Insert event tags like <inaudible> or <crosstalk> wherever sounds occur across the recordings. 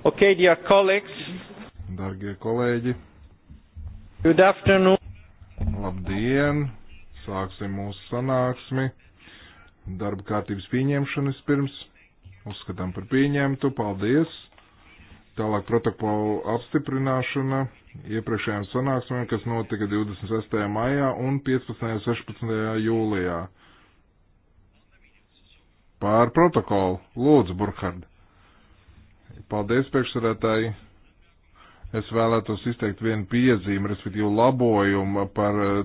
Okay, dear colleagues. Dargie kolēģi. Good afternoon. Labdien. Sāksim mūsu sanāksmi. Darba kārtības pieņemšanas pirms. Uzskatām par pieņemtu. Paldies. Tālāk protokolu apstiprināšana iepriekšējām sanāksmēm, kas notika 26. maijā un 15. un 16. jūlijā. Pār protokolu. Lūdzu, Burkhard. Paldies, priekšsarētāji. Es vēlētos izteikt vienu piezīmi, respektīvi labojumu par eh,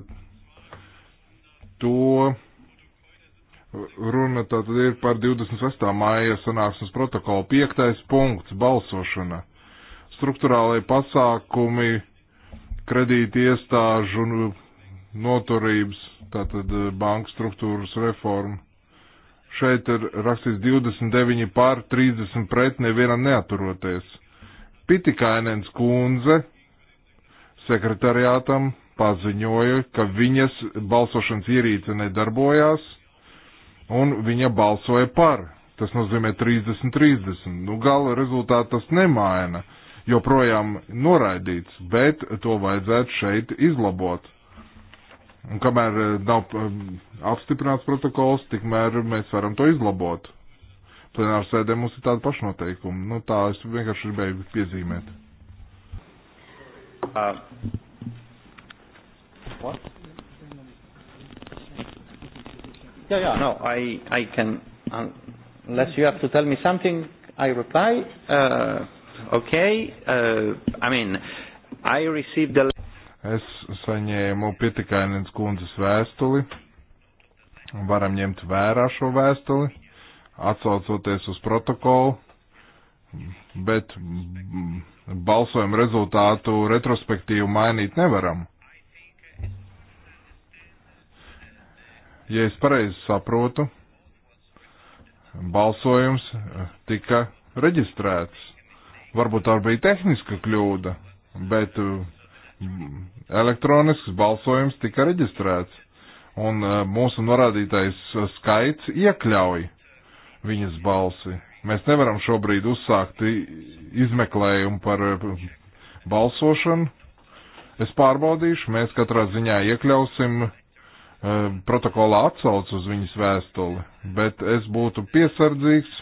to. Runa tātad ir par 26. māja sanāksmes protokolu. Piektais punkts - balsošana. Struktūrālai pasākumi kredīti iestāžu noturības, tātad eh, banku struktūras reforma. Šeit ir rakstīts 29 pār 30 pret, nevienam neaturoties. Pitikainens kundze sekretariātam paziņoja, ka viņas balsošanas ierīce nedarbojās, un viņa balsoja par. Tas nozīmē 30-30. Nu, gala rezultātu tas nemaina, joprojām noraidīts, bet to vajadzētu šeit izlabot. Un kamēr eh, nav eh, apstiprināts protokols, tikmēr mēs varam to izlabot. Plenāra sēdē mums ir tāda pašnoteikuma. Nu, tā es vienkārši gribēju piezīmēt. Uh, what? yeah, yeah, no, I, I can, um, unless you have to tell me something, I reply. Uh, okay, uh, I mean, I received the. Es saņēmu Pietikainens kundzes vēstuli, varam ņemt vērā šo vēstuli, atsaucoties uz protokolu, bet balsojumu rezultātu retrospektīvu mainīt nevaram. Ja es pareizi saprotu, balsojums tika reģistrēts. Varbūt tā bija tehniska kļūda, bet Elektronisks balsojums tika reģistrēts, un eh, mūsu norādītais eh, skaits iekļauj viņas balsi. Mēs nevaram šobrīd uzsākt izmeklējumu par eh, balsošanu. Es pārbaudīšu, mēs katrā ziņā iekļausim protokolā atsauc uz viņas vēstuli, bet es būtu piesardzīgs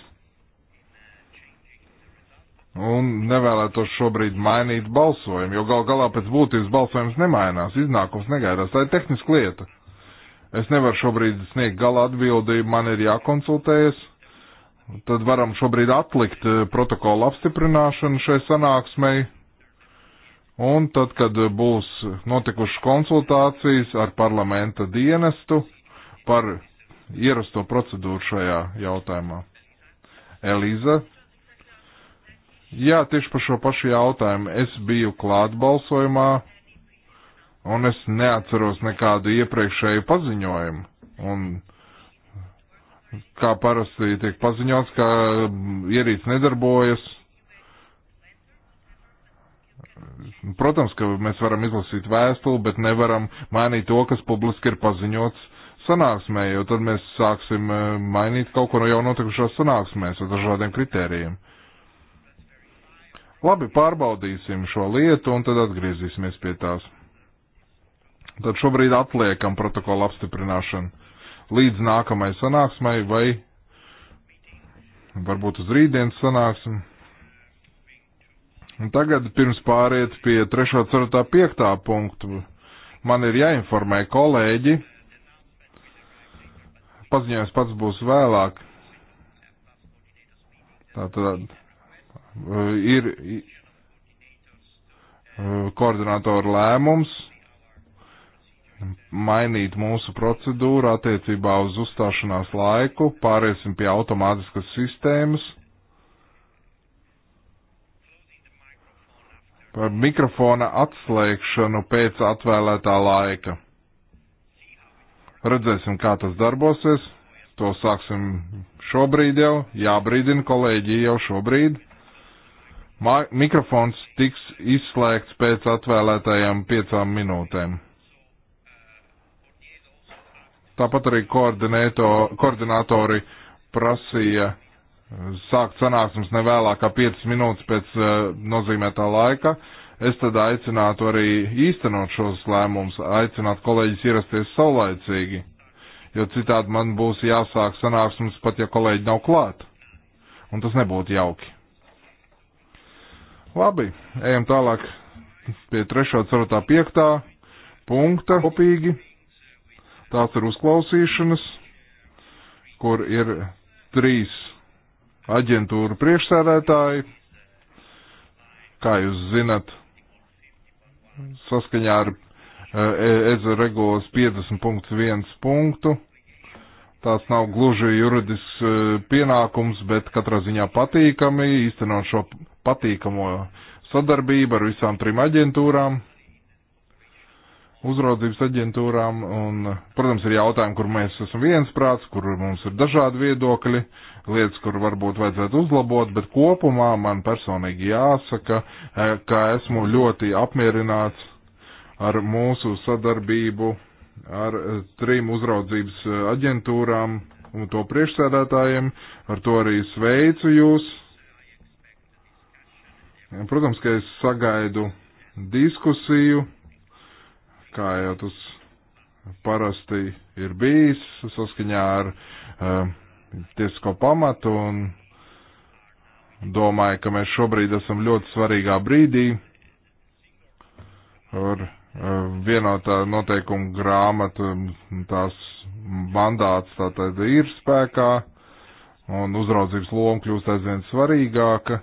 un nevēlētos šobrīd mainīt balsojumu, jo gal galā pēc būtības balsojums nemainās, iznākums negaidās, tā ir tehniska lieta. Es nevaru šobrīd sniegt gala atbildi, man ir jākonsultējas, tad varam šobrīd atlikt eh, protokolu apstiprināšanu šai sanāksmei, un tad, kad būs notikušas konsultācijas ar parlamenta dienestu par ierasto procedūru šajā jautājumā. Elīza, Jā, tieši par šo pašu jautājumu. Es biju klāt balsojumā, un es neatceros nekādu iepriekšēju paziņojumu. Un kā parasti tiek paziņots, ka ierīts nedarbojas. Protams, ka mēs varam izlasīt vēstuli, bet nevaram mainīt to, kas publiski ir paziņots sanāksmē, jo tad mēs sāksim eh, mainīt kaut ko no jau notikušās sanāksmēs ar dažādiem kritērijiem. Labi, pārbaudīsim šo lietu un tad atgriezīsimies pie tās. Tad šobrīd atliekam protokolu apstiprināšanu līdz nākamai sanāksmai vai varbūt uz rītdienas sanāksim. Un tagad pirms pāriet pie 3, 4, 5 punktu man ir jāinformē kolēģi. Paziņojums pats būs vēlāk. Tātad Eh, ir eh, koordinātoru lēmums mainīt mūsu procedūru attiecībā uz uzstāšanās laiku, pāriesim pie automātiskas sistēmas. Par mikrofona atslēgšanu pēc atvēlētā laika. Redzēsim, kā tas darbosies. To sāksim šobrīd jau. Jābrīdina kolēģi jau šobrīd. Mikrofons tiks izslēgts pēc atvēlētajām piecām minūtēm. Tāpat arī koordinatori prasīja sākt sanāksmes nevēlākā 5 minūtes pēc uh, nozīmētā laika. Es tad aicinātu arī īstenot šos lēmumus, aicināt kolēģis ierasties saulaicīgi, jo citādi man būs jāsāk sanāksmes pat, ja kolēģi nav klāt. Un tas nebūtu jauki. Labi, ejam tālāk pie 3, 4, 5 punkta kopīgi. Tās ir uzklausīšanas, kur ir trīs aģentūru priekšsēdētāji. Kā jūs zinat, saskaņā ar EZA eh, e regulas 50.1 punktu. Tās nav gluži juridisks eh, pienākums, bet katrā ziņā patīkami īstenot šo patīkamo sadarbību ar visām trim aģentūrām, uzraudzības aģentūrām, un, protams, ir jautājumi, kur mēs esam viensprāts, kur mums ir dažādi viedokļi, lietas, kur varbūt vajadzētu uzlabot, bet kopumā man personīgi jāsaka, eh, ka esmu ļoti apmierināts ar mūsu sadarbību ar eh, trim uzraudzības eh, aģentūrām un to priekšsēdētājiem. Ar to arī sveicu jūs Protams, ka es sagaidu diskusiju, kā jau tas parasti ir bijis, saskaņā ar uh, tiesisko pamatu, un domāju, ka mēs šobrīd esam ļoti svarīgā brīdī ar uh, vienotā noteikuma grāmatu, tās mandāts tātad ir spēkā, un uzraudzības loma kļūst aizvien svarīgāka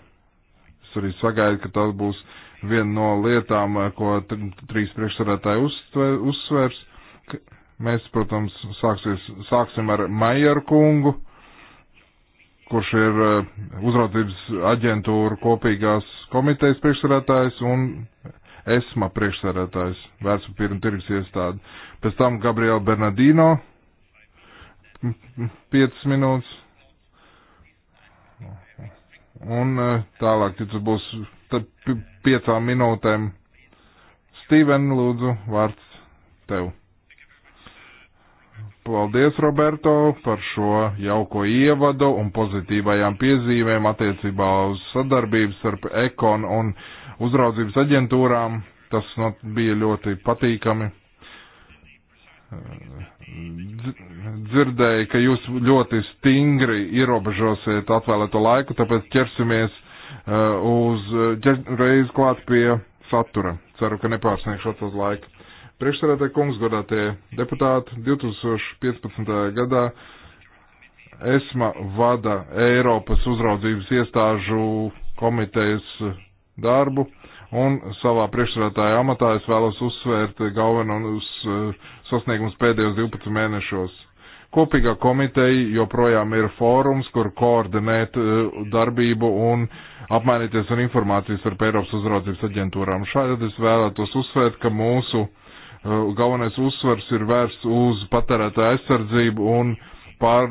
arī sagaidu, ka tas būs viena no lietām, eh, ko trīs priekšsarētāji uzsvers. Mēs, protams, sāksies, sāksim ar Maijeru kungu, kurš ir eh, uzraudzības aģentūra kopīgās komitejas priekšsarētājs un ESMA priekšsarētājs, vērtspapīra un tirgus iestāde. Pēc tam Gabriela Bernardino, 5 minūtes, Un eh, tālāk, ja tas būs piecām minūtēm, Stīven, lūdzu, vārds tev. Paldies, Roberto, par šo jauko ievadu un pozitīvajām piezīmēm attiecībā uz sadarbību starp ekon un uzraudzības aģentūrām. Tas no, nu, bija ļoti patīkami dzirdēju, ka jūs ļoti stingri ierobežosiet atvēlēto laiku, tāpēc ķersimies uh, uz reiz klāt pie satura. Ceru, ka nepārsniegšu atsauc laiku. Priekšsarētē kungs, godātie deputāti, 2015. gadā ESMA vada Eiropas uzraudzības iestāžu komitejas darbu Un savā priekšsēdētāja amatā es vēlos uzsvērt galvenos eh, sasniegums pēdējos 12 mēnešos. Kopīgā komiteja joprojām ir fórums, kur koordinēt eh, darbību un apmainīties ar informācijas ar Eiropas uzraudzības aģentūrām. Šādi es vēlētos uzsvērt, ka mūsu eh, galvenais uzsvars ir vērsts uz patērētāju aizsardzību un pār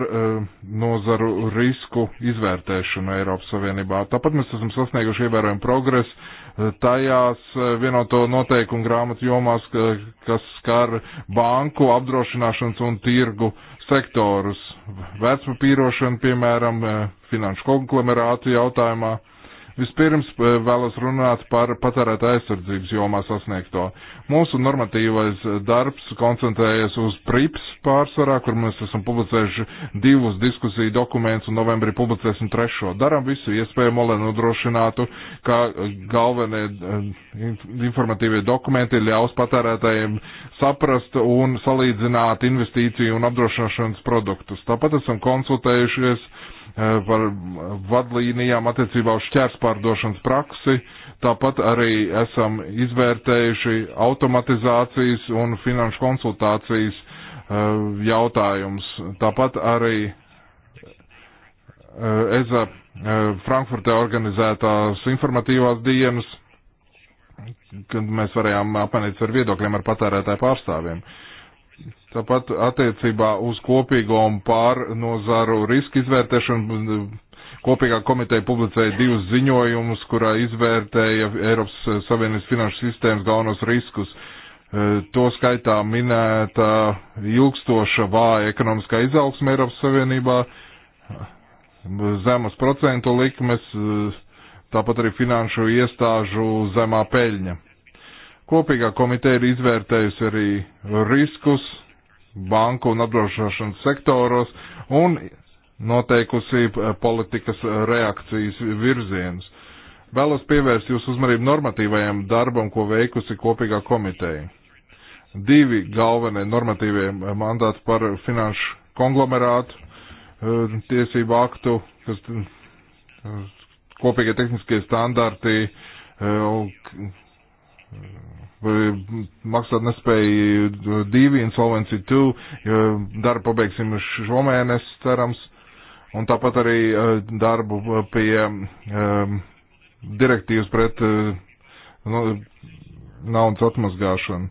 nozaru risku izvērtēšanu Eiropas Savienībā. Tāpat mēs esam sasnieguši ievērojumu progresu tajās eh, vienoto noteikumu grāmatu jomās, kas skar banku, apdrošināšanas un tirgu sektorus. Vecpapīrošana, piemēram, eh, finanšu konglomerātu jautājumā. Vispirms eh, vēlos runāt par patērēta aizsardzības jomā sasniegto. Mūsu normatīvais eh, darbs koncentrējies uz PRIPS pārsvarā, kur mēs esam publicējuši divus diskusiju dokumentus un novembrī publicēsim trešo. Daram visu iespējamo, lai nodrošinātu, ka eh, galvenie informatīvie dokumenti ļaus patērētājiem saprast un salīdzināt investīciju un apdrošināšanas produktus. Tāpat esam konsultējušies Eh, par vadlīnijām attiecībā uz šķērspārdošanas praksi. Tāpat arī esam izvērtējuši automatizācijas un finanšu konsultācijas eh, jautājums. Tāpat arī eh, EZA Frankfurtē organizētās informatīvās dienas, kad mēs varējām apmainīties ar viedokļiem ar patērētāju pārstāvjiem. Uh, Tāpat attiecībā uz kopīgo un pārnozaru riski izvērtēšanu kopīgā komiteja publicēja divus ziņojumus, kurā izvērtēja Eiropas Savienības finanšu sistēmas galvenos riskus. E, to skaitā minēta ilgstoša vāja ekonomiskā izaugsme Eiropas Savienībā, zemas procentu likmes, e, tāpat arī finanšu iestāžu zemā peļņa. Kopīgā komiteja ir izvērtējusi arī riskus banku un apdrošināšanas sektoros un noteikusi eh, politikas reakcijas virzienus. Vēlos pievērst jūsu uzmanību normatīvajam darbam, ko veikusi kopīgā komiteja. Divi galvenie normatīvie mandāti par finanšu konglomerātu eh, tiesību aktu, kas kopīgie tehniskie standarti eh, maksāt nespēju divi, insolvency two, darbu pabeigsim šomēnes, cerams, un tāpat arī e, darbu pie um, direktīvas pret nu, naudas atmazgāšanu.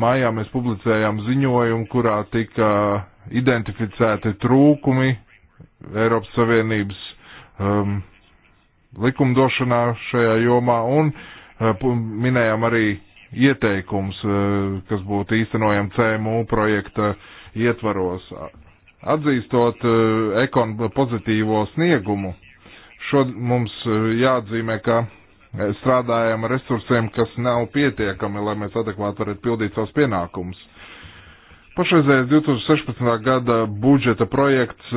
Maijā mēs publicējām ziņojumu, kurā tika identificēti trūkumi Eiropas Savienības um, likumdošanā šajā jomā, un uh, Eh, minējām arī ieteikums, eh, kas būtu īstenojami CMU projekta ietvaros. Atzīstot eh, ekon pozitīvo sniegumu, šod mums jāatzīmē, ka strādājam ar resursiem, kas nav pietiekami, lai mēs adekvāti varētu pildīt savus pienākumus. Pašreizējais 2016. gada budžeta projekts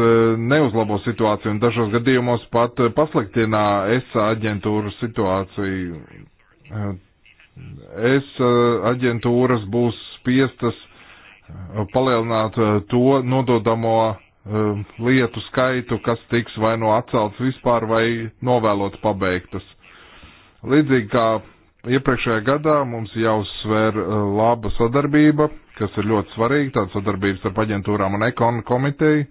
neuzlabo situāciju un dažos gadījumos pat pasliktinā ESA aģentūras situāciju es eh, aģentūras būs spiestas eh, palielināt eh, to nododamo lietu skaitu, kas tiks vai no atcelts vispār vai novēlot pabeigtas. Līdzīgi kā iepriekšējā gadā mums jāuzsver laba sadarbība, kas ir ļoti svarīga, tāda sadarbības ar aģentūrām un ekonu komiteju.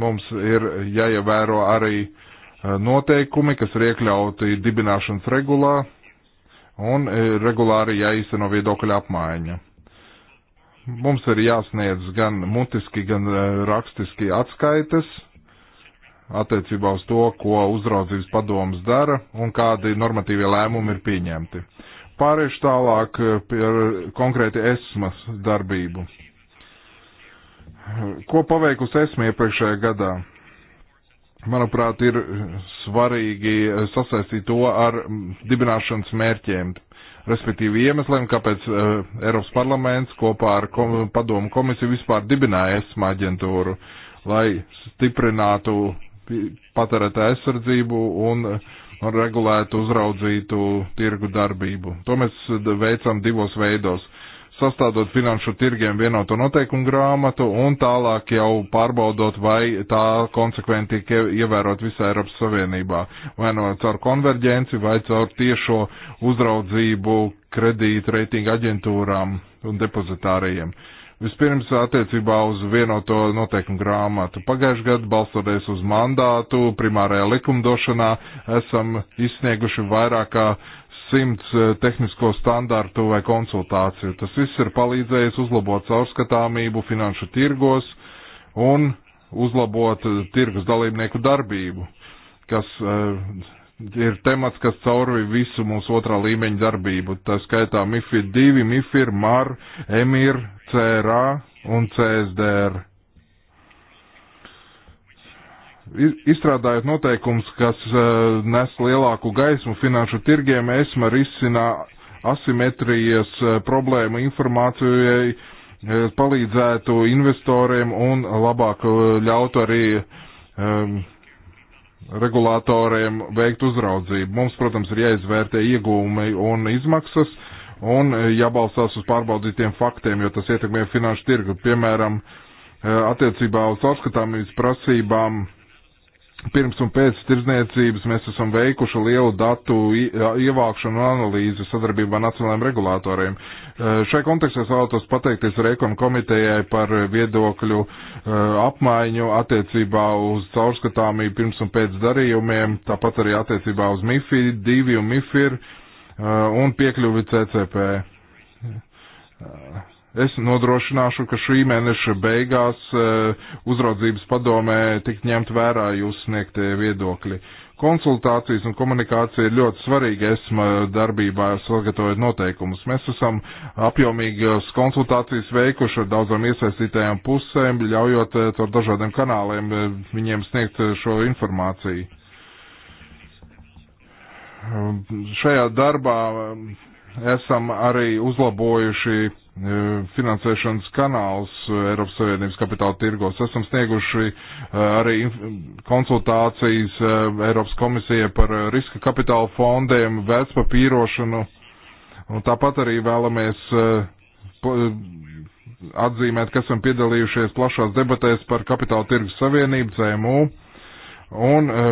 Mums ir jāievēro arī uh, Eh, noteikumi, kas ir iekļauti dibināšanas regulā, un eh, regulāri jāīsteno viedokļa apmaiņa. Mums ir jāsniedz gan mutiski, gan eh, rakstiski atskaites attiecībā uz to, ko uzraudzības padomas dara un kādi normatīvie lēmumi ir pieņemti. Pāriešu tālāk par konkrēti esmas darbību. Ko paveikusi esma iepriekšējā gadā? manuprāt, ir svarīgi sasaistīt to ar dibināšanas mērķiem, respektīvi iemesliem, kāpēc uh, Eiropas parlaments kopā ar kom padomu komisiju vispār dibināja ESMA aģentūru, lai stiprinātu patērētā aizsardzību un regulētu, uzraudzītu tirgu darbību. To mēs veicam divos veidos sastādot finanšu tirgiem vienotu noteikumu grāmatu un tālāk jau pārbaudot, vai tā konsekventi tiek ievērot visā Eiropas Savienībā, vai no nu caur konverģenci, vai caur tiešo uzraudzību kredītu reitingu aģentūrām un depozitārijiem. Vispirms attiecībā uz vienoto noteikumu grāmatu. Pagājušajā gadā, balstoties uz mandātu, primārajā likumdošanā, esam izsnieguši vairāk kā simts eh, tehnisko standartu vai konsultāciju. Tas viss ir palīdzējis uzlabot caurskatāmību finanšu tirgos un uzlabot eh, tirgus dalībnieku darbību, kas eh, ir temats, kas cauri visu mūsu otrā līmeņa darbību. Tā skaitā MIFID 2, MIFIR, MAR, EMIR, CRA un CSDR izstrādājot noteikums, kas e, nes lielāku gaismu finanšu tirgiem, ESMA risina asimetrijas e, problēmu informācijai, e, palīdzētu investoriem un labāk ļautu arī um, regulātoriem veikt uzraudzību. Mums, protams, ir jāizvērtē iegūmi un izmaksas un jābalstās uz pārbaudītiem faktiem, jo tas ietekmē finanšu tirgu. Piemēram, attiecībā uz atskatāmības prasībām uh, pirms un pēc tirdzniecības mēs esam veikuši lielu datu ievākšanu un analīzi sadarbībā nacionālajiem regulātoriem. E, šai kontekstā es vēlētos pateikties Reikonu komitejai par viedokļu e, apmaiņu attiecībā uz caurskatāmību pirms un pēc darījumiem, tāpat arī attiecībā uz MIFI 2 un MIFIR e, un piekļuvi CCP es nodrošināšu, ka šī mēneša beigās eh, uzraudzības padomē tik ņemt vērā jūs sniegtie viedokļi. Konsultācijas un komunikācija ir ļoti svarīga esma darbībā, sagatavojot noteikumus. Mēs esam apjomīgas konsultācijas veikuši ar daudzām iesaistītajām pusēm, ļaujot eh, caur dažādiem kanāliem eh, viņiem sniegt šo informāciju. Šajā darbā esam arī uzlabojuši E, finansēšanas kanāls Eiropas Savienības kapitāla tirgos. Esam snieguši e, arī konsultācijas e, Eiropas komisija par riska kapitāla fondiem, vērtspapīrošanu. Un tāpat arī vēlamies atzīmēt, ka esam piedalījušies plašās debatēs par kapitāla tirgus savienību, CMU. Un uh,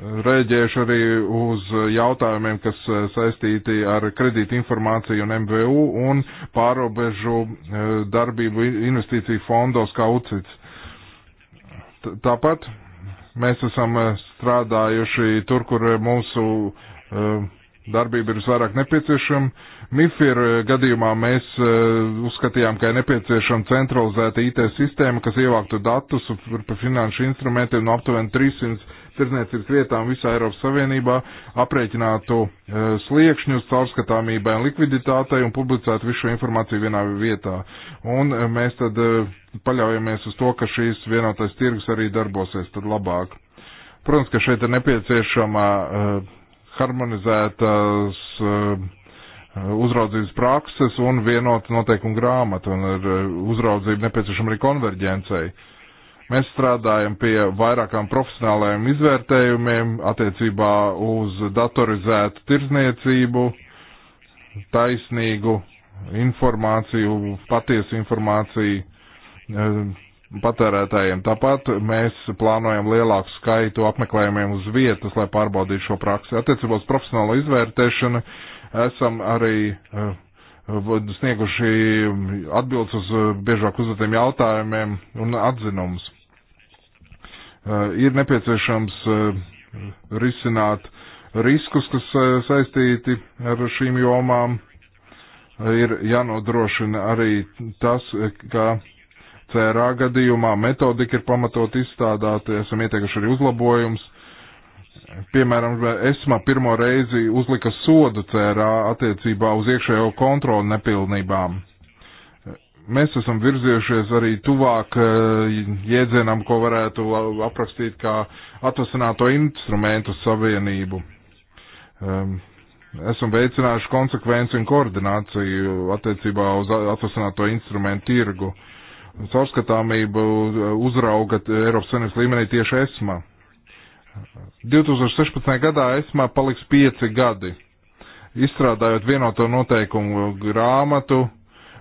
Rēģēšu arī uz jautājumiem, kas eh, saistīti ar kredīti informāciju un MVU un pārobežu eh, darbību investīciju fondos kā UCITS. Tāpat mēs esam eh, strādājuši tur, kur mūsu darbība ir visvairāk nepieciešama. MIFIR gadījumā mēs uzskatījām, ka ir nepieciešama centralizēta IT sistēma, kas ievāktu datus par finanšu instrumentiem no aptuveni 300 tirzniecības vietām visā Eiropas Savienībā, aprēķinātu eh, sliekšņus caurskatāmībai un likviditātei un publicētu visu šo informāciju vienā vietā. Un eh, mēs tad eh, paļaujamies uz to, ka šīs vienotais tirgus arī darbosies tad labāk. Protams, ka šeit ir nepieciešama harmonizētas uzraudzības prakses un vienota noteikuma grāmata, un ar uzraudzību nepieciešama arī konverģencei. Uh, Mēs strādājam pie vairākām profesionālajiem izvērtējumiem attiecībā uz datorizētu tirzniecību, taisnīgu informāciju, patiesu informāciju eh, patērētājiem. Tāpat mēs plānojam lielāku skaitu apmeklējumiem uz vietas, lai pārbaudītu šo praksi. Attiecībā uz profesionālo izvērtēšanu esam arī eh, snieguši atbildes uz biežāk uzdotiem jautājumiem un atzinumus. Eh, ir nepieciešams eh, risināt riskus, kas eh, saistīti ar šīm jomām. Ir jānodrošina arī tas, ka CRA gadījumā metodika ir pamatot izstādāta, esam ieteikuši arī uzlabojums. Piemēram, ESMA pirmo reizi uzlika sodu CRA attiecībā uz iekšējo kontroli nepilnībām. Mēs esam virzījušies arī tuvāk eh, jēdzienam, ko varētu aprakstīt kā atvasināto instrumentu savienību. Ehm, esam veicinājuši konsekvenci un koordināciju attiecībā uz atvasināto instrumentu tirgu. Saurskatāmību e, uzrauga Eiropas Savienības līmenī tieši ESMA. 2016. gadā ESMA paliks pieci gadi, izstrādājot vienoto noteikumu grāmatu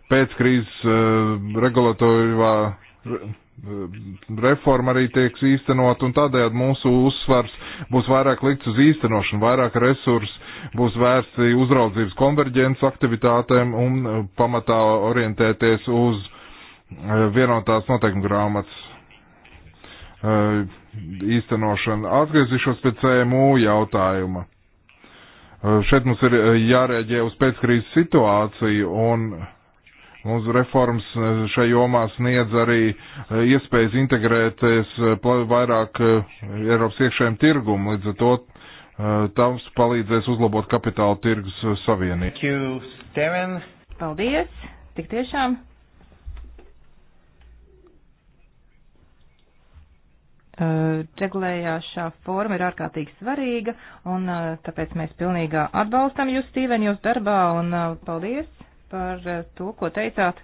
pēc krīzes eh, regulatorivā eh, reforma arī tiek īstenot, un tādējādi mūsu uzsvars būs vairāk likts uz īstenošanu, vairāk resursu būs vērsti uzraudzības konverģences aktivitātēm un eh, pamatā orientēties uz vienotās noteikuma grāmatas īstenošanu. Atgriezīšos pie CMU jautājuma. Šeit mums ir jārēģē uz pēckrīzes situāciju un Mūsu reformas e, šai jomā sniedz arī e, iespējas integrēties e, vairāk Eiropas iekšējiem tirgumu, līdz ar to tams palīdzēs uzlabot kapitāla tirgus savienību. Paldies, tik tiešām. Regulējāšā forma ir ārkārtīgi svarīga, un tāpēc mēs pilnīgā atbalstam jūs, Stīven, jūs darbā, un paldies par eh, to, ko teicāt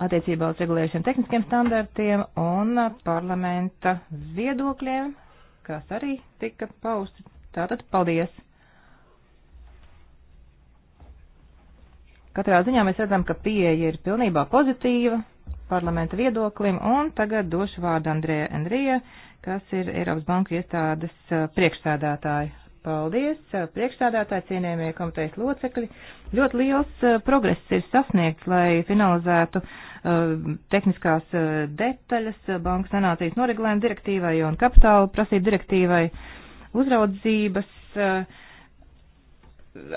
attiecībā uz regulējušiem tehniskiem standartiem un eh, parlamenta viedokļiem, kas arī tika pausti. Tātad paldies! Katrā ziņā mēs redzam, ka pieeja ir pilnībā pozitīva parlamenta viedoklim, un tagad došu vārdu Andrē Enrija, kas ir Eiropas Banku iestādes eh, priekšsēdētāja. Paldies, priekšstādātāji, cienējamie komitejas locekļi. Ļoti liels progress ir sasniegts, lai finalizētu uh, tehniskās uh, detaļas banku sanācijas noregulējuma direktīvai un kapitāla prasību direktīvai. Uzraudzības uh,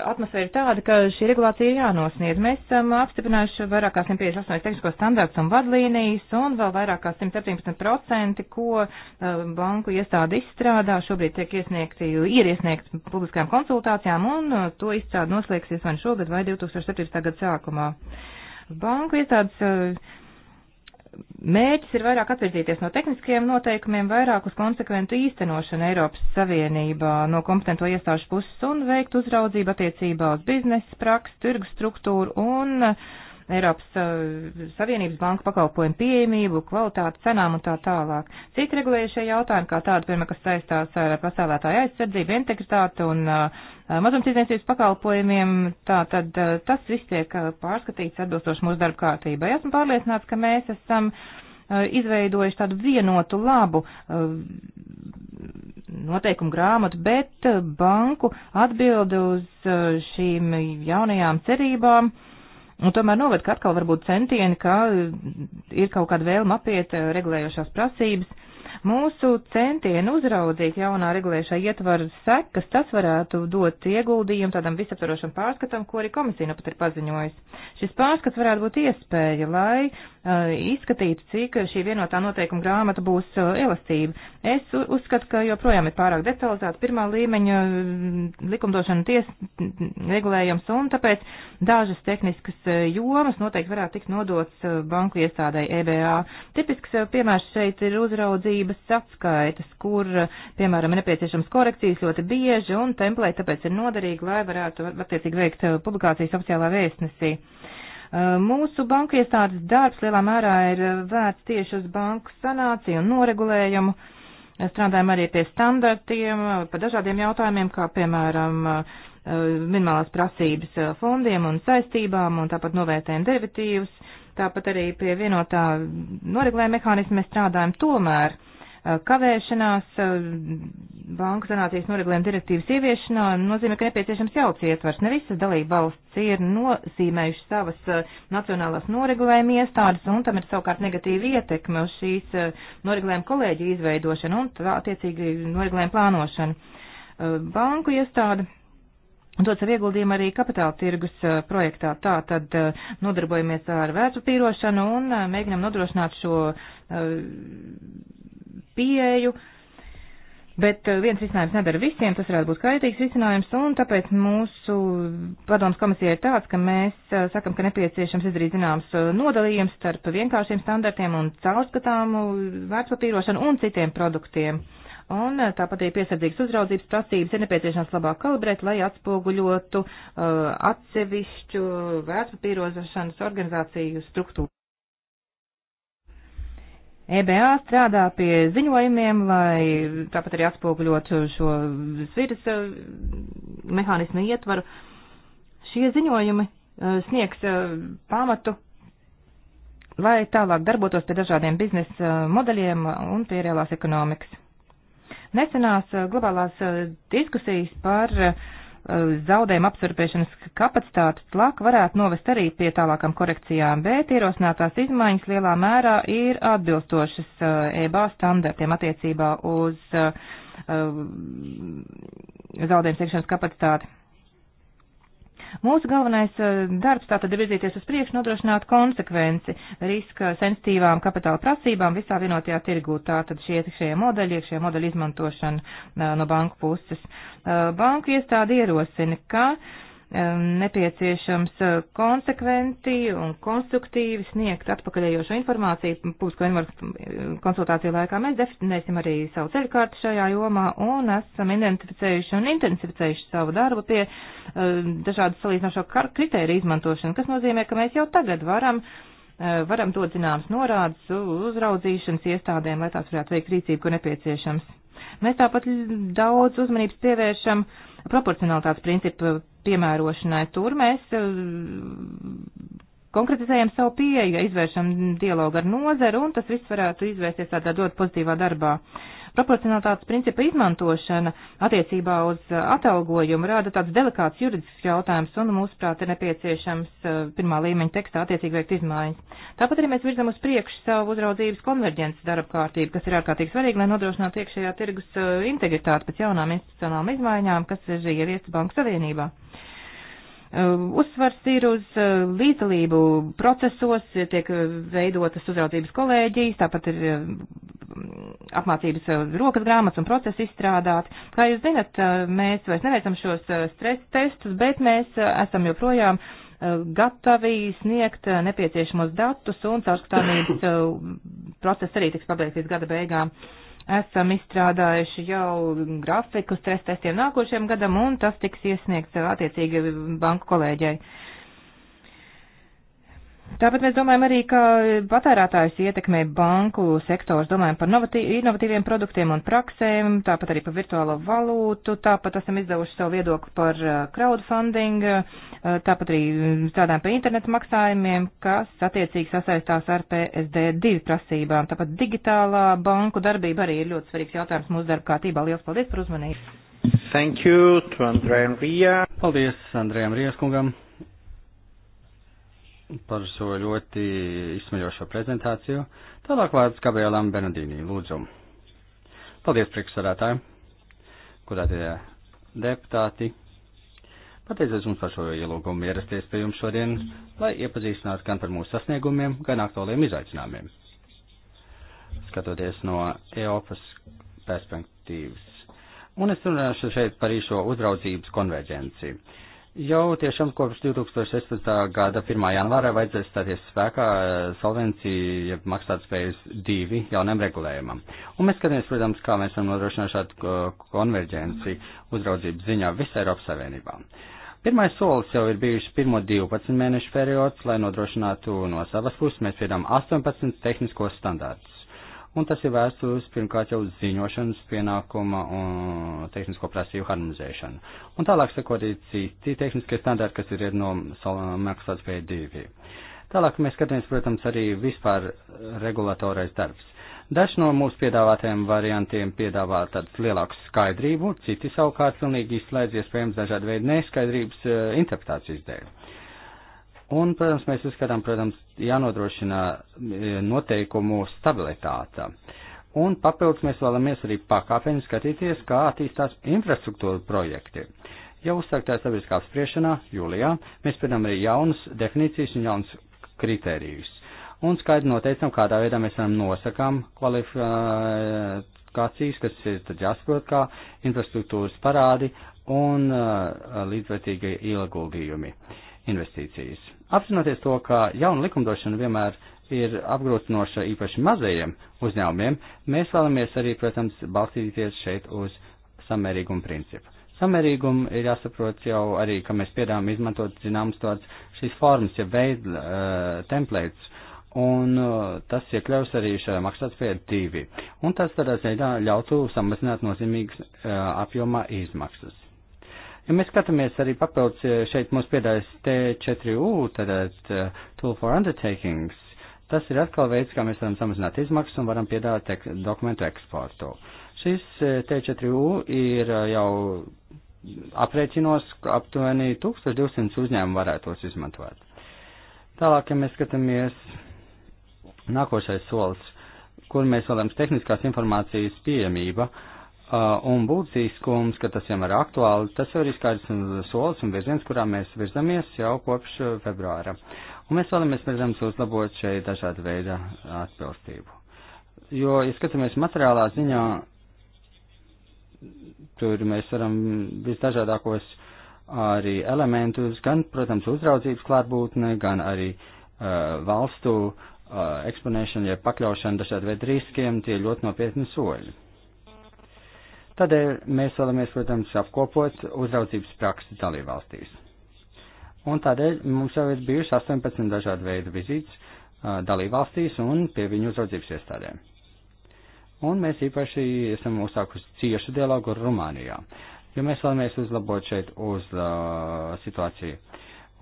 atmosfēra ir tāda, ka šī regulācija ir jānosniedz. Mēs esam apstiprinājuši vairāk kā 158 tehnisko standārts un vadlīnijas un vēl vairāk kā 117%, ko uh, banku iestāde izstrādā. Šobrīd tiek iesniegti, ir iesniegts publiskajām konsultācijām un uh, to izstrāde noslēgsies vai nu šogad vai 2017. gada sākumā. Banku iestādes uh, Mēģis ir vairāk atvirzīties no tehniskajiem noteikumiem, vairāk uz konsekventu īstenošanu Eiropas Savienībā no kompetento iestāžu puses un veikt uzraudzību attiecībā uz biznesa praksu, tirgu struktūru un uh, Eiropas uh, Savienības banku pakalpojumu pieejamību, kvalitāti, cenām un tā tālāk. Citi regulējušie jautājumi, kā tādi, piemēram, kas saistās ar pasēlētāju aizsardzību, integritāti un uh, mazumtirdzniecības pakalpojumiem, tā tad uh, tas viss tiek uh, pārskatīts atbilstoši mūsu darba kārtībai. Esmu pārliecināts, ka mēs esam uh, izveidojuši tādu vienotu labu. Uh, noteikumu grāmatu, bet uh, banku atbildi uz uh, šīm jaunajām cerībām uh, Un tomēr noved, ka atkal varbūt centieni, ka ir kaut kāda vēlma apiet eh, regulējošās prasības, Mūsu centieni uzraudzīt jaunā regulēšā ietvaru sekas, tas varētu dot ieguldījumu tādam visaptvarošam pārskatam, ko arī komisija nu pat ir paziņojusi. Šis pārskats varētu būt iespēja, lai uh, izskatītu, cik šī vienotā noteikuma grāmata būs uh, elastība. Es uzskatu, ka joprojām ir pārāk detalizēta pirmā līmeņa mm, likumdošana ties mm, regulējums, un tāpēc dažas tehniskas eh, jomas noteikti varētu tikt nodots banku iestādai EBA. Tipisks piemērs šeit ir uzraudzība rūpniecības atskaitas, kur, piemēram, ir nepieciešams korekcijas ļoti bieži un templēti tāpēc ir noderīgi, lai varētu attiecīgi veikt eh, publikācijas oficiālā vēstnesī. Eh, mūsu banka iestādes darbs lielā mērā ir eh, vērts tieši uz banku sanāciju un noregulējumu. Strādājam arī pie standartiem, pa dažādiem jautājumiem, kā piemēram minimālās prasības fondiem un saistībām, un tāpat novērtējam derivatīvus, tāpat arī pie vienotā noregulējuma mehānisma mēs strādājam tomēr. Uh, Eh, kavēšanās eh, banku sanācijas noregulējuma direktīvas ieviešanā nozīmē, ka nepieciešams jauts ietvars. Ne visas dalība valsts ir nozīmējušas savas eh, nacionālās noregulējuma iestādes, un tam ir savukārt negatīva ietekme uz šīs noregulējuma kolēģija izveidošanu un tā, attiecīgi noregulējuma plānošanu. Banku iestāde un dod savu ieguldījumu arī kapitāla tirgus projektā. Tā tad nodarbojamies ar vērtspapīrošanu un mēģinam nodrošināt šo pieeju. Bet eh, viens risinājums nedara visiem, tas varētu būt kaitīgs risinājums, un tāpēc mūsu padoms komisija ir tāds, ka mēs eh, sakam, ka nepieciešams izdarīt zināms eh, nodalījums starp vienkāršiem standartiem un caurskatāmu vērtspapīrošanu un citiem produktiem. Un tāpat arī piesardzīgas uzraudzības prasības ir nepieciešams labāk kalibrēt, lai atspoguļotu uh, atsevišķu vērtspapīrošanas organizāciju struktūru. EBA strādā pie ziņojumiem, lai tāpat arī atspoguļotu šo sviras uh, mehānismu ietvaru. Šie ziņojumi uh, sniegs uh, pamatu, lai tālāk darbotos pie dažādiem biznesa modeļiem un pie reālās ekonomikas. Nesenās globālās diskusijas par uh, Eh, zaudējuma apsarpēšanas kapacitātes tlāk varētu novest arī pie tālākām korekcijām, bet ierosinātās izmaiņas lielā mērā ir atbilstošas EBA eh, e standartiem attiecībā uz eh, zaudējuma sekšanas kapacitāti. Mūsu galvenais eh, darbs tātad ir virzīties uz priekšu, nodrošināt konsekvenci riska sensitīvām kapitāla prasībām visā vienotajā tirgū. Tātad šie iekšējie modeļi, iekšējie modeļi izmantošana eh, no banku puses. Eh, banku iestāde ierosina, ka nepieciešams eh, konsekventi un konstruktīvi sniegt atpakaļējošo informāciju. Publisko konsultāciju laikā mēs definēsim arī savu ceļkārtu šajā jomā un esam identificējuši un intensificējuši savu darbu pie eh, dažādu salīdzinošo kritēriju izmantošanu, kas nozīmē, ka mēs jau tagad varam eh, varam dot zināmas norādes uzraudzīšanas iestādēm, lai tās varētu veikt rīcību, ko nepieciešams. Mēs tāpat daudz uzmanības pievēršam proporcionalitātes principu piemērošanai. Tur mēs eh, konkretizējam savu pieeju, izvēršam dialogu ar nozeru, un tas viss varētu izvērsties tādā ļoti pozitīvā darbā. Uh, Proporcionalitātes principa izmantošana attiecībā uz uh, atalgojumu rāda tāds delikāts juridisks jautājums un, mūsuprāt, ir nepieciešams uh, pirmā līmeņa tekstā attiecīgi veikt izmaiņas. Tāpat arī mēs virzam uz priekšu savu uzraudzības konverģences darba kārtību, kas ir ārkārtīgi svarīgi, lai nodrošinātu iekšējā tirgus uh, integritāti pēc jaunām institucionālām izmaiņām, kas ir ieviestas Banku Savienībā. Um, uzsvars ir uz uh, līdzdalību procesos, tiek veidotas uzraudzības kolēģijas, tāpat ir um, apmācības uh, rokas grāmatas un procesu izstrādāt. Kā jūs zinat, uh, mēs vairs neveicam šos stresa testus, bet mēs esam joprojām gatavi sniegt nepieciešamos datus un caurskatāmības process arī tiks pabeigts līdz gada beigām. Uh, esam izstrādājuši jau grafiku stresa testiem nākošajam gadam, un tas tiks iesniegts eh, attiecīgi banku kolēģai. Uh, Tāpat mēs domājam arī, ka patērētājus ietekmē banku sektors, domājam par inovatīviem produktiem un praksēm, tāpat arī par virtuālo valūtu, tāpat esam izdevuši savu viedokli par eh, crowdfunding, eh, tāpat arī strādājam par internetu maksājumiem, kas attiecīgi sasaistās ar PSD2 prasībām. Tāpat digitālā banku darbība arī ir ļoti svarīgs jautājums mūsu darba kārtībā. Lielas paldies par uzmanību! Thank you to Andrejam Rija. Paldies Andrejam Rieskungam par šo ļoti izsmeļošo prezentāciju. Tālāk vārds Gabrielam Bernardīnī, lūdzu. Paldies, priekšsādātāji, kurātie deputāti. Pateicies mums par šo ielūgumu ierasties pie jums šodien, lai iepazīstinātu gan par mūsu sasniegumiem, gan aktuāliem izaicinājumiem. Skatoties no Eiropas perspektīvas. Un es runāšu šeit par īšo uzraudzības konverģenciju Jau tiešām kopš 2016. gada 1. janvāra vajadzēs stāties spēkā eh, solvencija maksātspējas divi jaunam regulējumam. Un mēs skatāmies, protams, kā mēs varam nodrošināt šādu konverģenci uzraudzības ziņā visā Eiropas Savienībā. Pirmais solis jau ir bijuši pirmo 12 mēnešu periods, lai nodrošinātu no savas puses mēs piedām 18 tehniskos standārtus un tas ir vērsts uz pirmkārt jau ziņošanas pienākuma un tehnisko prasību harmonizēšanu. Un tālāk sekot arī citi tehniskie standarti, kas ir no maksāts P2. Tālāk mēs skatāmies, protams, arī vispār regulatorais darbs. Daži no mūsu piedāvātajiem variantiem piedāvā tādu lielāku skaidrību, citi savukārt pilnīgi izslēdz iespējams dažādu veidu neskaidrības eh, interpretācijas dēļ. Un, protams, mēs uzskatām, protams, jānodrošina e, noteikumu stabilitāte. Un papildus mēs vēlamies arī pakāpeni skatīties, kā attīstās infrastruktūra projekti. Jau uzsāktā sabiedriskā spriešanā, jūlijā, mēs pēdām arī jaunas definīcijas un jaunas kritērijus. Un skaidri noteicam, kādā veidā mēs varam nosakām kvalifikācijas, kas ir tad jāsaprot kā infrastruktūras parādi un e, līdzvērtīgi ieguldījumi. Uh, investīcijas. Apzinoties to, ka jauna likumdošana vienmēr ir apgrūtinoša īpaši mazajiem uzņēmumiem, mēs vēlamies arī, protams, balstīties šeit uz samērīgumu principu. Samērīgumu ir jāsaprot jau arī, ka mēs piedāvājam izmantot zināmas tādas šīs formas, ja veidu uh, templates, un uh, tas iekļaus arī šajā maksātspēja divi. Un tas tādā veidā ļautu samazināt nozīmīgas uh, apjomā izmaksas. Ja mēs skatāmies arī papildus eh, šeit mums piedājas T4U, tad eh, Tool for Undertakings, tas ir atkal veids, kā mēs varam samazināt izmaksas un varam piedāvāt ek dokumentu eksportu. Šis eh, T4U ir jau aprēķinos, ka aptuveni 1200 uzņēmumu varētu tos izmantot. Tālāk, ja mēs skatāmies nākošais solis, kur mēs vēlams tehniskās informācijas pieejamība, uh, Uh, un būtiskums, ka tas vienmēr ir aktuāli, tas jau ir skaidrs solis un virziens, kurā mēs virzamies jau kopš uh, februāra. Un mēs vēlamies, protams, uzlabot šeit dažādu veidu atbilstību. Jo, ja skatāmies materiālā ziņā, tur mēs varam visdažādākos uh, arī elementus, gan, protams, uzraudzības klātbūtne, gan arī uh, valstu uh, eksponēšana, ja pakļaušana dažādu veidu riskiem, tie ļoti nopietni soļi. Tādēļ mēs vēlamies, protams, apkopot uzraudzības praksi dalībvalstīs. Un tādēļ mums jau ir bijuši 18 dažādu veidu vizītes dalībvalstīs un pie viņu uzraudzības iestādēm. Un mēs īpaši esam uzsākusi ciešu dialogu ar Rumānijā, jo mēs vēlamies uzlabot šeit uz uh, situāciju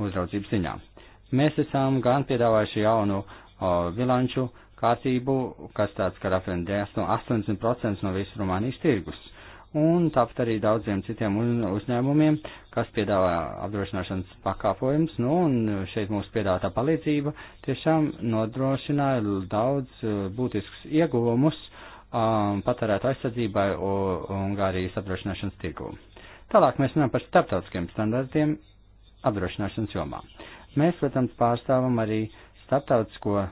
uzraudzības ziņā. Mēs esam gan piedāvājuši jaunu uh, bilanču kārtību, kas tāds, ka apmēram 80% no visas Rumānijas tirgus un tāpat arī daudziem citiem uzņēmumiem, kas piedāvā apdrošināšanas pakāpojums, nu, un šeit mūsu piedāvātā palīdzība tiešām nodrošināja daudz eh, būtisks ieguvumus um, patērētu aizsardzībai Ungārijas apdrošināšanas tirgū. Tālāk mēs runājam par starptautiskiem standartiem apdrošināšanas jomā. Mēs, protams, pārstāvam arī starptautisko uh,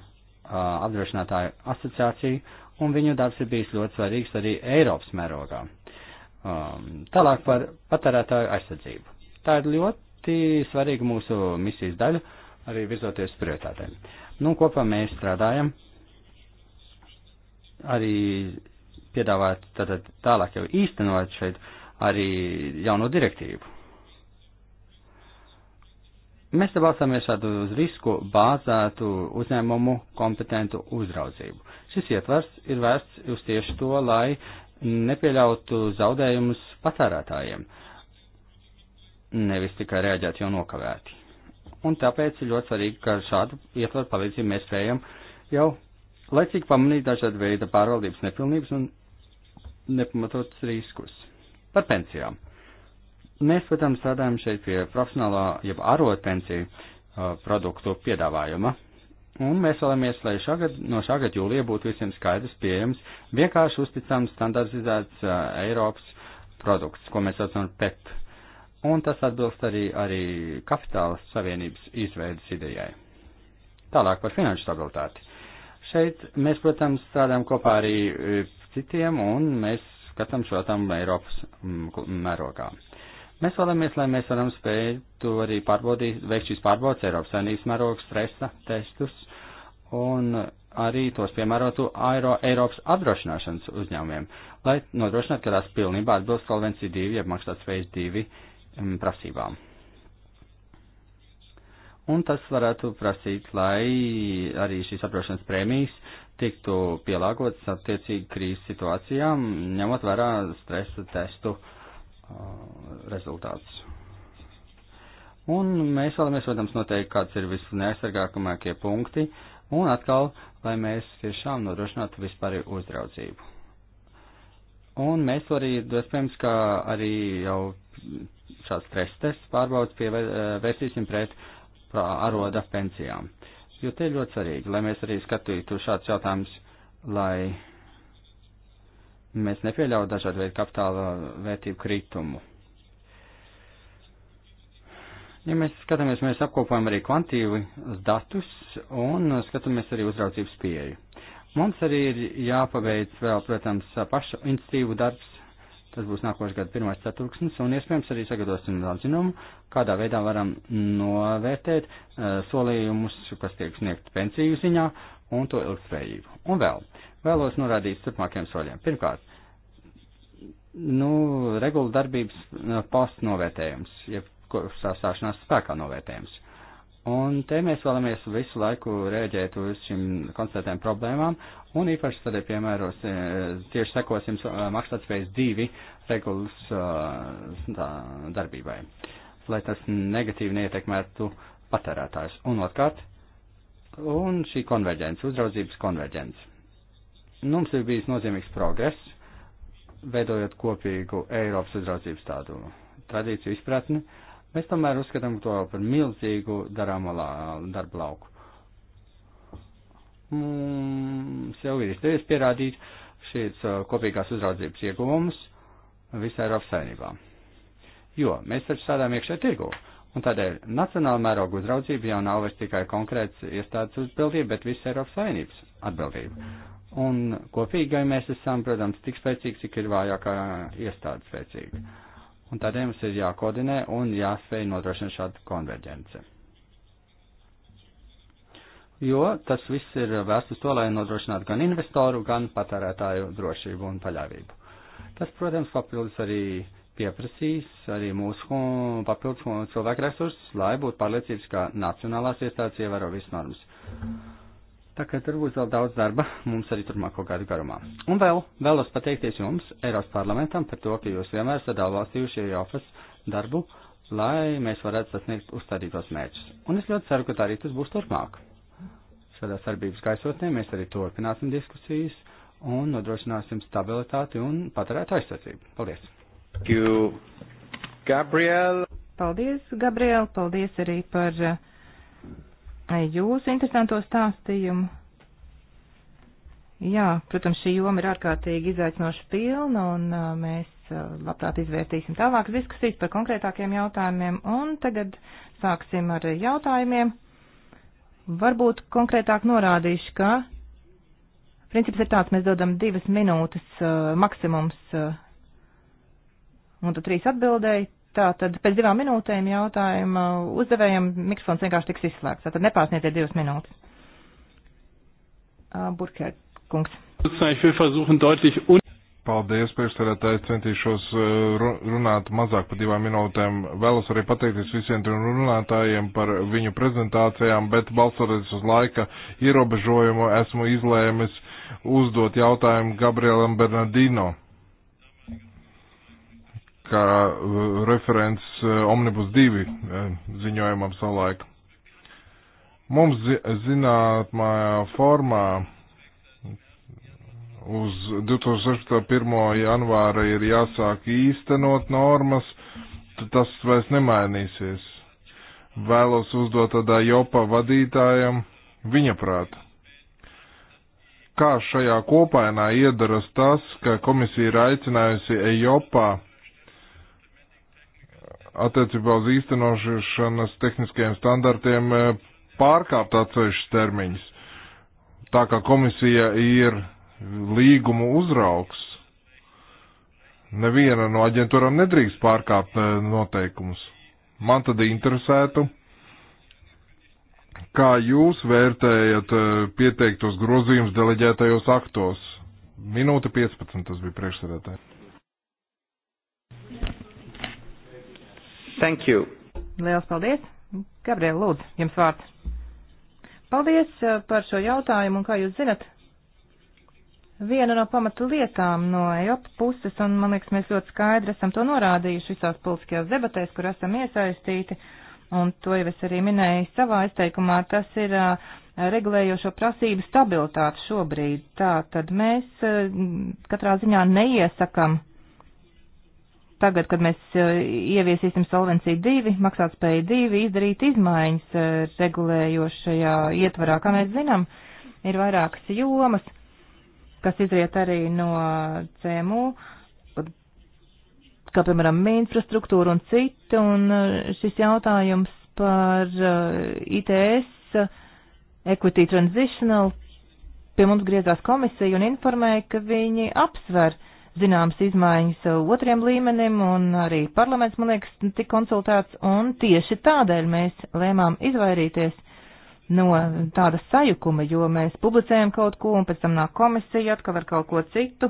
apdrošinātāju asociāciju, un viņu darbs ir bijis ļoti svarīgs arī Eiropas mērogā. Uh, Um, tālāk par patērētāju aizsardzību. Tā ir ļoti svarīga mūsu misijas daļa, arī virzoties prioritātēm. Nu, kopā mēs strādājam arī piedāvāt tātad tālāk jau īstenot šeit arī jauno direktīvu. Mēs te balstāmies tādu uz risku bāzētu uzņēmumu kompetentu uzraudzību. Šis ietvars ir vērsts uz tieši to, lai nepieļautu zaudējumus patērētājiem, nevis tikai reaģēt jau nokavēti. Un tāpēc ir ļoti svarīgi, ka šādu ietvaru palīdzību mēs spējam jau laicīgi pamanīt dažādu veidu pārvaldības nepilnības un nepamatotas riskus. Par pensijām. Mēs, protams, strādājam šeit pie profesionālā, jeb arotpensiju uh, produktu piedāvājuma, Un mēs vēlamies, lai šagad, no šā gada jūlija būtu visiem skaidrs, pieejams, vienkārši uzticams, standartizēts uh, Eiropas produkts, ko mēs saucam par PEP. E un tas atbilst arī, arī kapitāla savienības izveidas idejai. Tālāk par finanšu stabilitāti. Šeit mēs, protams, strādājam kopā arī citiem, un mēs skatām šo tam Eiropas mērogā. Uh, Mēs vēlamies, lai mēs varam spētu arī pārbaudīt, veikt šīs pārbaudas Eiropas saimnības mērogu stresa testus un arī tos piemērotu aero, Eiropas apdrošināšanas uzņēmumiem, lai nodrošinātu, ka tās pilnībā atbilst Solvency 2, jeb maksātspējas 2 mm, prasībām. Un tas varētu prasīt, lai arī šīs apdrošināšanas prēmijas tiktu pielāgotas attiecīgi krīzes situācijām, ņemot vērā stresa testu uh, Uh, rezultātus. Un mēs vēlamies, protams, noteikt, kāds ir visneaizsargākamākie punkti, un atkal, lai mēs tiešām nodrošinātu vispār uzraudzību. Un mēs to arī, iespējams, kā arī jau šāds stress tests pārbaudas pievērsīsim uh, pret aroda pensijām. Jo te ir ļoti svarīgi, lai mēs arī skatītu šāds jautājums, lai Mēs nepieļaujam dažādu veidu kapitāla vērtību kritumu. Ja mēs skatāmies, mēs apkopojam arī kvantīvus datus un skatāmies arī uzraudzības pieeju. Mums arī ir jāpabeidz vēl, protams, pašu institīvu darbs. Tas būs nākošais gada pirmais ceturksnis un iespējams arī sagatavosim atzinumu, kādā veidā varam novērtēt uh, solījumus, kas tiek sniegt pensiju ziņā un to ilgspējību. Un vēl, vēlos norādīt turpmākiem soļiem. Pirmkārt, nu, regula darbības nu, posts novērtējums, jeb stāšanās spēkā novērtējums. Un te mēs vēlamies visu laiku rēģēt uz šīm konstatētām problēmām, un īpaši tad, piemēros, e, tieši sekosim e, maksātspējas divi regulas e, tā, darbībai, lai tas negatīvi neietekmētu patērētājus. Un otrkārt, un šī konverģence, uzraudzības konverģence. Nu, mums ir bijis nozīmīgs progress, veidojot kopīgu Eiropas uzraudzības tādu tradīciju izpratni. Mēs tomēr uzskatām to par milzīgu darāmo la, darbu lauku. Mums jau ir izdevies pierādīt šīs uh, kopīgās uzraudzības ieguvumus visā Eiropas saimnībā. Jo mēs taču strādājam iekšē tirgū. Un tādēļ nacionāla mēroga uzraudzība jau nav vairs tikai konkrēts iestādes atbildība, bet visas Eiropas Savienības atbildība. Un kopīgai mēs esam, protams, tik spēcīgi, cik ir vājākā iestāde spēcīga. Un tādēļ mums ir jākoordinē un jāspēj nodrošināt šādu konverģenci. Jo tas viss ir vērsts uz to, lai nodrošinātu gan investoru, gan patērētāju drošību un paļāvību. Tas, protams, papildus arī uh, pieprasīs arī mūsu papildus cilvēku resursus, lai būtu pārliecības, ka nacionālās iestādes ievēro visas normas. Tā kā tur būs vēl daudz darba mums arī turpmāko gadu garumā. Un vēl vēlos pateikties jums, Eiropas parlamentam, par to, ka jūs vienmēr esat atbalstījuši EOFAS darbu, lai mēs varētu sasniegt uzstādītos mērķus. Un es ļoti ceru, ka tā arī tas būs turpmāk. Šādā sarbības gaisotnē mēs arī turpināsim diskusijas un nodrošināsim stabilitāti un patērētu aizsardzību. Paldies! You, Gabriel. Paldies, Gabriel, paldies arī par eh, jūsu interesanto stāstījumu. Jā, protams, šī joma ir ārkārtīgi izaicinoša pilna, un eh, mēs eh, labprāt izvērtīsim tālākas diskusijas par konkrētākiem jautājumiem. Un tagad sāksim ar jautājumiem. Varbūt konkrētāk norādīšu, ka princips ir tāds, mēs dodam divas minūtes maksimums Un tu trīs atbildēji. Tā tad pēc divām minūtēm jautājuma uzdevējiem mikrofons vienkārši tiks izslēgts. Tātad nepārsniedziet divas minūtes. Burkert kungs. Paldies, priekšsēdētāji, centīšos runāt mazāk par divām minūtēm. Vēlos arī pateikties visiem trim runātājiem par viņu prezentācijām, bet balsoties uz laika ierobežojumu esmu izlēmis uzdot jautājumu Gabrielam Bernardino kā uh, referents uh, Omnibus 2 uh, ziņojumam savulaik. Mums zinātmā formā uz 2001. janvāra ir jāsāk īstenot normas, tas vairs nemainīsies. Vēlos uzdot tādā jopa vadītājam viņa prātu. Kā šajā kopainā iedaras tas, ka komisija ir aicinājusi Ejopā attiecībā uz īstenošanas tehniskajiem standartiem eh, pārkāpt atsevišķus termiņus. Tā kā komisija ir līgumu uzraugs, neviena no aģentūrām nedrīkst pārkāpt eh, noteikumus. Man tad interesētu, kā jūs vērtējat eh, pieteiktos grozījumus deleģētajos aktos. Minūte 15 tas bija priekšsēdētāji. Thank you. Lielas paldies. Gabriela, lūdzu, jums vārds. Paldies uh, par šo jautājumu, un kā jūs zinat, viena no pamatu lietām no EOP puses, un man liekas, mēs ļoti skaidri esam to norādījuši visās politiskajās debatēs, kur esam iesaistīti, un to jau es arī minēju savā izteikumā, tas ir uh, regulējošo prasību stabilitāte šobrīd. Tā tad mēs uh, katrā ziņā neiesakam tagad, kad mēs e, ieviesīsim solvenciju divi, maksātspēju divi, izdarīt izmaiņas e, regulējošajā ietvarā. Kā mēs zinām, ir vairākas jomas, kas izriet arī no CMU, kā piemēram infrastruktūra un citi, un e, šis jautājums par ITS, Equity Transitional, pie mums griezās komisija un informēja, ka viņi apsver uh, zināmas izmaiņas uh, otriem līmenim, un arī parlaments, man liekas, tika konsultēts, un tieši tādēļ mēs lēmām izvairīties no tāda sajukuma, jo mēs publicējam kaut ko, un pēc tam nāk komisija atkal ar kaut ko citu,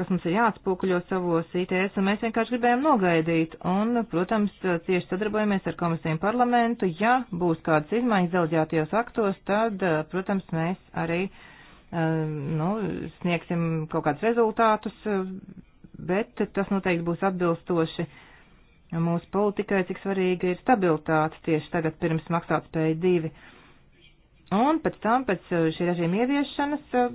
kas mums ir jāatspūkuļo savos ITS, un mēs vienkārši gribējām nogaidīt, un, protams, cieši sadarbojamies ar komisiju un parlamentu, ja būs kādas izmaiņas daudzjātajos aktos, tad, protams, mēs arī uh, Ehm, nu, sniegsim kaut kādus rezultātus, eh, bet tas noteikti būs atbilstoši mūsu politikai, cik svarīga ir stabilitāte tieši tagad pirms maksātspēja divi. Un pēc tam, pēc eh, šī režīma ieviešanas, eh,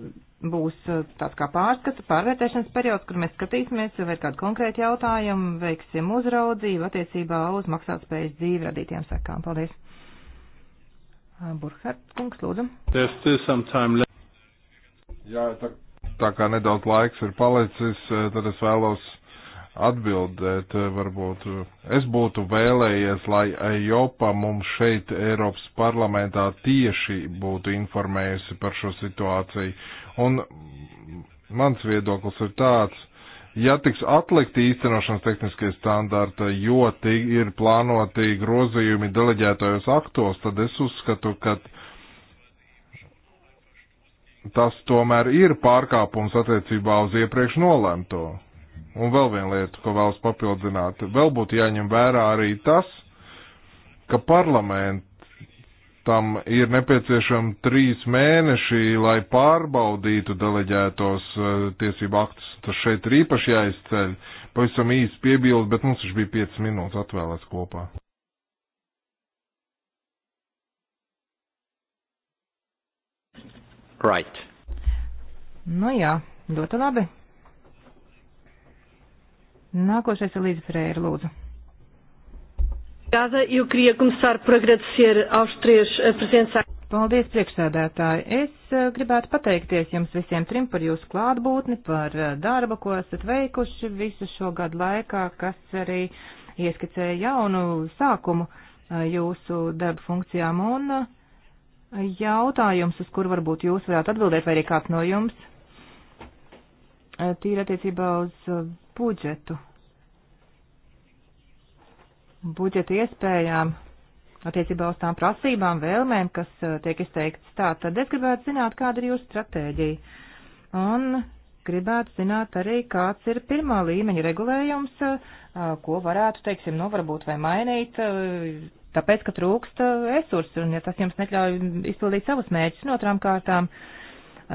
būs tāds kā pārskata, pārvērtēšanas periods, kur mēs skatīsimies, vai ir kādi konkrēti jautājumi, veiksim uzraudzību attiecībā uz maksātspējas dzīvi radītiem sekām. Paldies! Burkhardt kungs, lūdzu. Jā, tā, tā kā nedaudz laiks ir palicis, eh, tad es vēlos atbildēt, eh, varbūt eh, es būtu vēlējies, lai Eiropa mums šeit Eiropas parlamentā tieši būtu informējusi par šo situāciju. Un mans viedoklis ir tāds, ja tiks atlikti īstenošanas tehniskie standarta, jo ir plānoti grozījumi deleģētojos aktos, tad es uzskatu, ka uh, tas tomēr ir pārkāpums attiecībā uz iepriekš nolēmto. Un vēl viena lieta, ko vēlas papildināt, vēl būtu jāņem vērā arī tas, ka parlamentam ir nepieciešami trīs mēneši, lai pārbaudītu deleģētos eh, tiesību aktus. Tas šeit ir īpaši jāizceļ. Pavisam īsts piebildes, bet mums viņš bija 5 minūtes atvēlēts kopā. Right. Nu jā, ļoti labi. Nākošais ir Līdz Frēra, lūdzu. Obrigada. Eu queria começar por agradecer aos três a presença. Paldies, priekšsēdētāji. Es eh, gribētu pateikties jums visiem trim par jūsu klātbūtni, par eh, darbu, ko esat veikuši visu šo gadu laikā, kas arī ieskicēja jaunu sākumu eh, jūsu darba funkcijām. Un jautājums, uz kur varbūt jūs varētu atbildēt, vai arī kāds no jums, eh, tīri attiecībā uz eh, budžetu, budžeta iespējām, attiecībā uz tām prasībām, vēlmēm, kas eh, tiek izteikts tā, tad es gribētu zināt, kāda ir jūsu stratēģija. Un gribētu zināt arī, kāds ir pirmā līmeņa regulējums, ko varētu, teiksim, nu varbūt vai mainīt tāpēc, ka trūksta uh, resursu, un ja tas jums nekļauj izpildīt savus mērķus, un otrām kārtām uh,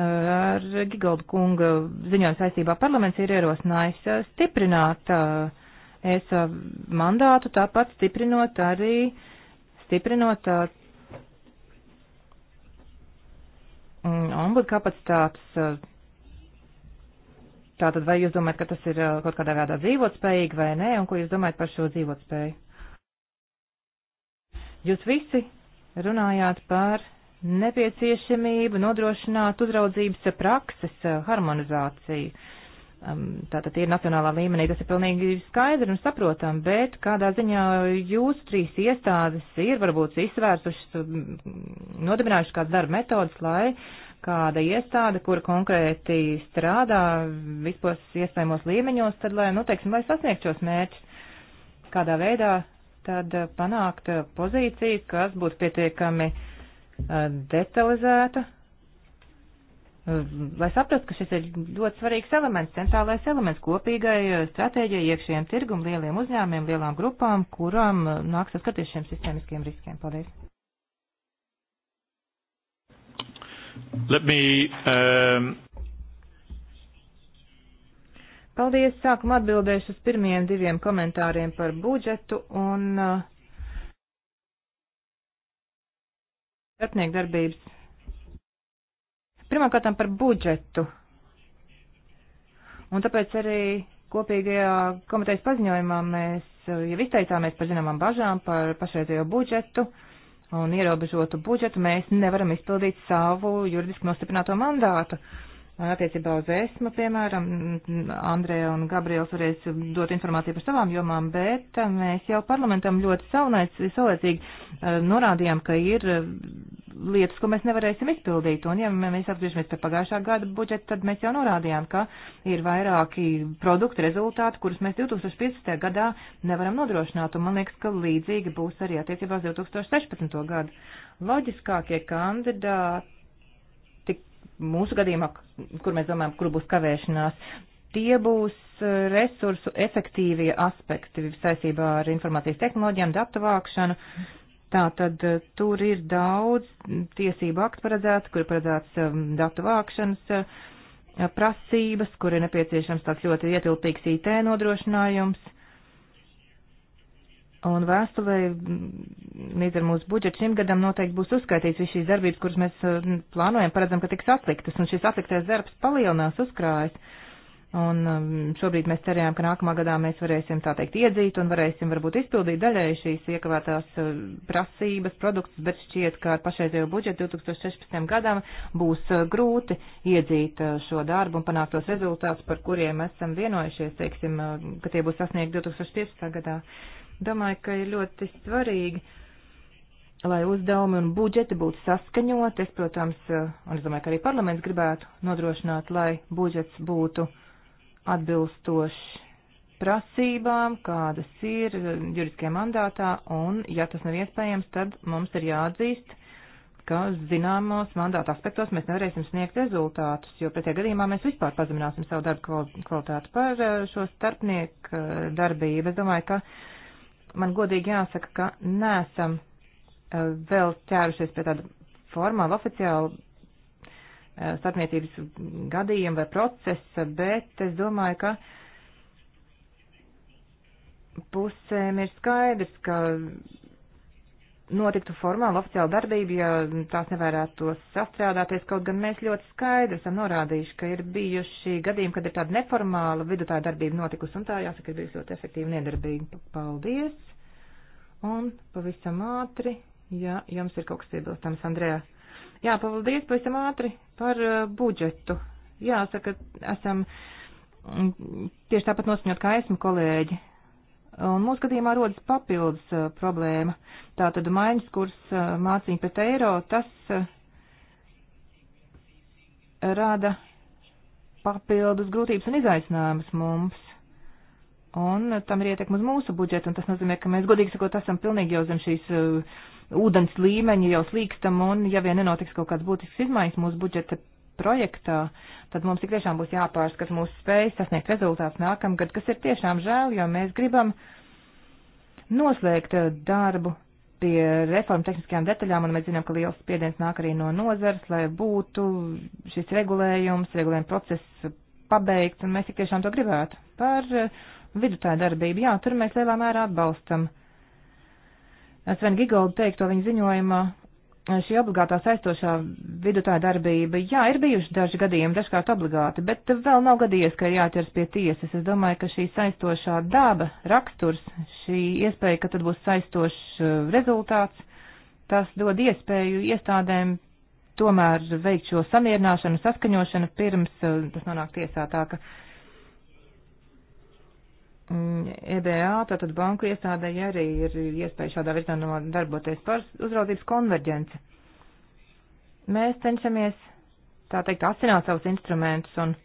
ar Gigaldu kunga ziņojumu saistībā parlaments ir ierosinājis uh, stiprināt es mandātu, tāpat stiprinot arī, stiprinot mm, ombudu kapacitātes. Tātad, vai jūs domājat, ka tas ir kaut kādā veidā dzīvotspējīgi vai nē, un ko jūs domājat par šo dzīvotspēju? Jūs visi runājāt par nepieciešamību nodrošināt uzraudzības prakses eh, harmonizāciju. Um, tātad ir nacionālā līmenī, tas ir pilnīgi skaidri un saprotam, bet kādā ziņā jūs trīs iestādes ir varbūt izsvērsušas, um, nodibinājušas kādas darba metodas, lai kāda iestāde, kura konkrēti strādā vispos iespējamos līmeņos, tad, lai, nu, teiksim, lai sasniegtu šos mērķus, kādā veidā tad eh, panākt eh, pozīciju, kas būtu pietiekami eh, detalizēta, lai saprastu, ka šis ir ļoti svarīgs elements, centrālais elements kopīgai stratēģijai, iekšējiem tirgum, lieliem uzņēmiem, lielām grupām, kurām nāks atskatīties šiem sistēmiskiem riskiem. Paldies! Let me, um... Paldies, sākumā atbildēšu uz pirmiem diviem komentāriem par budžetu un uh, starpnieku darbības. Pirmkārt par budžetu. Un tāpēc arī kopīgajā komitejas paziņojumā mēs uh, jau izteicāmies par zināmām bažām par pašreizējo budžetu un ierobežotu budžetu. Mēs nevaram izpildīt savu juridiski nostiprināto mandātu. Uh, Attiecībā uz esmu, piemēram, Andrēja un Gabriels varēs dot informāciju par savām jomām, bet eh, mēs jau parlamentam ļoti saulēcīgi eh, norādījām, ka ir eh, lietas, ko mēs nevarēsim izpildīt. Un, ja mēs atgriežamies pie pagājušā gada budžeta, tad mēs jau norādījām, ka ir vairāki produktu rezultāti, kurus mēs 2015. gadā nevaram nodrošināt. Un man liekas, ka līdzīgi būs arī attiecībā uz 2016. gadu. Loģiskākie kandidāti mūsu gadījumā, kur mēs domājam, kur būs kavēšanās, tie būs e, resursu efektīvie aspekti saistībā ar informācijas tehnoloģijām, datu vākšanu. Tātad e, tur ir daudz tiesību aktu paredzēts, kur paredzēts e, datu vākšanas prasības, kur ir nepieciešams tāds ļoti ietilpīgs IT nodrošinājums Un vēstulē, līdz ar mūsu budžetu šim gadam, noteikti būs uzskaitīts viss šīs darbības, kuras mēs uh, plānojam, paredzam, ka tiks atliktas, un šis atliktais darbs palielinās uzkrājas. Un um, šobrīd mēs cerējām, ka nākamā gadā mēs varēsim tā teikt iedzīt un varēsim varbūt izpildīt daļēji šīs iekavētās uh, prasības, produktus, bet šķiet, ka ar pašreizējo budžetu 2016. gadam būs uh, grūti iedzīt šo darbu un panākt tos rezultātus, par kuriem esam vienojušies, teiksim, ka tie būs sasniegti 2015. gadā. Domāju, ka ir ļoti svarīgi, lai uzdevumi un budžeti būtu saskaņoti. Es, protams, un es domāju, ka arī parlaments gribētu nodrošināt, lai budžets būtu atbilstošs prasībām, kādas ir juridiskajā mandātā, un, ja tas nav iespējams, tad mums ir jāatzīst, ka zināmos mandāta aspektos mēs nevarēsim sniegt rezultātus, jo pretējā gadījumā mēs vispār pazemināsim savu darbu kvalitāti par eh, šo starpnieku eh, darbību. Es domāju, ka man godīgi jāsaka, ka nesam eh, vēl ķērušies pie tāda formāla, oficiāla eh, starpniecības gadījuma vai procesa, bet es domāju, ka pusēm ir skaidrs, ka notiktu formāli oficiāla darbība, ja tās nevērētos sastrādāties, kaut gan mēs ļoti skaidri esam norādījuši, ka ir bijuši gadījumi, kad ir tāda neformāla vidutāja darbība notikusi, un tā jāsaka, ir bijusi ļoti efektīva nedarbība. Paldies! Un pavisam ātri, ja jums ir kaut kas piebilstams, Andrejā. Jā, paldies pavisam ātri par uh, budžetu. Jāsaka, esam mm, tieši tāpat noskaņot, kā esmu kolēģi. Un mūsu gadījumā rodas papildus uh, problēma. Tātad maiņas kurs uh, mācīņa pret eiro, tas uh, rada papildus grūtības un izaicinājumus mums. Un uh, tam ir ietekme uz mūsu budžetu, un tas nozīmē, ka mēs godīgi sakot esam pilnīgi jau zem šīs uh, ūdens līmeņa, jau slīkstam, un ja vien nenotiks kaut kāds būtisks izmaiņas mūsu budžeta projektā, tad mums tik tiešām būs jāpārskat mūsu spējas sasniegt rezultāts nākamgad, kas ir tiešām žēl, jo mēs gribam noslēgt eh, darbu pie reformu tehniskajām detaļām, un mēs zinām, ka liels spiediens nāk arī no nozares, lai būtu šis regulējums, regulējuma process pabeigts, un mēs tik tiešām to gribētu. Par eh, vidutāju darbību, jā, tur mēs lielā mērā atbalstam. Sven Gigolda teikto viņa ziņojumā, šī obligātā saistošā vidutāja darbība, jā, ir bijuši daži gadījumi, dažkārt obligāti, bet vēl nav gadījies, ka jāķers pie tiesas. Es domāju, ka šī saistošā daba, raksturs, šī iespēja, ka tad būs saistošs uh, rezultāts, tas dod iespēju iestādēm tomēr veikt šo samierināšanu, saskaņošanu pirms uh, tas nonāk tiesā tā, ka Mm, EBA, tātad banku iestādēji arī ir iespēja šādā virzienā darboties par uzraudzības konverģenci. Mēs cenšamies, tā teikt, asināt savus instrumentus un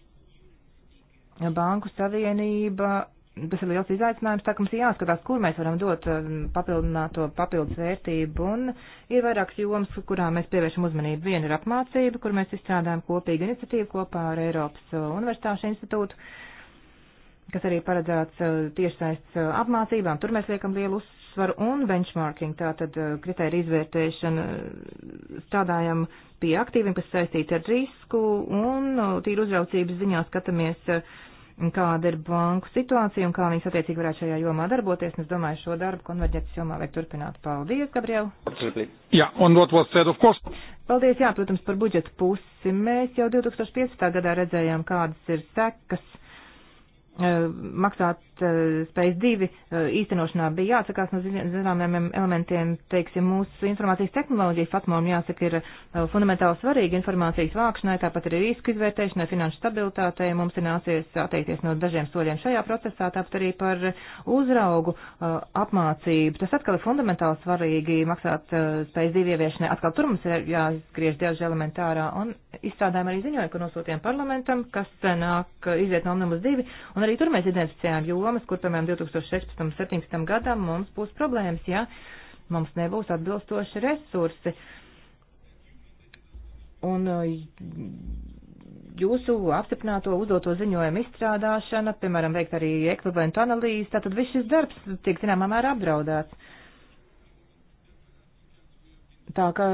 banku savienība, tas ir liels izaicinājums, tā ka mums jāskatās, kur mēs varam dot um, papildināto papildus vērtību un ir vairākas jomas, kurām mēs pievēršam uzmanību. Viena ir apmācība, kur mēs izstrādājam kopīgu iniciatīvu kopā ar Eiropas uh, Universitāšu institūtu kas arī paredzēts eh, tiešsaistes eh, apmācībām. Tur mēs liekam lielu uzsvaru un benchmarking, tātad eh, kritērija izvērtēšana. Strādājam pie aktīviem, kas saistīti ar risku un tīri uzraucības ziņā skatāmies, kāda ir banku situācija un kā viņas attiecīgi varētu šajā jomā darboties. Es domāju, šo darbu konverģētas jomā vajag turpināt. Paldies, Gabriel. Jā, un what was said, of course. Paldies, jā, protams, par budžetu pusi. Mēs jau 2015. gadā redzējām, kādas ir sekas Eh, maksāt eh, spējas divi eh, īstenošanā bija jāatsakās no zināmiem elementiem, teiksim, mūsu informācijas tehnoloģija FATMOM jāsaka ir fundamentāli svarīga informācijas vākšanai, tāpat arī risku izvērtēšanai, finanšu stabilitātei. Mums ir nācies atteikties no dažiem soļiem šajā procesā, tāpat arī par uzraugu apmācību. Tas atkal ir fundamentāli svarīgi maksāt spējas divi ieviešanai. Atkal tur mums ir jāizgriež daži elementārā un izstrādājam arī ziņoju, ko nosūtījām parlamentam, kas nāk iziet no omnibus divi. Un Un arī tur mēs identificējām jomas, kur, piemēram, 2016. un 2017. gadam mums būs problēmas, ja mums nebūs atbilstoši resursi. Un jūsu apstiprināto uzdoto ziņojumu izstrādāšana, piemēram, veikt arī ekvivalentu analīzi, tātad viss šis darbs tiek zināmā mērā apdraudēts. Tā ka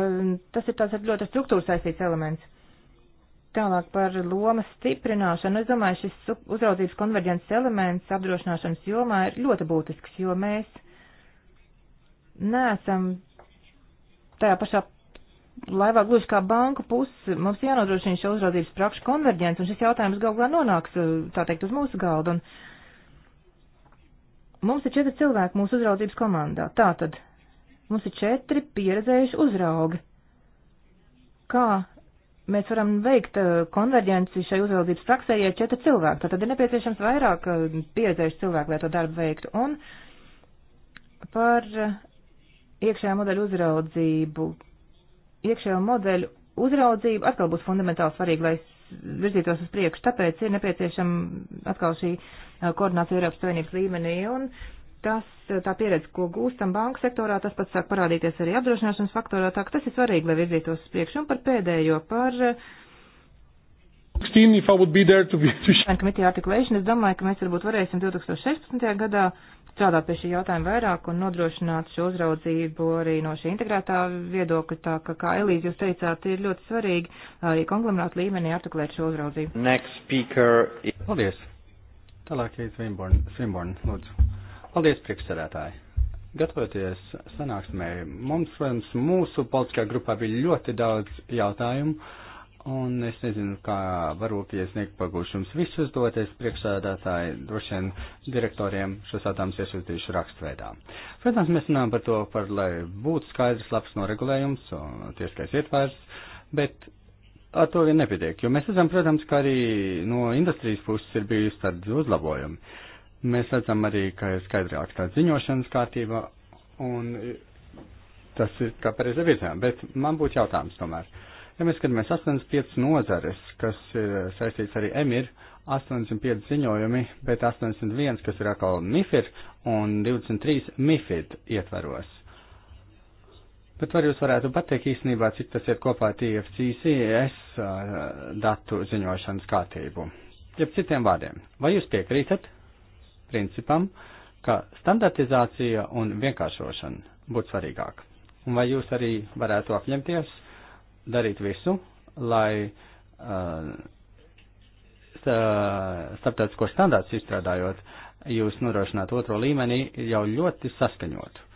tas ir tāds ļoti struktūras saistīts elements. Tālāk par lomas stiprināšanu. Es domāju, šis uzraudzības konverģences elements apdrošināšanas jomā ir ļoti būtisks, jo mēs neesam tajā pašā laivā gluži kā banka puse. Mums jānodrošina šī uzraudzības prakšu konverģence, un šis jautājums galvā nonāks, eh, tā teikt, uz mūsu galda. Un mums ir četri cilvēki mūsu uzraudzības komandā. Tātad mums ir četri pieredzējuši uzraugi. Kā mēs varam veikt eh, konverģenci šai uzraudzības praksē, ja četri cilvēki. Tad ir nepieciešams vairāk eh, pieredzējuši cilvēku, lai to darbu veiktu. Un par eh, iekšējā modeļa uzraudzību. Iekšējā modeļa uzraudzība atkal būs fundamentāli svarīga, lai virzītos uz priekšu. Tāpēc ir nepieciešama atkal šī koordinācija Eiropas Savienības līmenī. Un tas, tā pieredze, ko gūstam banku sektorā, tas pats sāk parādīties arī apdrošināšanas faktorā, tā ka tas ir svarīgi, lai virzītos uz priekšu un par pēdējo, par. 16, eh, if I would be there to be. Committee articulation, es domāju, ka mēs varbūt varēsim 2016. gadā strādāt pie šī jautājuma vairāk un nodrošināt šo uzraudzību arī no šī integrētā viedokļa, tā ka, kā Elīze jūs teicāt, ir ļoti svarīgi arī konglomerāta līmenī artikulēt šo uzraudzību. Next speaker. Paldies. Tālāk ir Svinborn, Svinborn, lūdzu. Paldies, priekšsēdētāji! Gatavoties sanāksmē, mums, protams, mūsu politiskajā grupā bija ļoti daudz jautājumu, un es nezinu, kā varbūt iesniegt pagūšu jums visus doties priekšsēdētāji, droši vien direktoriem šos jautājumus iesūtīšu rakstveidā. Protams, mēs runājam par to, par, lai būtu skaidrs, labs noregulējums un tieskais ietvērs, bet ar to vien nepietiek, jo mēs redzam, protams, ka arī no industrijas puses ir bijusi tādi uzlabojumi. Mēs redzam arī, ka ir skaidrāk tā ziņošanas kārtība, un tas ir kā pareizi virzējām, bet man būtu jautājums tomēr. Ja mēs skatāmies 85 nozares, kas ir saistīts arī EMIR, 805 ziņojumi, bet 81, kas ir atkal MIFIR un 23 MIFID ietveros. Bet var jūs varētu pateikt īstenībā, cik tas ir kopā TFCCS uh, datu ziņošanas kārtību. Jeb citiem vārdiem, vai jūs piekrītat, principam, ka standartizācija un vienkāršošana būtu svarīgāk. Un vai jūs arī varētu apņemties darīt visu, lai uh, starptautisko standārts izstrādājot, jūs nodrošināt otro līmenī jau ļoti saskaņotu.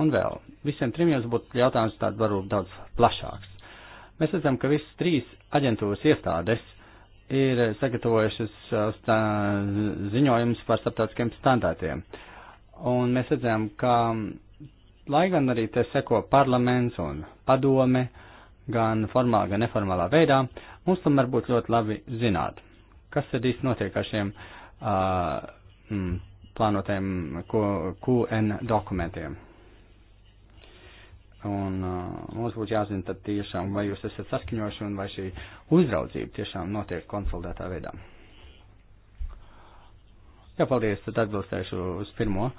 Un vēl, visiem trim jums būtu jautājums tāds varbūt daudz plašāks. Mēs redzam, ka visas trīs aģentūras iestādes ir sagatavojušas uh, stā, ziņojums par starptautiskiem standārtiem. Un mēs redzējām, ka, lai gan arī te seko parlaments un padome, gan formālā, gan neformālā veidā, mums tomēr būtu ļoti labi zināt, kas tad īsti notiek ar šiem uh, plānotiem QN dokumentiem. Un uh, mums būtu jāzina tad tiešām, vai jūs esat saskaņojuši un vai šī uzraudzība tiešām notiek konsolidētā veidā. Jā, paldies, tad atbilstēšu uz pirmo,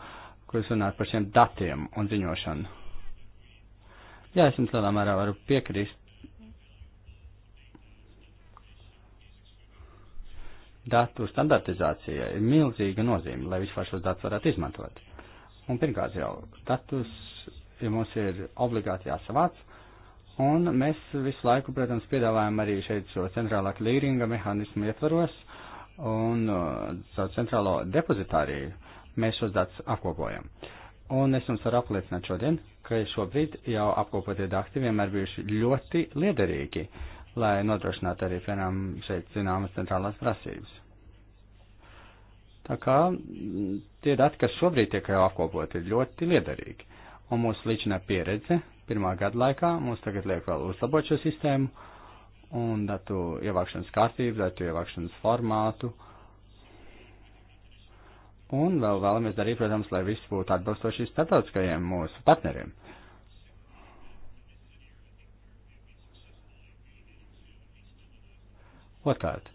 kur jūs runājat par šiem datiem un ziņošanu. Jā, es jums lielā mērā varu piekrist. Datu standartizācija ir milzīga nozīme, lai vispār šos datus varētu izmantot. Un pirmkārt jau datus ja mums ir obligāti jāsavāc. Un mēs visu laiku, protams, piedāvājam arī šeit šo centrālā klīringa mehānismu ietvaros un uh, savu centrālo depozitāriju. Mēs šos datus apkopojam. Un es jums varu apliecināt šodien, ka šobrīd jau apkopotie dati vienmēr bijuši ļoti liederīgi, lai nodrošinātu arī, piemēram, šeit zināmas centrālās prasības. Tā kā mm, tie dati, kas šobrīd tiek jau apkopoti, ir ļoti liederīgi un mūsu līdzinā pieredze pirmā gada laikā mums tagad liek vēl uzlabot šo sistēmu un datu ievākšanas kārtību, datu ievākšanas formātu. Un vēl vēlamies darīt, protams, lai viss būtu atbilstoši starptautiskajiem mūsu partneriem. Otkārt,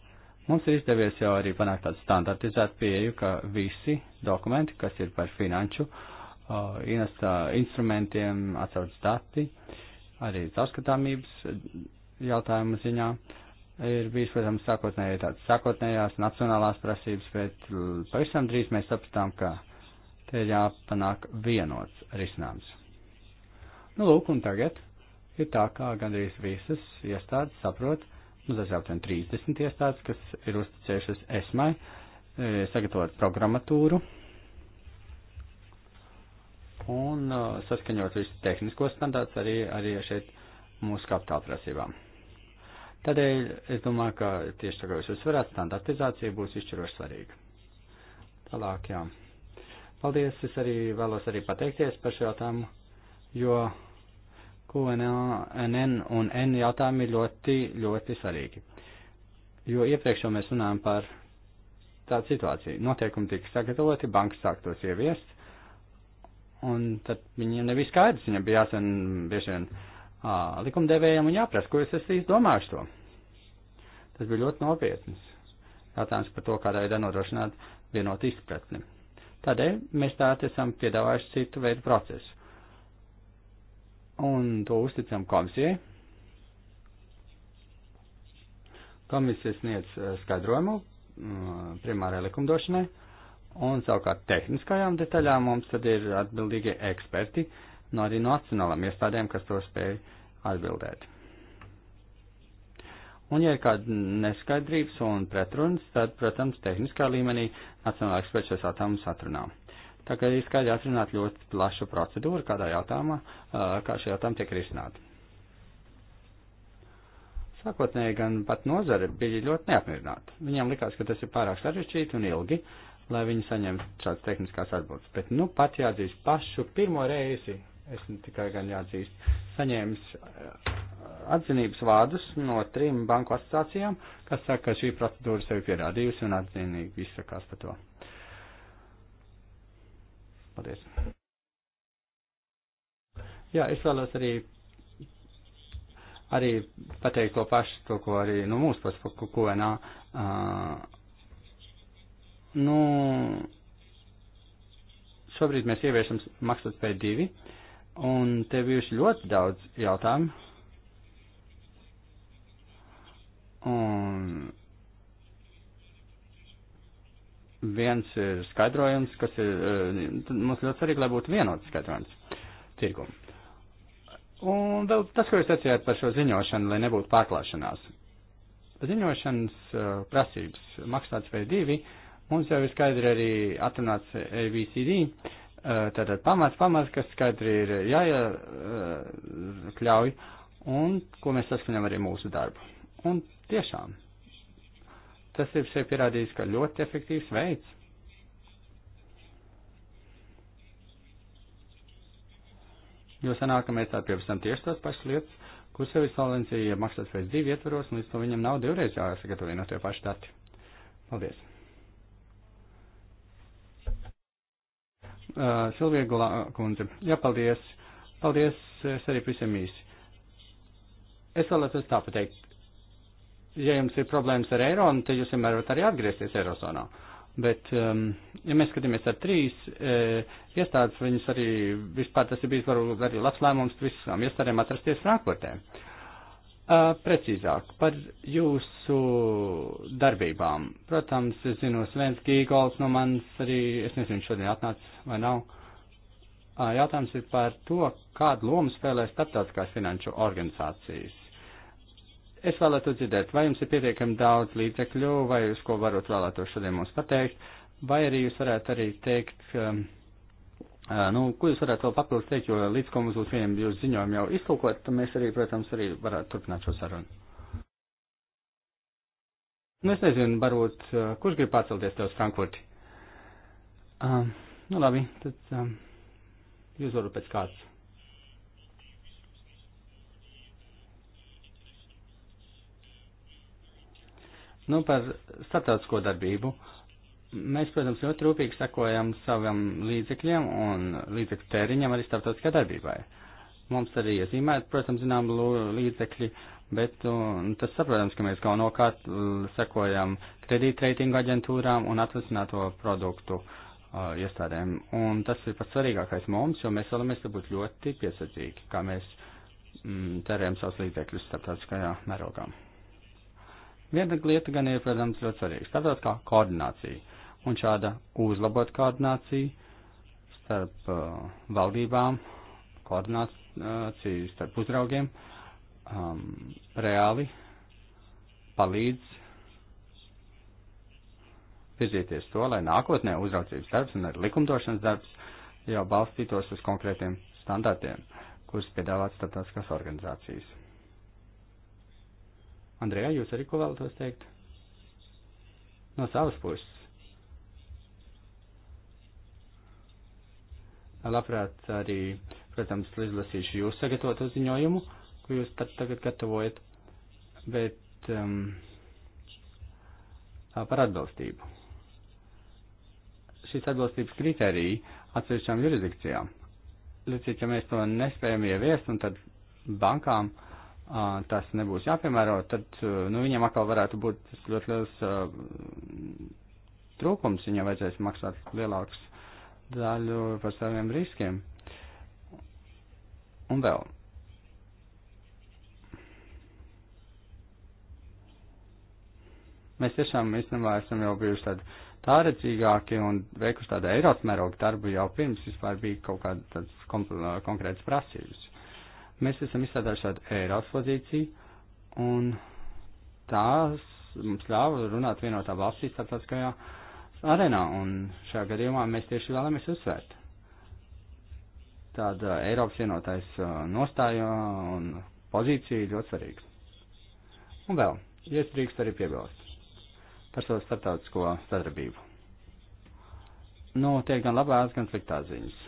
mums ir izdevies jau arī panākt tādu standartizētu pieeju, ka visi dokumenti, kas ir par finanšu uh, uh, instrumentiem atsauc dati, arī caurskatāmības jautājumu ziņā. Ir bijis, protams, sākotnēji tāds sākotnējās nacionālās prasības, bet uh, pavisam drīz mēs sapratām, ka te ir jāpanāk vienots risinājums. Nu, lūk, un tagad ir tā, kā gandrīz visas iestādes saprot, nu, tas jau 30 iestādes, kas ir uzticējušas esmai, eh, sagatavot programmatūru, un uh, saskaņot visus tehniskos standārts arī, arī šeit mūsu kapitāla prasībām. Tādēļ es domāju, ka tieši tagad jūs uzsverāt, standartizācija būs izšķiroši svarīga. Tālāk, jā. Paldies, es arī vēlos arī pateikties par šo jautājumu, jo QNN un N jautājumi ir ļoti, ļoti svarīgi. Jo iepriekš jau mēs runājam par tādu situāciju. Noteikumi tika sagatavoti, bankas sāk tos ieviest, Un tad viņiem nebija skaidrs, viņam bija jāsen bieži vien ā, likumdevējiem un jāprasa, ko es esmu domājuši to. Tas bija ļoti nopietns jautājums par to, kādā veidā nodrošināt vienot izpratni. Tādēļ mēs tātad esam piedāvājuši citu veidu procesu. Un to uzticam komisijai. Komisija sniedz skaidrojumu primārai likumdošanai Un savukārt tehniskajām detaļām mums tad ir atbildīgie eksperti no arī nacionālām iestādēm, kas to spēj atbildēt. Un, ja ir kāda neskaidrības un pretrunas, tad, protams, tehniskā līmenī nacionālā eksperta šos jautājumus atrunā. Tā kā ir skaidri atrunāt ļoti plašu procedūru, kādā jautājumā, kā šie jautājumi tiek risināti. Sākotnēji gan pat nozare bija ļoti neapmierināta. Viņiem likās, ka tas ir pārāk sarežģīti un ilgi, uh, lai viņi saņemtu šādas tehniskās atbildes. Bet, nu, pat jāatzīst pašu pirmo reizi, es tikai gan jāatzīst, saņēmis atzinības vārdus no trim banku asociācijām, kas saka, ka šī procedūra sevi pierādījusi un atzinīgi izsakās par to. Paldies. Jā, es vēlos arī, arī pateikt to pašu, to, ko arī no nu, mūsu puses, ko, ko, ko, ko, ko, ko, ko, ko, ko Nu, šobrīd mēs ieviešam maksas P2, un te bijuši ļoti daudz jautājumu. Un viens ir skaidrojums, kas ir, eh, mums ļoti svarīgi, lai būtu vienots skaidrojums tirgumu. Un vēl tas, ko jūs teicāt par šo ziņošanu, lai nebūtu pārklāšanās. Ziņošanas eh, prasības maksāts vai divi Mums jau ir skaidri arī atrunāts ABCD, tātad pamats, pamats, kas skaidri ir jāiekļauj un ko mēs saskaņam arī mūsu darbu. Un tiešām, tas ir sev pierādījis, ka ļoti efektīvs veids. Jo sanāk, ka mēs tā pieprasām tieši tās pašas lietas, kuras sevi solvencija maksāt pēc divu ietvaros, un līdz to viņam nav divreiz jāsagatavina tie paši dati. Paldies! Uh, Silvija Kundze, jā, paldies. Paldies, es arī visiem īsi. Es vēlētos tā pateikt. Ja jums ir problēmas ar eiro, tad jūs vienmēr varat arī atgriezties eirozonā. Bet, um, ja mēs skatāmies ar trīs e, iestādes, viņas arī vispār tas ir bijis varbūt arī labs lēmums visām iestādēm atrasties Frankfurtē. Uh, Uh, precīzāk par jūsu darbībām. Protams, es zinu, Svens Gīgols no manis arī, es nezinu, šodien atnācis vai nav. Uh, jautājums ir par to, kādu lomu spēlē starptautiskās finanšu organizācijas. Es vēlētu dzirdēt, vai jums ir pietiekami daudz līdzekļu, vai uz ko varot vēlētos šodien mums pateikt, vai arī jūs varētu arī teikt, um, Nu, ko jūs varētu vēl papildus teikt, jo līdz ko mums būs pieņem jūs ziņojumi jau iztulkot, tad mēs arī, protams, arī varētu turpināt šo sarunu. Nu, es nezinu, varbūt, kurš grib pārcelties tev uz Frankfurti? Um, nu, labi, tad um, jūs varat pēc kāds. Nu, par starptautisko darbību. Uh, Mēs, protams, ļoti rūpīgi sakojam saviem līdzekļiem un līdzekļu tēriņam arī starptautiskā darbībai. Mums arī iezīmēt, protams, zinām līdzekļi, bet uh, un, tas saprotams, ka mēs galvenokārt uh, sekojam kredītreitingu aģentūrām un atvasināto produktu uh, iestādēm. Un tas ir pats svarīgākais mums, jo mēs vēlamies būt ļoti piesardzīgi, kā mēs mm, tērējam savus līdzekļus starptautiskajā mērogā. Viena lieta gan ir, protams, ļoti svarīga - starptautiskā koordinācija un šāda uzlabot koordināciju starp uh, valdībām, koordināciju starp uzraugiem um, reāli palīdz virzīties to, lai nākotnē uzraudzības darbs un arī likumdošanas darbs jau balstītos uz konkrētiem standartiem, kurus piedāvāt starptautiskās organizācijas. Andrejā, jūs arī ko vēlatos teikt? No savas puses. Labprāt arī, protams, izlasīšu jūs sagatavotu ziņojumu, ko jūs tad tagad gatavojat, bet um, par atbalstību. Šīs atbalstības kritērija atsevišķām jurisdikcijām. Līdzīgi, ja mēs to nespējam ieviest, un tad bankām uh, tas nebūs jāpiemēro, tad nu, viņam atkal varētu būt ļoti liels uh, trūkums. Viņam vajadzēs maksāt lielākus daļu par saviem riskiem. Un vēl. Mēs tiešām īstenībā esam jau bijuši tādi tāredzīgāki un veikuši tādu Eiropas mērogu darbu jau pirms vispār bija kaut kādas konkrētas prasības. Mēs esam izstrādājuši tādu Eiropas pozīciju un tās mums ļāva runāt vienotā valstī starptautiskajā. Uh, arēnā, un šajā gadījumā mēs tieši vēlamies uzsvērt tāda Eiropas vienotais uh, nostāja un pozīcija ļoti svarīga. Un vēl, ja es drīkst arī piebilst par savu starptautisko sadarbību. Nu, tiek gan labās, gan sliktās ziņas.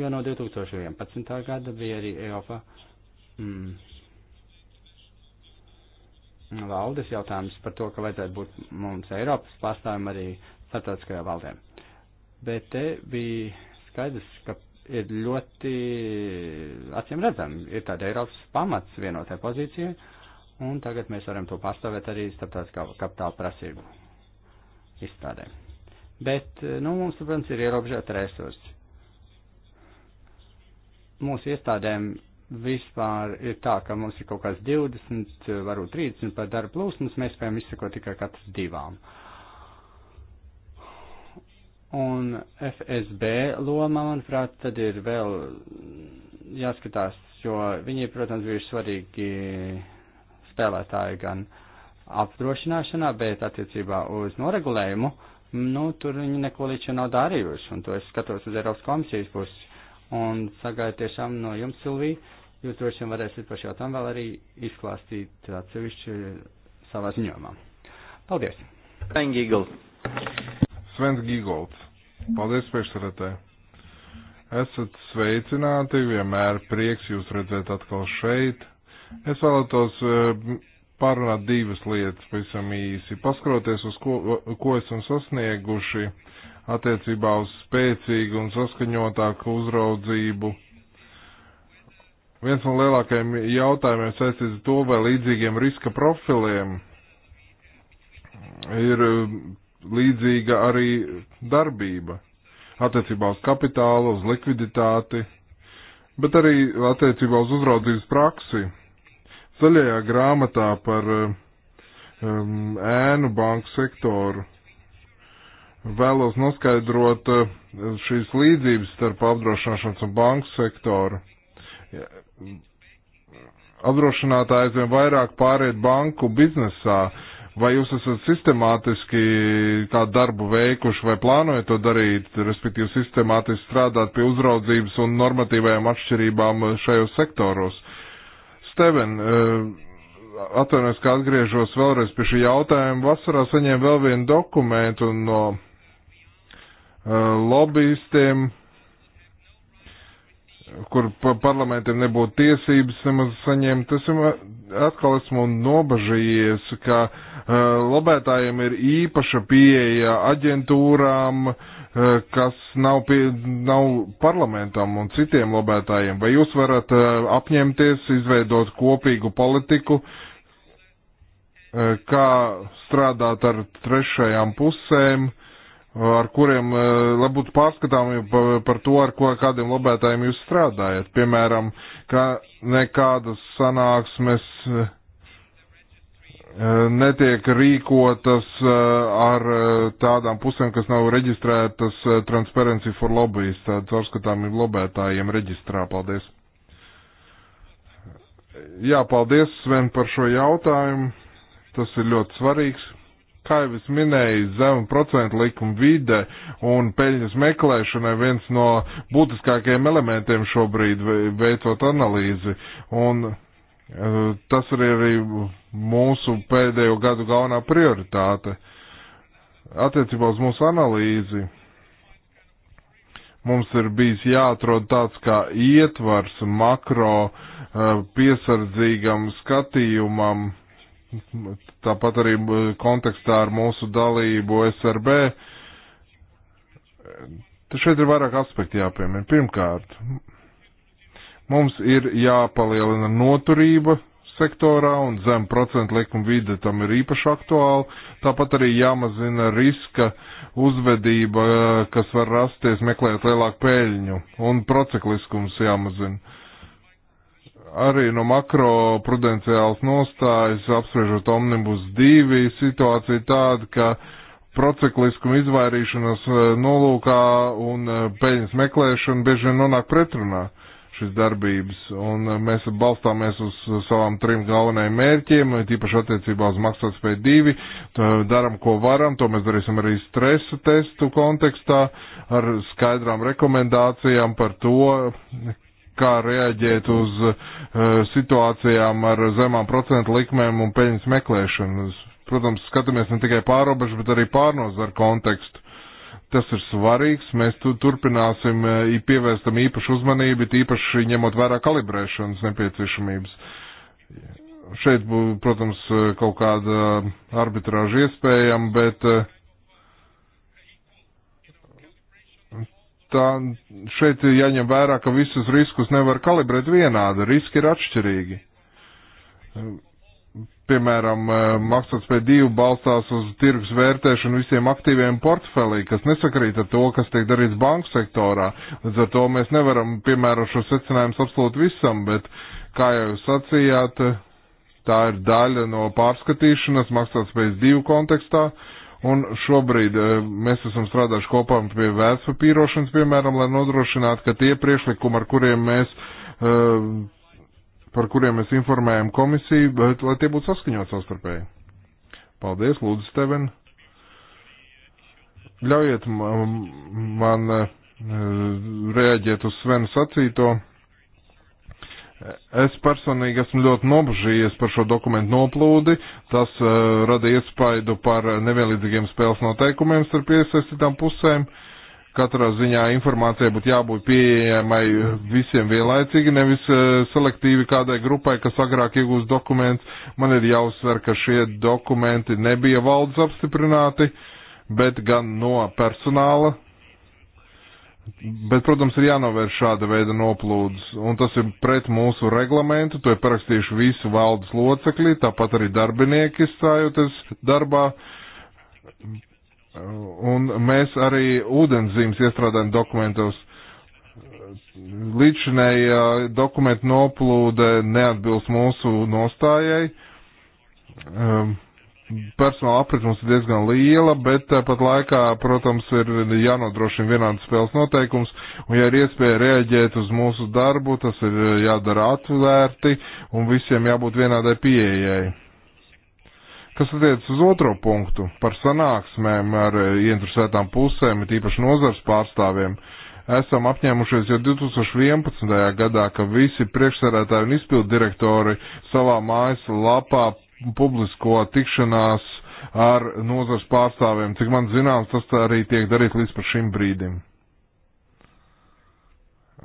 Jo no 2011. gada bija arī Eiropa mm, valdes jautājums par to, ka vajadzētu būt mums Eiropas pārstāvjiem arī starptautiskajā valdē. Bet te bija skaidrs, ka ir ļoti acīm redzami, ir tāda Eiropas pamats vienotai pozīcijai, un tagad mēs varam to pārstāvēt arī starptautiskā kapitāla prasību izstādē. Bet, nu, mums, protams, ir ierobežot resursi. Mūsu iestādēm vispār ir tā, ka mums ir kaut kāds 20, varbūt 30 par darba plūsmas, mēs spējam izsako tikai katrs divām. Un FSB loma, manuprāt, tad ir vēl jāskatās, jo viņi, protams, bija svarīgi spēlētāji gan apdrošināšanā, bet attiecībā uz noregulējumu, nu, tur viņi neko līdz šim nav darījuši, un to es skatos uz Eiropas komisijas puses. Un sagaidu tiešām no jums, Silvija, Jūs droši vien varēsiet par šo jautājumu vēl arī izklāstīt atsevišķi savā ziņojumā. Paldies! Sven Gigolds. Svens Gigolds. Paldies, priekšsarētāji. Esat sveicināti, vienmēr prieks jūs redzēt atkal šeit. Es vēlētos e, pārunāt divas lietas pavisam īsi, paskroties uz ko, ko esam sasnieguši attiecībā uz spēcīgu un saskaņotāku uzraudzību Viens no lielākajiem jautājumiem saistīts ar to, vai līdzīgiem riska profiliem ir um, līdzīga arī darbība attiecībā uz kapitālu, uz likviditāti, bet arī attiecībā uz uzraudzības praksi. Zaļajā grāmatā par um, um ēnu banku sektoru vēlos noskaidrot uh, šīs līdzības starp apdrošināšanas un banku sektoru apdrošinātāji aizvien vairāk pāriet banku biznesā. Vai jūs esat sistemātiski tādu darbu veikuši vai plānojat to darīt, respektīvi sistemātiski strādāt pie uzraudzības un normatīvajām atšķirībām šajos sektoros? Steven, eh, atvainojos, ka atgriežos vēlreiz pie šī jautājuma. Vasarā saņēmu vēl vienu dokumentu no eh, lobbyistiem. Uh, kur parlamentiem nebūtu tiesības nemaz saņemt. Es eh, atkal esmu nobažījies, ka uh, lobētājiem ir īpaša pieeja aģentūrām, uh, kas nav, pie, nav parlamentam un citiem lobētājiem. Vai jūs varat uh, apņemties izveidot kopīgu politiku, kā strādāt ar trešajām pusēm? ar kuriem, eh, lai būtu pārskatāmi par to, ar ko, kādiem lobētājiem jūs strādājat. Piemēram, ka nekādas sanāksmes eh, netiek rīkotas eh, ar tādām pusēm, kas nav reģistrētas Transparency for Lobbies, tāda caurskatāmība lobētājiem reģistrā. Paldies! Jā, paldies, Sven, par šo jautājumu. Tas ir ļoti svarīgs. Kā jau es minēju, zemu procentu likuma vide un peļņas meklēšana ir viens no būtiskākajiem elementiem šobrīd veicot analīzi. Un e, tas arī ir mūsu pēdējo gadu galvenā prioritāte. Attiecībā uz mūsu analīzi mums ir bijis jāatrod tāds kā ietvars makro e, piesardzīgam skatījumam Tāpat arī kontekstā ar mūsu dalību SRB. Tad šeit ir vairāk aspekti jāpiemina. Pirmkārt, mums ir jāpalielina noturība sektorā un zem procentu likuma vide tam ir īpaši aktuāli. Tāpat arī jāmazina riska uzvedība, kas var rasties meklējot lielāku pēļņu un procikliskums jāmazina arī no makroprudenciālas nostājas, apspriežot omnibus divi, situācija tāda, ka procikliskuma izvairīšanas e, nolūkā un e, peļņas meklēšana bieži vien nonāk pretrunā šīs darbības, un e, mēs balstāmies uz savām trim galvenajiem mērķiem, tīpaši attiecībā uz maksātspēju divi, daram, ko varam, to mēs darīsim arī stresa testu kontekstā ar skaidrām rekomendācijām par to, kā reaģēt uz uh, situācijām ar zemām procentu likmēm un peļņas meklēšanu. Protams, skatāmies ne tikai pārobežu, bet arī pārnozaru kontekstu. Tas ir svarīgs, mēs tu, turpināsim uh, pievērstam īpašu uzmanību, īpaši ņemot vērā kalibrēšanas nepieciešamības. Šeit, protams, eh, kaut kāda arbitrāža iespējama, bet uh, tā, šeit ir jāņem vērā, ka visus riskus nevar kalibrēt vienādi, riski ir atšķirīgi. Piemēram, eh, maksāts pēc divu balstās uz tirgus vērtēšanu visiem aktīviem portfelī, kas nesakrīt ar to, kas tiek darīts banku sektorā. Līdz ar to mēs nevaram, piemēram, šo secinājumus absolūti visam, bet, kā jau jūs sacījāt, tā ir daļa no pārskatīšanas maksāts pēc divu kontekstā. Uh, Un šobrīd eh, mēs esam strādājuši kopā pie vērtspapīrošanas, piemēram, lai nodrošinātu, ka tie priešlikumi, ar kuriem mēs, eh, par kuriem mēs informējam komisiju, bet, lai tie būtu saskaņot savstarpēji. Paldies, Lūdzu, Steven. Ļaujiet man eh, reaģēt uz Svenu sacīto. Es personīgi esmu ļoti nobežījies par šo dokumentu noplūdi. Tas uh, rada iespaidu par nevienlīdzīgiem spēles noteikumiem starp iesaistītām pusēm. Katrā ziņā informācijai būtu jābūt pieejamai visiem vienlaicīgi, nevis uh, selektīvi kādai grupai, kas agrāk iegūst dokumentus. Man ir jāuzsver, ka šie dokumenti nebija valdes apstiprināti, bet gan no personāla Bet, protams, ir jānovērš šāda veida noplūdes, un tas ir pret mūsu reglamentu, to ir parakstījuši visu valdes locekļi, tāpat arī darbinieki stājoties darbā. Un mēs arī ūdenzīmes iestrādājam dokumentos. Līdšanēja dokumentu noplūde neatbilst mūsu nostājai. Um, personāla apritums ir diezgan liela, bet tāpat laikā, protams, ir jānodrošina vienādas spēles noteikums, un ja ir iespēja reaģēt uz mūsu darbu, tas ir jādara atvērti, un visiem jābūt vienādai pieejai. Kas attiecas uz otro punktu par sanāksmēm ar ieinteresētām pusēm, it īpaši nozars pārstāvjiem, esam apņēmušies jau 2011. gadā, ka visi priekšsarētāji un izpildu direktori savā mājas lapā publisko tikšanās ar nozars pārstāvjiem. Cik man zināms, tas arī tiek darīt līdz par šim brīdim.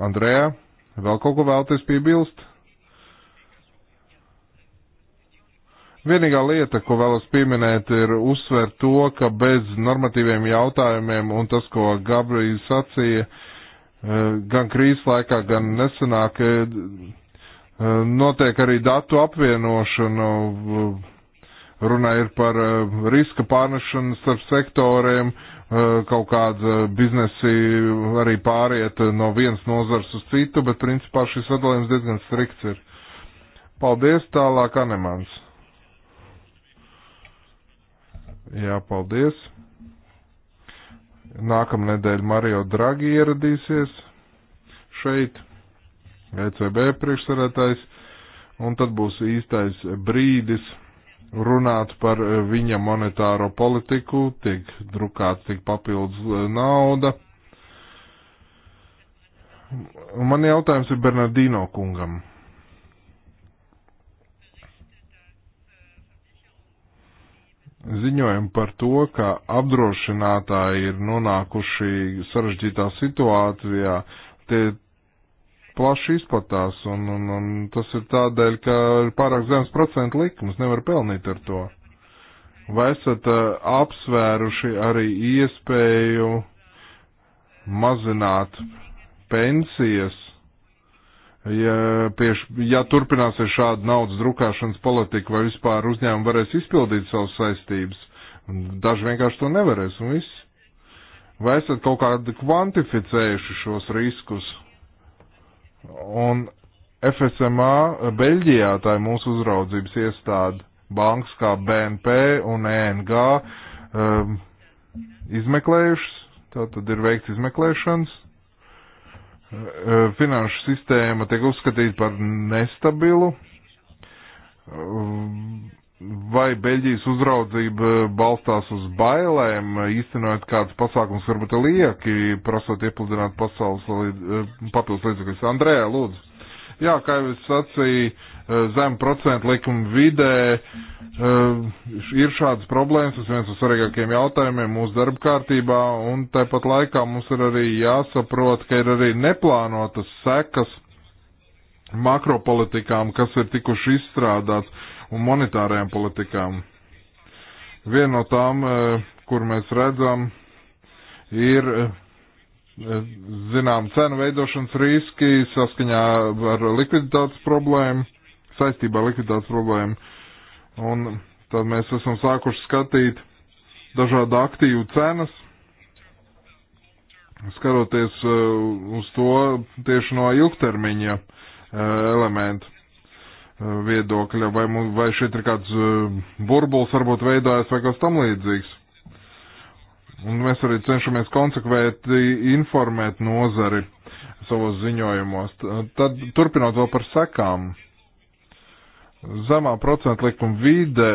Andrejā, vēl kaut ko vēlties piebilst? Vienīgā lieta, ko vēlos pieminēt, ir uzsvērt to, ka bez normatīviem jautājumiem un tas, ko Gabriela sacīja, eh, gan krīzes laikā, gan nesenāk, eh, Eh, notiek arī datu apvienošana, eh, runa ir par eh, riska pārnešanu starp sektoriem, kaut kāda biznesi arī pāriet no vienas nozars uz citu, bet principā šis sadalījums diezgan strikts ir. Paldies, tālāk Anemans. Jā, paldies. Nākamnedēļ Mario Dragi ieradīsies šeit. ECB priekšsarētājs, un tad būs īstais brīdis runāt par e, viņa monetāro politiku, tiek drukāts tik papildus e, nauda. Man jautājums ir Bernardino kungam. ziņojumi par to, ka apdrošinātāji ir nonākuši sarežģītā situācijā, tie plaši izplatās, un, un, un tas ir tādēļ, ka ir pārāk zemes procentu likums, nevar pelnīt ar to. Vai esat uh, apsvēruši arī iespēju mazināt pensijas, ja, pieš, ja turpināsies šāda naudas drukāšanas politika, vai vispār uzņēmumi varēs izpildīt savas saistības? Daži vienkārši to nevarēs, un viss. Vai esat kaut kādi kvantificējuši šos riskus? Un FSMA Beļģijā tā ir mūsu uzraudzības iestāde. Banks kā BNP un ENG um, izmeklējušas, tā tad ir veikts izmeklēšanas. Uh, finanšu sistēma tiek uzskatīta par nestabilu. Um, vai Beļģijas uzraudzība balstās uz bailēm, īstenojot kādus pasākums, varbūt lieki, prasot iepludināt pasaules eh, papildus līdzekļus. Andrejā, lūdzu. Jā, kā jau es sacīju, eh, zem procentu likuma vidē eh, ir šādas problēmas, tas viens no svarīgākajiem jautājumiem mūsu darba kārtībā, un tāpat laikā mums ir arī jāsaprot, ka ir arī neplānotas sekas makropolitikām, kas ir tikuši izstrādāts un monetārajām politikām. Viena no tām, e, kur mēs redzam, ir e, e, zinām cenu veidošanas riski saskaņā ar likviditātes problēmu, saistībā ar likviditātes problēmu. Un tad mēs esam sākuši skatīt dažādu aktīvu cenas, skaroties uz to tieši no ilgtermiņa elementu viedokļa, vai, mums, vai šeit ir kāds e, burbulis varbūt veidojas vai kas tam līdzīgs. Un mēs arī cenšamies konsekventi informēt nozari savos ziņojumos. Tad turpinot vēl par sekām. Zemā procentu likuma vīde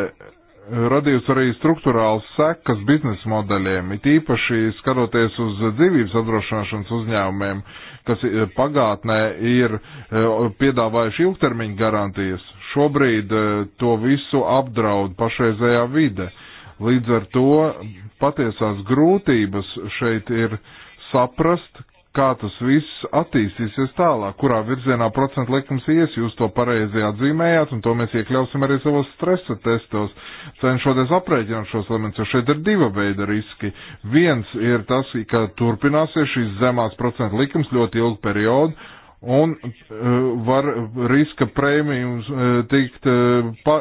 radījusi arī struktūrāls sekas biznesa modeļiem, it īpaši skatoties uz dzīvības apdrošināšanas uzņēmumiem, kas e, pagātnē ir e, piedāvājuši ilgtermiņa garantijas. Šobrīd e, to visu apdraud pašreizējā vide. Līdz ar to patiesās grūtības šeit ir saprast, kā tas viss attīstīsies tālāk, kurā virzienā procentu likums ies, jūs to pareizi atzīmējāt, un to mēs iekļausim arī savos stresa testos, cenšoties aprēķināt šos elementus, jo šeit ir diva veida riski. Viens ir tas, ka turpināsies šīs zemās procentu likums ļoti ilgu periodu, un uh, var riska prēmijums uh, tikt uh, pa,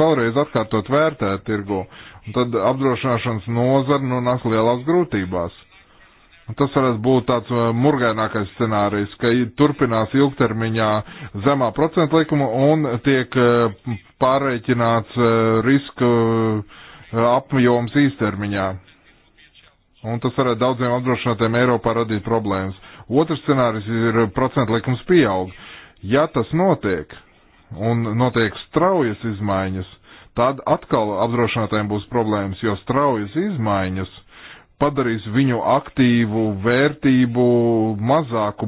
vēlreiz atkārtot vērtēt tirgo, un tad apdrošināšanas nozara nu nas lielās grūtībās. Tas varētu būt tāds uh, murgainākais scenārijs, ka turpinās ilgtermiņā zemā procentu likuma un tiek uh, pārreikināts uh, riska apjoms īstermiņā. Un tas varētu daudziem apdrošinātiem Eiropā radīt problēmas. Otrs scenārijs ir procentu likums pieaug. Ja tas notiek un notiek straujas izmaiņas, tad atkal apdrošinātājiem būs problēmas, jo straujas izmaiņas padarīs viņu aktīvu vērtību mazāku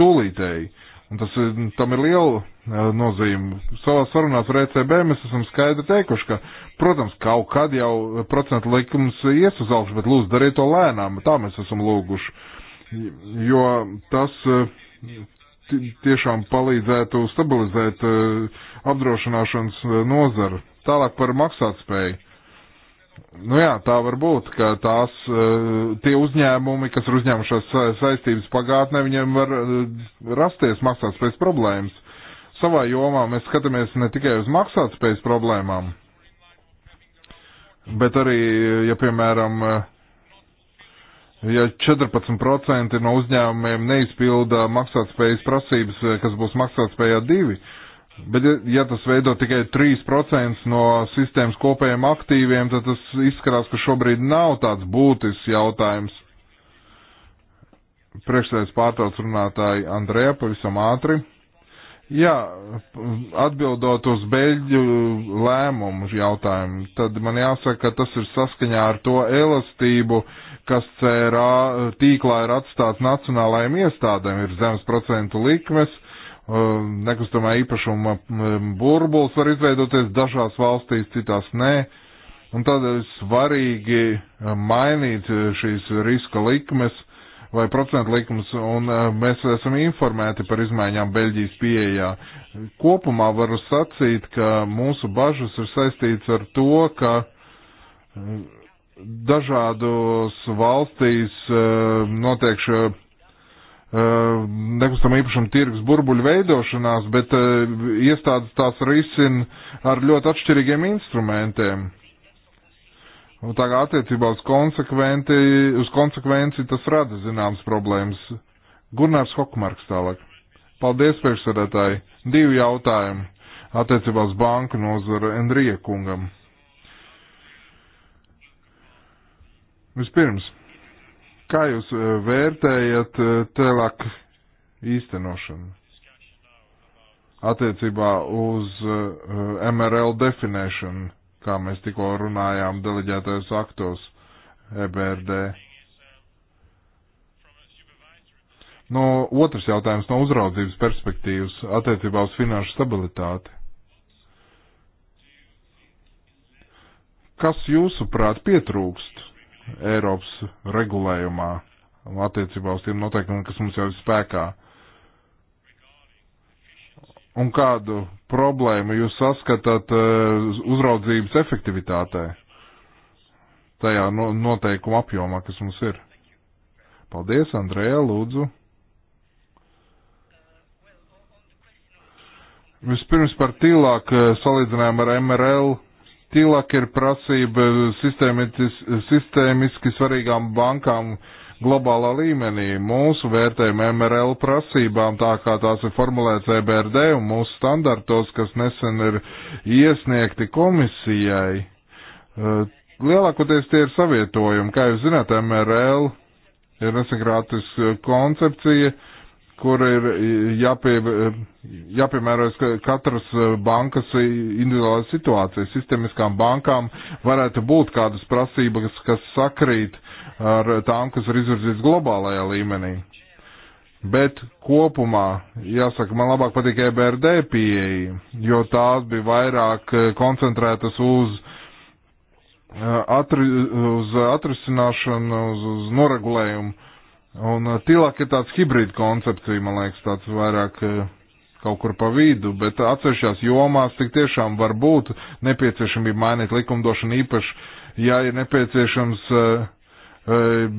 tūlītēji. Un tas, eh, tam ir liela eh, nozīme. Savā sarunās ar ECB mēs esam skaidri teikuši, ka, protams, kaut kad jau procentu likums ies uz augšu, bet lūdzu dariet to lēnām. Tā mēs esam lūguši. Jo tas eh, tiešām palīdzētu stabilizēt apdrošināšanas nozaru. Tālāk par maksātspēju. Nu jā, tā var būt, ka tās, e, tie uzņēmumi, kas ir uzņēmušās saistības pagātnē, viņiem var e, rasties maksātspējas problēmas. Savā jomā mēs skatāmies ne tikai uz maksātspējas problēmām, bet arī, ja piemēram, e, ja 14% no uzņēmumiem neizpilda maksātspējas prasības, kas būs maksātspējā divi, uh, Bet, ja tas veido tikai 3% no sistēmas kopējiem aktīviem, tad tas izskatās, ka šobrīd nav tāds būtisks jautājums. Priekšsēdētājs pārtrauc runātāji Andrēja pavisam ātri. Jā, atbildot uz beļģu lēmumu jautājumu, tad man jāsaka, ka tas ir saskaņā ar to elastību, kas CRA tīklā ir atstāts nacionālajiem iestādēm, ir zemes procentu likmes Um, nekustamā īpašuma um, burbulis var izveidoties dažās valstīs, citās nē. Un tādēļ svarīgi um, mainīt uh, šīs riska likmes vai procentu likmes, un uh, mēs esam informēti par izmaiņām Beļģijas pieejā. Kopumā varu sacīt, ka mūsu bažas ir saistīts ar to, ka dažādos valstīs uh, notiek šie Eh, nekustam īpašam tirgus burbuļu veidošanās, bet eh, iestādes tās risina ar ļoti atšķirīgiem instrumentiem. Un tā kā attiecībā uz, uz konsekvenci tas rada zināmas problēmas. Gunārs Hokmarks tālāk. Paldies, priekšsēdētāji. Divi jautājumi attiecībā uz banku nozaru Enrija kungam. Vispirms. Kā jūs eh, vērtējat eh, telak īstenošanu attiecībā uz eh, MRL definēšanu, kā mēs tikko runājām deleģētajos aktos EBRD? No otrs jautājums no uzraudzības perspektīvas attiecībā uz finanšu stabilitāti. Kas jūsuprāt pietrūkst Eiropas regulējumā attiecībā uz tiem noteikumiem, kas mums jau ir spēkā. Un kādu problēmu jūs saskatāt e, uzraudzības efektivitātē tajā noteikuma apjomā, kas mums ir? Paldies, Andrēja, lūdzu. Vispirms par tīlāk e, salīdzinājumu ar MRL Tilak ir prasība sistēmiski svarīgām bankām globālā līmenī. Mūsu vērtējuma MRL prasībām, tā kā tās ir formulēts EBRD un mūsu standartos, kas nesen ir iesniegti komisijai, eh, lielākoties tie ir savietojumi. Kā jūs zināt, MRL ir nesakrātis koncepcija, uh, kur ir jāpie, jāpiemērojas katras e, bankas individuālās situācijas. Sistemiskām bankām varētu būt kādas prasības, kas sakrīt ar tām, kas ir izvirzīts globālajā līmenī. Bet kopumā, jāsaka, man labāk patīk EBRD pieeja, jo tās bija vairāk e, koncentrētas uz, e, atri, uz atrisināšanu, uz, uz noregulējumu Un eh, tilāk ir tāds hibrīd koncepcija, man liekas, tāds vairāk eh, kaut kur pa vidu, bet atsevišķās jomās tik tiešām var būt nepieciešamība mainīt likumdošanu īpaši, ja ir nepieciešams uh, uh,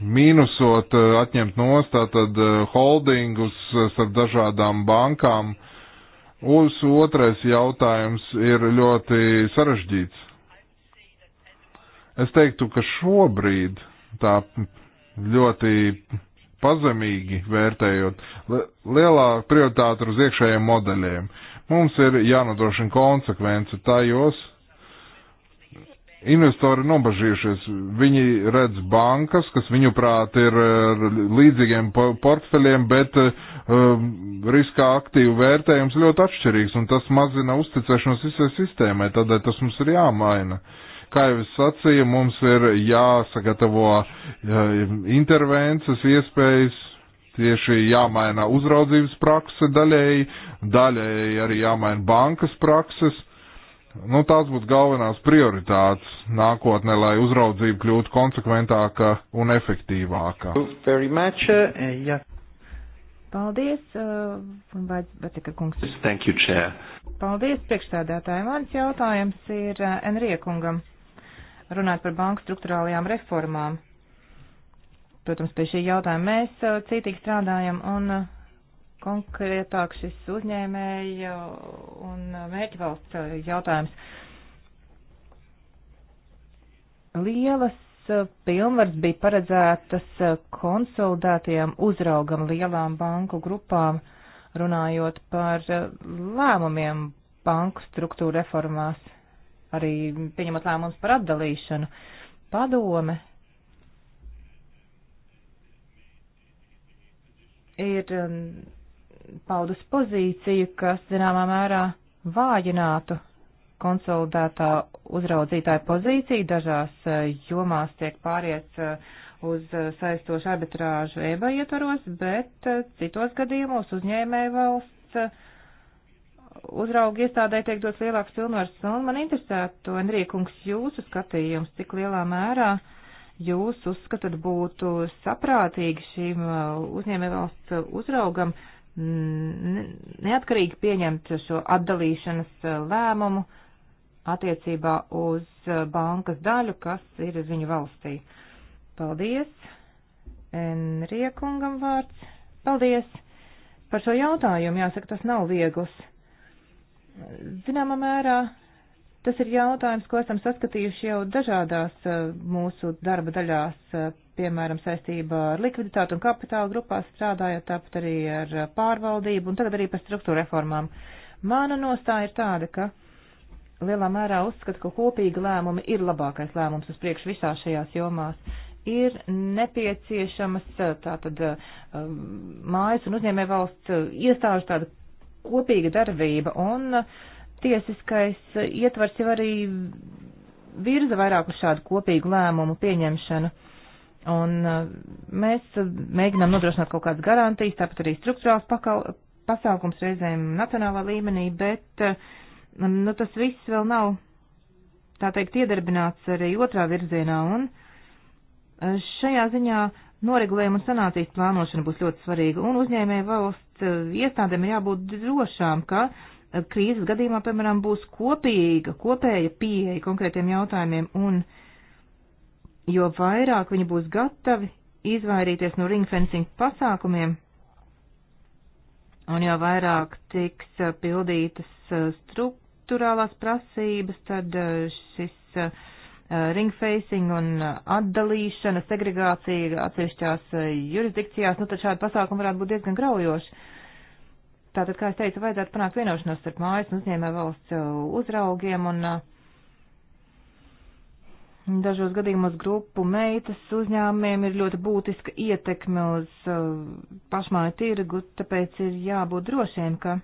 mīnusot, uh, atņemt nost, tātad holdingus starp dažādām bankām. Uz otrais jautājums ir ļoti sarežģīts. Es teiktu, ka šobrīd tā ļoti pazemīgi vērtējot, lielā prioritāte uz iekšējiem modeļiem. Mums ir jānodrošina konsekvence tajos. Investori nobažījušies, viņi redz bankas, kas viņuprāt ir līdzīgiem portfeļiem, bet um, riska aktīvu vērtējums ļoti atšķirīgs, un tas mazina uzticēšanos visai sistēmai, tādēļ tas mums ir jāmaina. Uh, Kā jau es sacīju, mums ir jāsagatavo intervences iespējas, tieši jāmaina uzraudzības prakse daļēji, daļēji arī jāmaina bankas prakses. Nu, tās būtu galvenās prioritātes nākotnē, lai uzraudzība kļūtu konsekventāka un efektīvāka. Much, uh, yeah. Paldies, uh, Vatika kungs. Thank you, Chair. Paldies, priekšstādātāji. Mans jautājums ir uh, Enriekungam runāt par banku struktūrālajām reformām. Protams, pie šī jautājuma mēs uh, cītīgi strādājam un uh, konkrētāk šis uzņēmēja un uh, mērķvalsts jautājums. Lielas pilnvars bija paredzētas konsolidētajām uzraugam lielām banku grupām, runājot par lēmumiem banku struktūra reformās arī pieņemot lēmumus par atdalīšanu. Padome ir um, paudus pozīciju, kas zināmā mērā vājinātu konsolidētā uzraudzītāja pozīcija. Dažās uh, jomās tiek pāriets uh, uz uh, saistošu arbitrāžu EBA ietvaros, bet citos gadījumos uzņēmēja valsts uzraugu iestādē tiek dots lielāks pilnvars, un man interesētu, Enrija kungs, jūsu skatījums, cik lielā mērā jūs uzskatat būtu saprātīgi šīm uh, uzņēmēvalsts uzraugam neatkarīgi pieņemt šo atdalīšanas uh, lēmumu attiecībā uz uh, bankas daļu, kas ir viņu valstī. Paldies, Enriekungam vārds. Paldies par šo jautājumu. Jāsaka, tas nav viegls. Zināmā mērā tas ir jautājums, ko esam saskatījuši jau dažādās eh, mūsu darba daļās, eh, piemēram, saistībā ar likviditātu un kapitālu grupās strādājot, tāpat arī ar eh, pārvaldību un tagad arī par struktūra reformām. Mana nostāja ir tāda, ka lielā mērā uzskata, ka kopīgi lēmumi ir labākais lēmums uz priekšu visās šajās jomās. Ir nepieciešamas tātad mājas un uzņēmē valsts iestāžu tāda kopīga darbība un tiesiskais ietvars jau arī virza vairāk uz šādu kopīgu lēmumu pieņemšanu. Un uh, mēs mēģinām nodrošināt kaut kādas garantijas, tāpat arī struktūrāls pasākums reizēm nacionālā līmenī, bet uh, nu, tas viss vēl nav, tā teikt, iedarbināts arī otrā virzienā. Un uh, šajā ziņā noregulējuma un sanācijas plānošana būs ļoti svarīga, un uzņēmēja valsts Eh, iestādēm ir jābūt drošām, ka eh, krīzes gadījumā, piemēram, būs kopīga, kopēja pieeja konkrētiem jautājumiem, un jo vairāk viņi būs gatavi izvairīties no ringfencing pasākumiem, un jo vairāk tiks eh, pildītas struktūrālās prasības, tad šis Uh, ringfacing un uh, atdalīšana, segregācija atsevišķās uh, jurisdikcijās, nu tad šādi pasākumi varētu būt diezgan graujoši. Tātad, kā es teicu, vajadzētu panākt vienošanos starp mājas un uzņēmē valsts uzraugiem un dažos gadījumos grupu meitas uzņēmumiem ir ļoti būtiska ietekme uz pašmāju tirgu, tāpēc ir jābūt drošiem, ka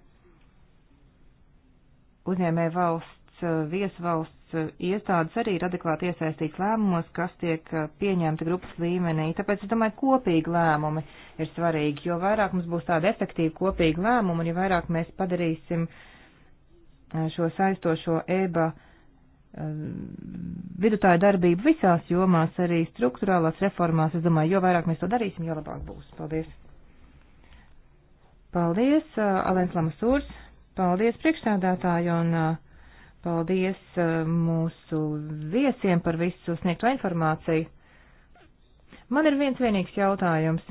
uzņēmē valsts, viesvalsts iestādes arī ir adekvāti iesaistīts lēmumos, kas tiek eh, pieņemti grupas līmenī. Tāpēc es domāju, kopīgi lēmumi ir svarīgi, jo vairāk mums būs tāda efektīva kopīga lēmuma un jo vairāk mēs padarīsim eh, šo saistošo EBA eh, vidutāju darbību visās jomās, arī struktūrālās reformās, es domāju, jo vairāk mēs to darīsim, jo labāk būs. Paldies! Paldies, Alens Lamasūrs! Paldies priekšstādātāji un uh, Paldies eh, mūsu viesiem par visu sniegto informāciju. Man ir viens vienīgs jautājums.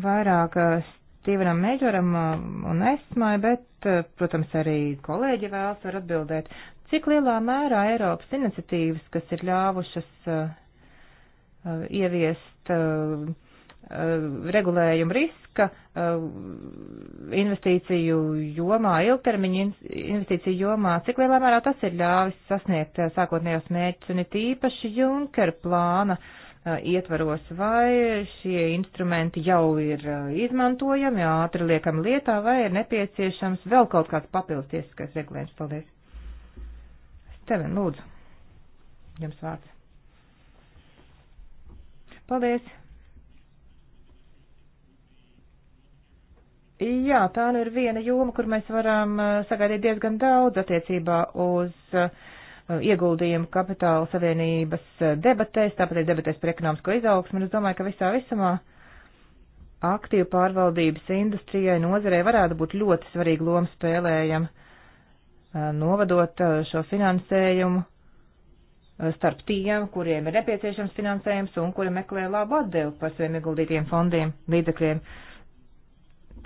Vairāk eh, Stīvenam Meģoram eh, un Esmai, bet, protams, arī kolēģi vēlas var atbildēt. Cik lielā mērā Eiropas iniciatīvas, kas ir ļāvušas ieviest Eh, regulējuma riska eh, investīciju jomā, ilgtermiņa investīciju jomā, cik lielā mērā tas ir ļāvis sasniegt eh, sākotnējos mērķus un ir tīpaši Junker plāna ietvaros, vai šie instrumenti jau ir izmantojami, ātri liekam lietā, vai ir nepieciešams vēl kaut kāds papildus tiesiskais regulējums. Paldies! Steven, lūdzu, jums vārds. Paldies! Jā, tā nu ir viena joma, kur mēs varam eh, sagaidīt diezgan daudz attiecībā uz eh, ieguldījumu kapitāla savienības eh, debatēs, tāpat ir debatēs par ekonomisko izaugsmu, un es domāju, ka visā visumā aktīvu pārvaldības industrijai nozarei varētu būt ļoti svarīga loma spēlējama, novadot šo finansējumu starp tiem, kuriem ir nepieciešams finansējums un kuri meklē labu atdevu par saviem ieguldītiem fondiem līdzekļiem. Uh,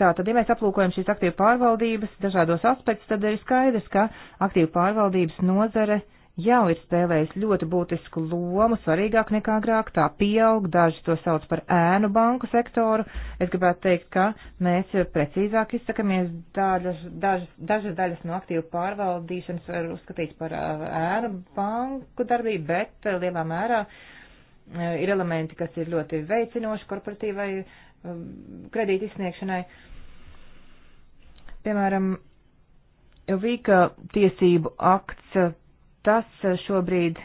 Tātad, ja mēs aplūkojam šīs aktīvu pārvaldības dažādos aspektus, tad ir skaidrs, ka aktīvu pārvaldības nozare jau ir spēlējusi ļoti būtisku lomu, svarīgāk nekā agrāk, tā pieaug, daži to sauc par ēnu banku sektoru. Es gribētu teikt, ka mēs precīzāk izsakamies, dažas, dažas, dažas daļas no aktīvu pārvaldīšanas var uzskatīt par uh, ēnu banku darbību, bet uh, lielā mērā uh, ir elementi, kas ir ļoti veicinoši korporatīvai Um, kredīta izsniegšanai. Piemēram, Vīka tiesību akts, tas šobrīd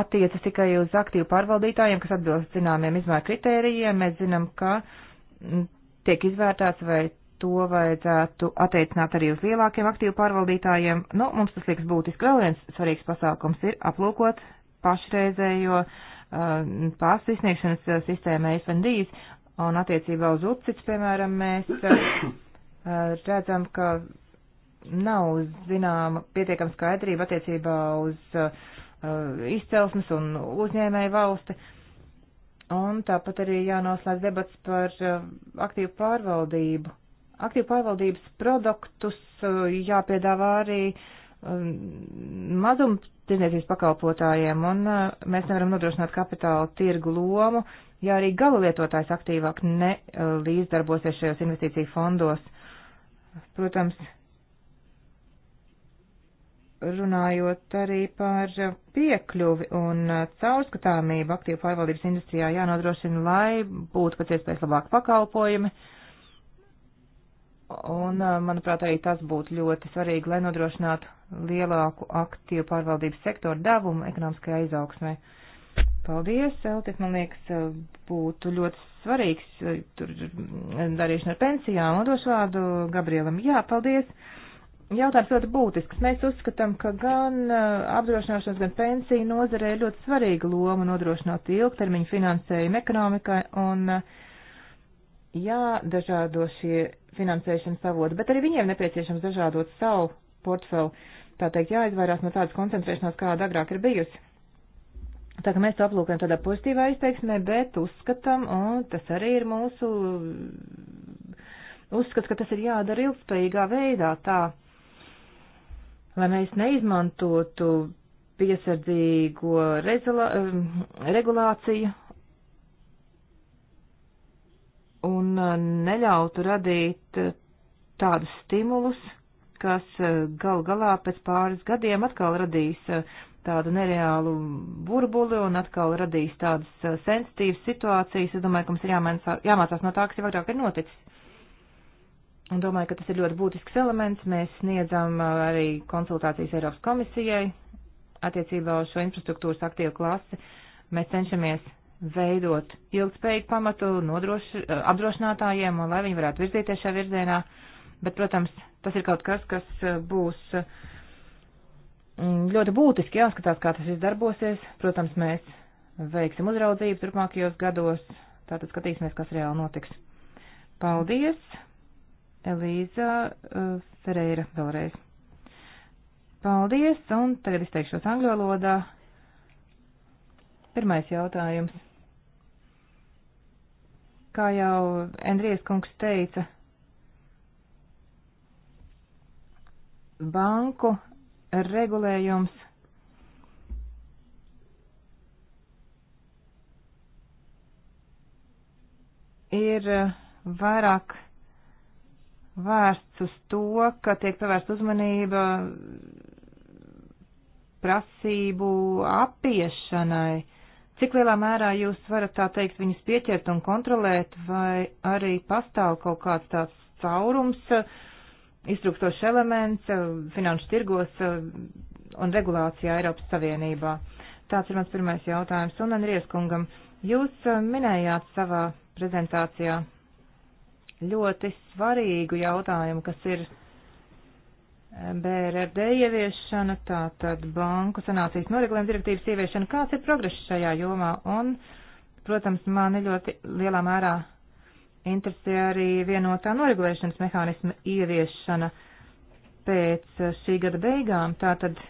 attiecas tikai uz aktīvu pārvaldītājiem, kas atbilst zināmiem izmēru kritērijiem. Mēs zinām, ka mm, tiek izvērtēts, vai to vajadzētu attiecināt arī uz lielākiem aktīvu pārvaldītājiem. Nu, mums tas liekas būtiski. Vēl viens svarīgs pasākums ir aplūkot pašreizējo uh, Uh, pasu izsniegšanas uh, sistēma FNDs, un attiecībā uz UCITS, piemēram, mēs uh, <coughs> redzam, ka nav zināma pietiekama skaidrība attiecībā uz izcelsmes un uzņēmēju valsti. Un tāpat arī jānoslēdz debats par aktīvu pārvaldību. Aktīvu pārvaldības produktus jāpiedāvā arī uh, Um, mazumtirdzniecības pakalpotājiem, un uh, mēs nevaram nodrošināt kapitāla tirgu lomu, ja arī gala lietotājs aktīvāk ne uh, līdzdarbosies šajos investīciju fondos. Protams, runājot arī par piekļuvi un uh, caurskatāmību aktīvu pārvaldības industrijā jānodrošina, lai būtu pēc iespējas labāk pakalpojumi. Uh, Un, uh, manuprāt, arī tas būtu ļoti svarīgi, lai nodrošinātu lielāku aktīvu pārvaldības sektoru devumu ekonomiskajā izaugsmē. Paldies, Eltis, man liekas, uh, būtu ļoti svarīgs uh, tur darīšana ar pensijām. Un došu vārdu Gabrielam. Jā, paldies. Jautājums ļoti būtisks. Mēs uzskatām, ka gan apdrošināšanas, gan pensiju nozarē ļoti svarīga loma nodrošināt ilgtermiņu finansējumu ekonomikai un uh, jā, dažādo šie finansēšanas avoti, bet arī viņiem nepieciešams dažādot savu portfeli, tā teikt, jāizvairās no tādas koncentrēšanās, kāda agrāk ir bijusi. Tā kā mēs to aplūkojam tādā pozitīvā izteiksmē, bet uzskatam, un tas arī ir mūsu uzskats, ka tas ir jādara ilgspējīgā veidā, tā, lai mēs neizmantotu piesardzīgo um, regulāciju un uh, neļautu radīt uh, tādus stimulus, kas uh, gal galā pēc pāris gadiem atkal radīs tādu nereālu burbuli un atkal radīs tādas sensitīvas situācijas. Es domāju, ka mums ir jāmācās, jāmācās no tā, kas jau agrāk ir noticis. Un domāju, ka tas ir ļoti būtisks elements. Mēs sniedzam arī konsultācijas Eiropas komisijai attiecībā uz šo infrastruktūras aktīvu klasi. Mēs cenšamies veidot ilgspējīgu pamatu nodroši, eh, apdrošinātājiem, un lai viņi varētu virzīties šajā virzienā. Bet, protams, tas ir kaut kas, kas eh, būs mm, ļoti būtiski jāskatās, kā tas viss darbosies. Protams, mēs veiksim uzraudzību turpmākajos gados, tātad skatīsimies, kas reāli notiks. Paldies, Elīza eh, Ferreira vēlreiz. Paldies, un tagad izteikšos angļu valodā. Pirmais jautājums. Kā jau Endrijas kungs teica, banku regulējums ir eh, vairāk vērsts uz to, ka tiek pievērsta uzmanība prasību apiešanai. Cik lielā mērā jūs varat tā teikt viņus pieķert un kontrolēt, vai arī pastāv kaut kāds tāds caurums, eh, iztrukstošs elements eh, finanšu tirgos eh, un regulācijā Eiropas Savienībā? Tāds ir mans pirmais jautājums. Un Anrieskungam, jūs minējāt savā prezentācijā ļoti svarīgu jautājumu, kas ir BRRD ieviešana, tātad banku sanācijas noregulējuma direktīvas ieviešana, kāds ir progress šajā jomā? Un, protams, mani ļoti lielā mērā interesē arī vienotā noregulēšanas mehānisma ieviešana pēc šī gada beigām, tātad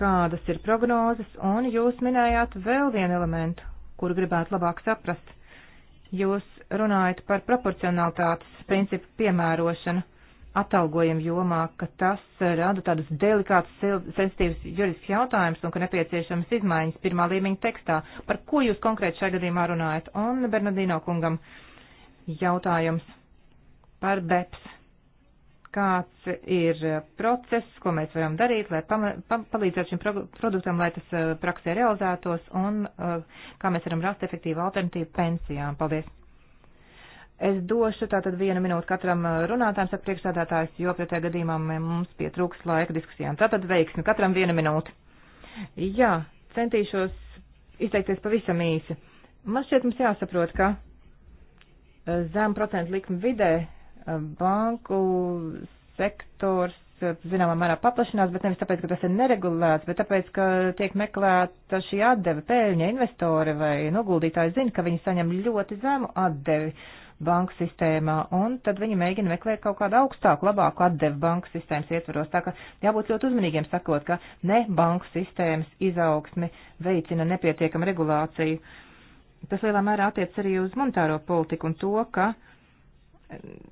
kādas ir prognozes, un jūs minējāt vēl vienu elementu, kuru gribētu labāk saprast. Jūs runājat par proporcionalitātes principu piemērošanu atalgojuma jomā, ka tas rada tādus delikātus, sensitīvus juridiskus jautājumus un ka nepieciešamas izmaiņas pirmā līmeņa tekstā. Par ko jūs konkrēti šajā gadījumā runājat? Un Bernardino kungam jautājums par BEPS. Kāds ir process, ko mēs varam darīt, lai pama, pa, palīdzētu šim produktam, lai tas uh, praksē realizētos un uh, kā mēs varam rast efektīvu alternatīvu pensijām? Paldies! Es došu tātad vienu minūtu katram uh, runātājam, saka priekšsādātājs, jo pretējā gadījumā mums pietrūks laika diskusijām. Tātad veiksmi katram viena minūte. Jā, centīšos izteikties pavisam īsi. Man šķiet, mums jāsaprot, ka uh, zem procentu likmi vidē uh, banku sektors zināmā mērā paplašinās, bet nevis tāpēc, ka tas ir neregulēts, bet tāpēc, ka tiek meklēta šī atdeve pēļņa investori vai noguldītāji zina, ka viņi saņem ļoti zemu atdevi. Uh, banku sistēmā, un tad viņi mēģina meklēt kaut kādu augstāku, labāku atdevu banku sistēmas ietvaros. Tā ka jābūt ļoti uzmanīgiem sakot, ka ne banku sistēmas izaugsmi veicina nepietiekama regulācija. Tas lielā mērā attiec arī uz monetāro politiku un to, ka mm,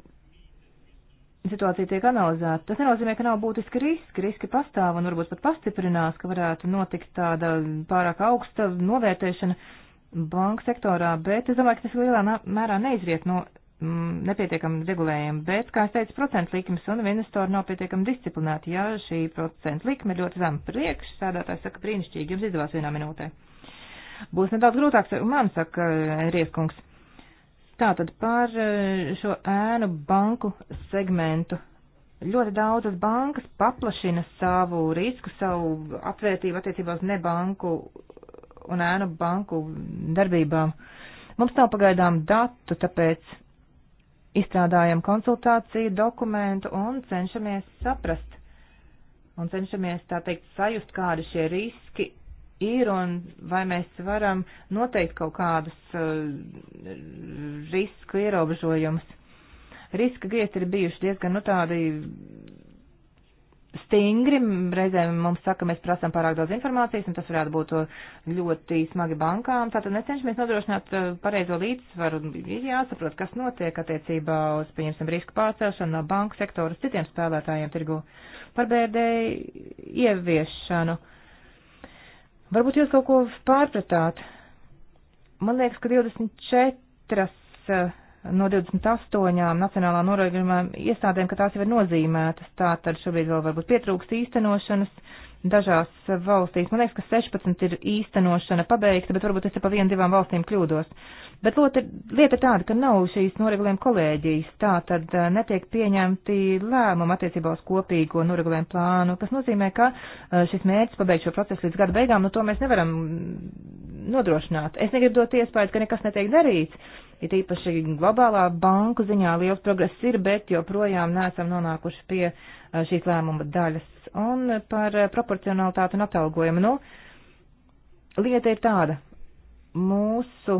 situācija tiek analizēta. Tas nenozīmē, ka nav būtiski riski. Riski pastāv un varbūt pat pastiprinās, ka varētu notikt tāda pārāk augsta novērtēšana banku sektorā, bet es domāju, ka tas lielā mērā neizriet no mm, nepietiekami regulējami, bet, kā es teicu, procentu likmes un investori nav pietiekami disciplinēti, ja šī procentu likme ir ļoti zema priekš, sēdētājs saka, brīnišķīgi, jums izdevās vienā minūtē. Būs nedaudz grūtāks, man saka eh, Rieskungs. Tātad par eh, šo ēnu banku segmentu. Ļoti daudzas bankas paplašina savu risku, savu atvērtību attiecībā uz nebanku un ēnu banku darbībām. Mums nav pagaidām datu, tāpēc izstrādājam konsultāciju dokumentu un cenšamies saprast un cenšamies, tā teikt, sajust, kādi šie riski ir un vai mēs varam noteikt kaut kādus uh, risku ierobežojumus. Riska griezti ir bijuši diezgan, nu, tādi stingri. Reizēm mums saka, mēs prasām pārāk daudz informācijas, un tas varētu būt ļoti smagi bankām. Tātad mēs cenšamies nodrošināt uh, pareizo līdzsvaru. Ir jāsaprot, kas notiek attiecībā uz, pieņemsim, risku pārcelšanu no banku sektora uz citiem spēlētājiem tirgu par BRD ieviešanu. Varbūt jūs kaut ko pārpratāt. Man liekas, ka 24 no 28 nacionālā noregulējuma iestādēm, ka tās jau ir nozīmētas. Tā tad šobrīd vēl varbūt pietrūkst īstenošanas. Dažās valstīs, man liekas, ka 16 ir īstenošana pabeigta, bet varbūt es te pa vienu divām valstīm kļūdos. Bet lota, lieta ir tāda, ka nav šīs noregulējuma kolēģijas, tā tad eh, netiek pieņemti lēmumi attiecībā uz kopīgo noregulējuma plānu, kas nozīmē, ka eh, šis mērķis pabeigt šo procesu līdz gada beigām, nu to mēs nevaram nodrošināt. Es negribu dot iespēju, ka nekas netiek darīts, ir ja īpaši globālā banku ziņā liels progress ir, bet joprojām neesam nonākuši pie uh, šīs lēmuma daļas. Un par uh, proporcionalitāti un atalgojumu. Nu, lieta ir tāda. Mūsu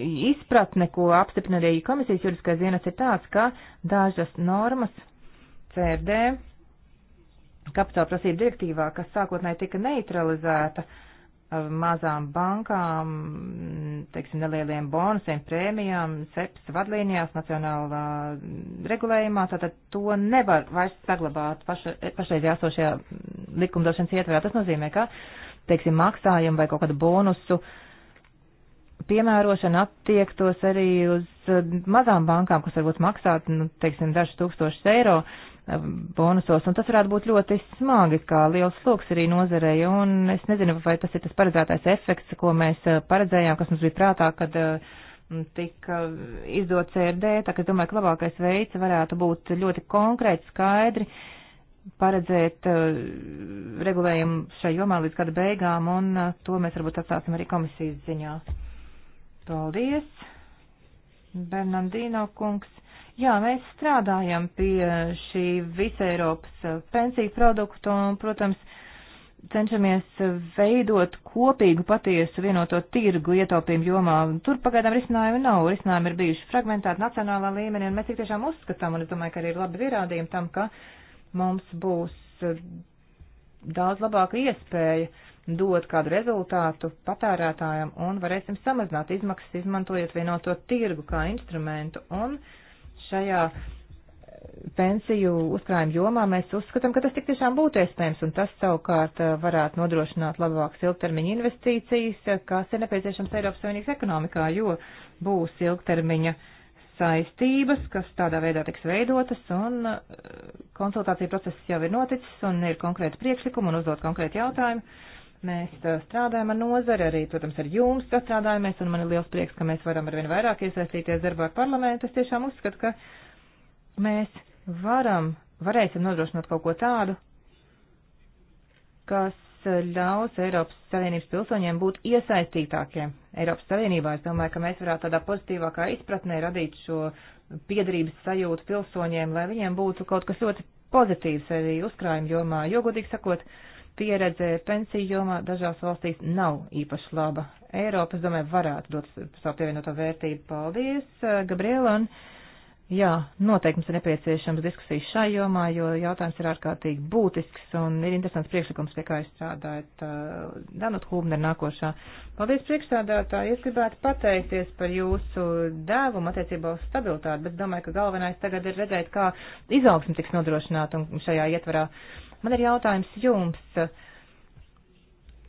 izpratne, ko apstiprina arī komisijas juridiskais dienas, ir tāds, ka dažas normas CRD kapitāla prasību direktīvā, kas sākotnēji tika neutralizēta, uh, mazām bankām, teiksim, nelieliem bonusiem, prēmijām, seps vadlīnijās, nacionālā regulējumā, tātad to nevar vairs saglabāt paša, pašreiz jāsošajā likumdošanas ietverā. Tas nozīmē, ka, teiksim, maksājumu vai kaut kādu bonusu piemērošana attiektos arī uz mazām bankām, kas varbūt maksāt, nu, teiksim, dažus tūkstošus eiro. Uh, Um, bonusos, un tas varētu būt ļoti smagi, kā liels sloks arī nozarei, un es nezinu, vai tas ir tas paredzētais efekts, ko mēs uh, paredzējām, kas mums bija prātā, kad uh, tika uh, izdot CRD, tā ka es domāju, ka labākais veids varētu būt ļoti konkrēti, skaidri paredzēt regulējumu šai jomā līdz kāda beigām, un to mēs varbūt atstāsim arī komisijas ziņā. Paldies, Bernardino kungs. Jā, mēs strādājam pie šī visa Eiropas uh, pensiju produktu un, protams, cenšamies uh, veidot kopīgu patiesu vienoto tirgu ietaupījumu jomā. Tur pagaidām risinājumi nav. Risinājumi ir bijuši fragmentāti nacionālā līmenī, un mēs tik tiešām uzskatām, un es domāju, ka arī ir labi pierādījumi tam, ka mums būs uh, daudz labāka iespēja dot kādu rezultātu patērētājam, un varēsim samazināt izmaksas, izmantojot vienoto tirgu kā instrumentu. Un, uh, šajā eh, pensiju uzkrājuma jomā mēs uzskatām, ka tas tik tiešām būtu iespējams, un tas savukārt eh, varētu nodrošināt labākas ilgtermiņa investīcijas, eh, kas ir nepieciešams Eiropas Savienības ekonomikā, jo būs ilgtermiņa saistības, kas tādā veidā tiks veidotas, un konsultācija process jau ir noticis, un ir konkrēti priekšlikumi un uzdot konkrēti jautājumi. Mēs strādājam ar nozari, arī, protams, ar jums sastrādājamies, un man ir liels prieks, ka mēs varam arvien vairāk iesaistīties darbā ar parlamentu. Es tiešām uzskatu, ka mēs varam, varēsim nodrošināt kaut ko tādu, kas ļaus Eiropas Savienības pilsoņiem būt iesaistītākiem Eiropas Savienībā. Es domāju, ka mēs varētu tādā pozitīvākā izpratnē radīt šo piedarības sajūtu pilsoņiem, lai viņiem būtu kaut kas ļoti pozitīvs arī uzkrājuma jomā, jo, godīgi sakot, uh, pieredze pensiju jomā dažās valstīs nav īpaši laba. Eiropa, es domāju, varētu dot savu pievienoto vērtību. Paldies, eh, Gabriela, un jā, noteikti mums ir nepieciešams diskusijas šai jomā, jo jautājums ir ārkārtīgi būtisks un ir interesants priekšlikums, pie kā jūs strādājat. Eh, Danut Hūbner nākošā. Paldies, priekšstādātāji, es gribētu pateikties par jūsu dēvumu attiecībā uz stabilitāti, bet domāju, ka galvenais tagad ir redzēt, kā izaugsme tiks nodrošināta un šajā ietvarā. Uh, Man ir jautājums jums.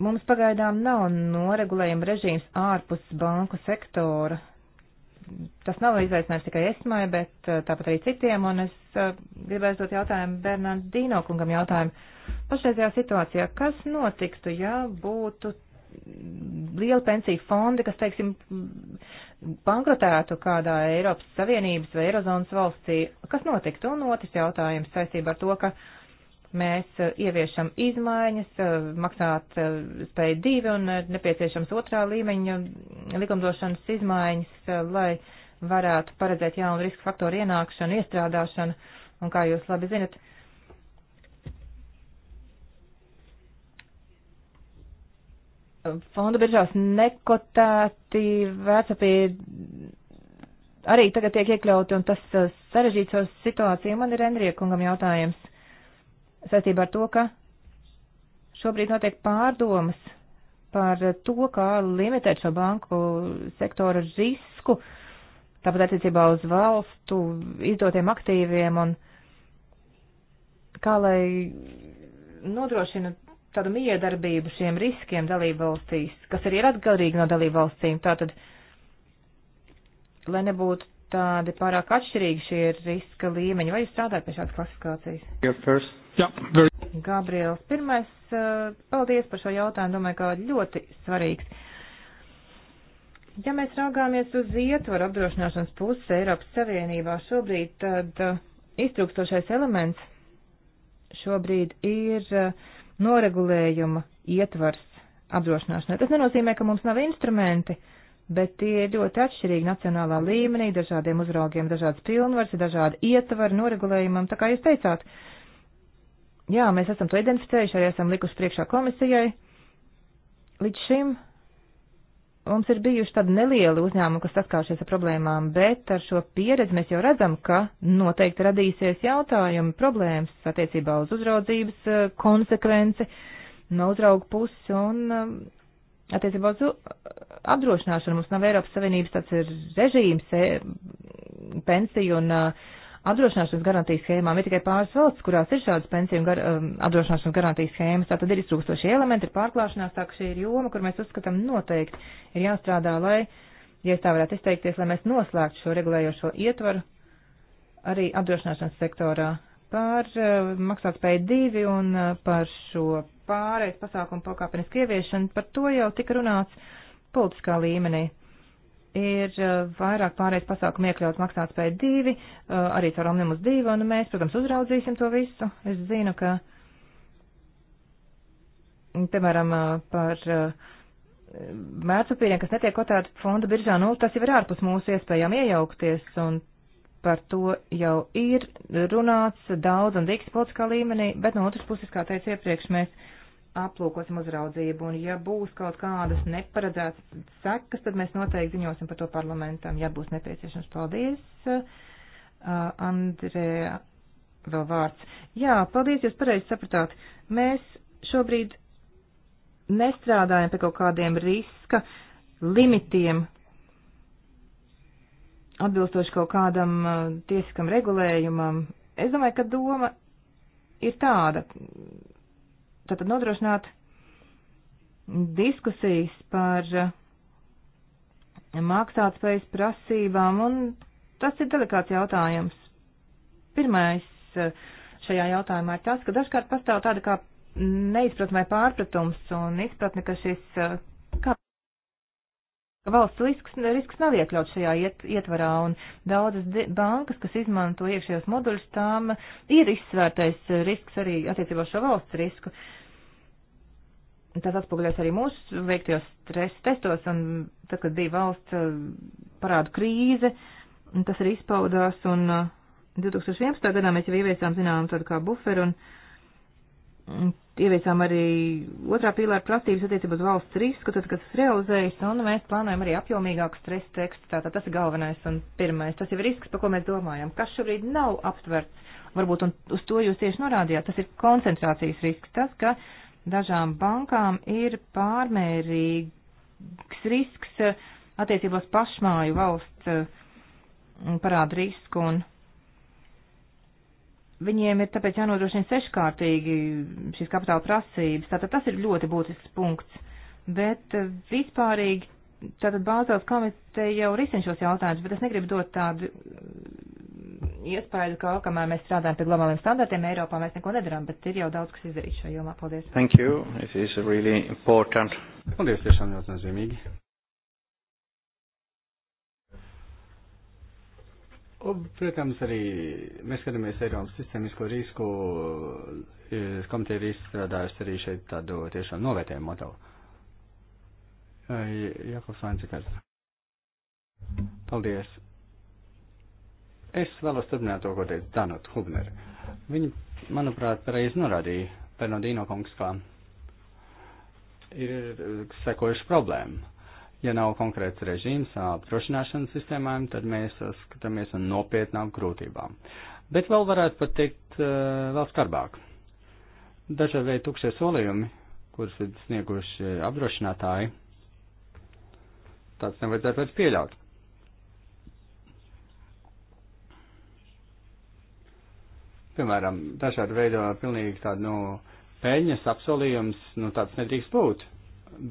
Mums pagaidām nav noregulējuma režīms ārpus banku sektora. Tas nav izaicinājums tikai esmai, bet eh, tāpat arī citiem, un es eh, gribētu dot jautājumu Bernardino kungam jautājumu. Pašreizajā situācijā, kas notiktu, ja būtu liela pensiju fondi, kas, teiksim, bankrotētu kādā Eiropas Savienības vai Eirozonas valstī. Kas notiktu? Un otrs jautājums saistībā ar to, ka mēs eh, ieviešam izmaiņas, eh, maksāt eh, spēju divi un nepieciešams otrā līmeņa likumdošanas izmaiņas, lai varētu paredzēt jaunu risku faktoru ienākšanu, iestrādāšanu. Un kā jūs labi zinat, fonda biržās nekotēti vecapīgi arī tagad tiek iekļauti, un tas sarežģītos situāciju. Man ir Enriekungam jautājums saistībā ar to, ka šobrīd notiek pārdomas par to, kā limitēt šo banku sektora risku, tāpat attiecībā uz valstu izdotiem aktīviem un kā lai nodrošina tādu miedarbību šiem riskiem dalībvalstīs, kas arī ir atkarīgi no dalībvalstīm. Tātad, lai nebūtu tādi pārāk atšķirīgi šie riska līmeņi, vai jūs strādājat pie šādas klasifikācijas? Yeah, Jā, very. Gabriels, pirmais, eh, paldies par šo jautājumu, domāju, ka ļoti svarīgs. Ja mēs raugāmies uz ietvaru apdrošināšanas puses Eiropas Savienībā šobrīd, tad eh, iztrūkstošais elements šobrīd ir eh, noregulējuma ietvars apdrošināšanai. Tas nenozīmē, ka mums nav instrumenti, bet tie ir ļoti atšķirīgi nacionālā līmenī, dažādiem uzraugiem dažādas pilnvars, dažādi ietvari noregulējumam, tā kā jūs teicāt. Uh, Jā, mēs esam to identificējuši, arī esam likuši priekšā komisijai. Līdz šim mums ir bijuši tādi nelieli uzņēmumi, kas saskāršies ar problēmām, bet ar šo pieredzi mēs jau redzam, ka noteikti radīsies jautājumi, problēmas attiecībā uz uzraudzības eh, konsekvenci no uzrauga puses un eh, attiecībā uz apdrošināšanu. Mums nav Eiropas Savienības tāds režīms eh, pensiju un uh, apdrošināšanas garantijas schēmām. Ir tikai pāris valsts, kurās ir šādas pensiju gar, um, apdrošināšanas garantijas schēmas. Tātad ir iztrūkstošie elementi, ir pārklāšanās, tā ka šī ir joma, kur mēs uzskatām noteikti ir jāstrādā, lai, ja es tā varētu izteikties, lai mēs noslēgtu šo regulējošo ietvaru arī apdrošināšanas sektorā par uh, maksātspēju divi un uh, par šo pārējais pasākumu pakāpenisku ieviešanu. Par to jau tika runāts politiskā līmenī ir eh, vairāk pārējais pasākumu iekļauts maksātspēja divi, eh, arī caur omnimus divi, un mēs, protams, uzraudzīsim to visu. Es zinu, ka, piemēram, eh, par mērcupīriem, kas netiek kotēti fonda biržā, nu, tas jau ir ārpus mūsu iespējām iejaukties, un par to jau ir runāts daudz un dīks politiskā līmenī, bet no otras puses, kā teicu iepriekš, mēs aplūkosim uzraudzību, un ja būs kaut kādas neparedzētas sekas, tad mēs noteikti ziņosim par to parlamentam, ja būs nepieciešams. Paldies, uh, Andrē, vēl vārds. Jā, paldies, jūs pareizi sapratāt. Mēs šobrīd nestrādājam pie kaut kādiem riska limitiem atbilstoši kaut kādam uh, tiesiskam regulējumam. Es domāju, ka doma ir tāda tad nodrošināt diskusijas par eh, maksātspējas prasībām, un tas ir delikāts jautājums. Pirmais eh, šajā jautājumā ir tas, ka dažkārt pastāv tāda kā neizpratnē pārpratums un izpratne, ka šis eh, ka valsts risks, risks nav iekļauts šajā iet, ietvarā, un daudzas bankas, kas izmanto iekšējos moduļus, tām ir izsvērtais risks arī attiecībā šo valsts risku. Uh, tas atspoguļojas arī mūsu veiktajos stresa testos, un tad, kad bija valsts eh, parādu krīze, tas arī izpaudās, un 2011. Eh, gadā mēs jau ieviesām, zinām, tādu kā buferu, un ieviesām arī otrā pīlāra prasības attiecībā uz valsts risku, tad, kad tas realizējas, un mēs plānojam arī apjomīgāku stresa tekstu, tātad tas ir galvenais un pirmais, tas jau ir risks, par ko mēs domājam, kas šobrīd nav aptverts, varbūt, un uz to jūs tieši norādījāt, tas ir koncentrācijas risks, tas, ka uh, dažām bankām ir pārmērīgs risks eh, attiecībos pašmāju valsts eh, parādu risku un viņiem ir tāpēc jānodrošina seškārtīgi šīs kapitāla prasības. Tātad tas ir ļoti būtisks punkts. Bet eh, vispārīgi, tātad Bāzēlas komiteja jau risina šos jautājumus, bet es negribu dot tādu iespēju, ka kamēr mēs strādājam pie globāliem standartiem, Eiropā mēs neko nedarām, bet ir jau daudz, kas izdarīts šajā jomā. Paldies. Thank you. It is really important. Paldies, tiešām ļoti nozīmīgi. Un, protams, arī mēs skatāmies Eiropas sistēmisko risku, e, komiteja ir izstrādājusi arī šeit tādu tiešām novērtējumu modelu. E, Jakobs Vainzikars. Paldies. Es vēlos turpināt to, ko teica Danot Hubner. Viņa, manuprāt, pareizi norādīja Bernardino kungs, kā ir sekojuši problēma. Ja nav konkrēts režīms apdrošināšanas sistēmām, tad mēs skatāmies un nopietnām grūtībām. Bet vēl varētu pat teikt eh, vēl skarbāk. Dažādi veidi tukšie solījumi, kurus ir snieguši apdrošinātāji, tāds nevajadzētu vairs pieļaut. Piemēram, dažādi veido pilnīgi tādu, nu, peļņas apsolījums, nu, tāds nedrīkst būt.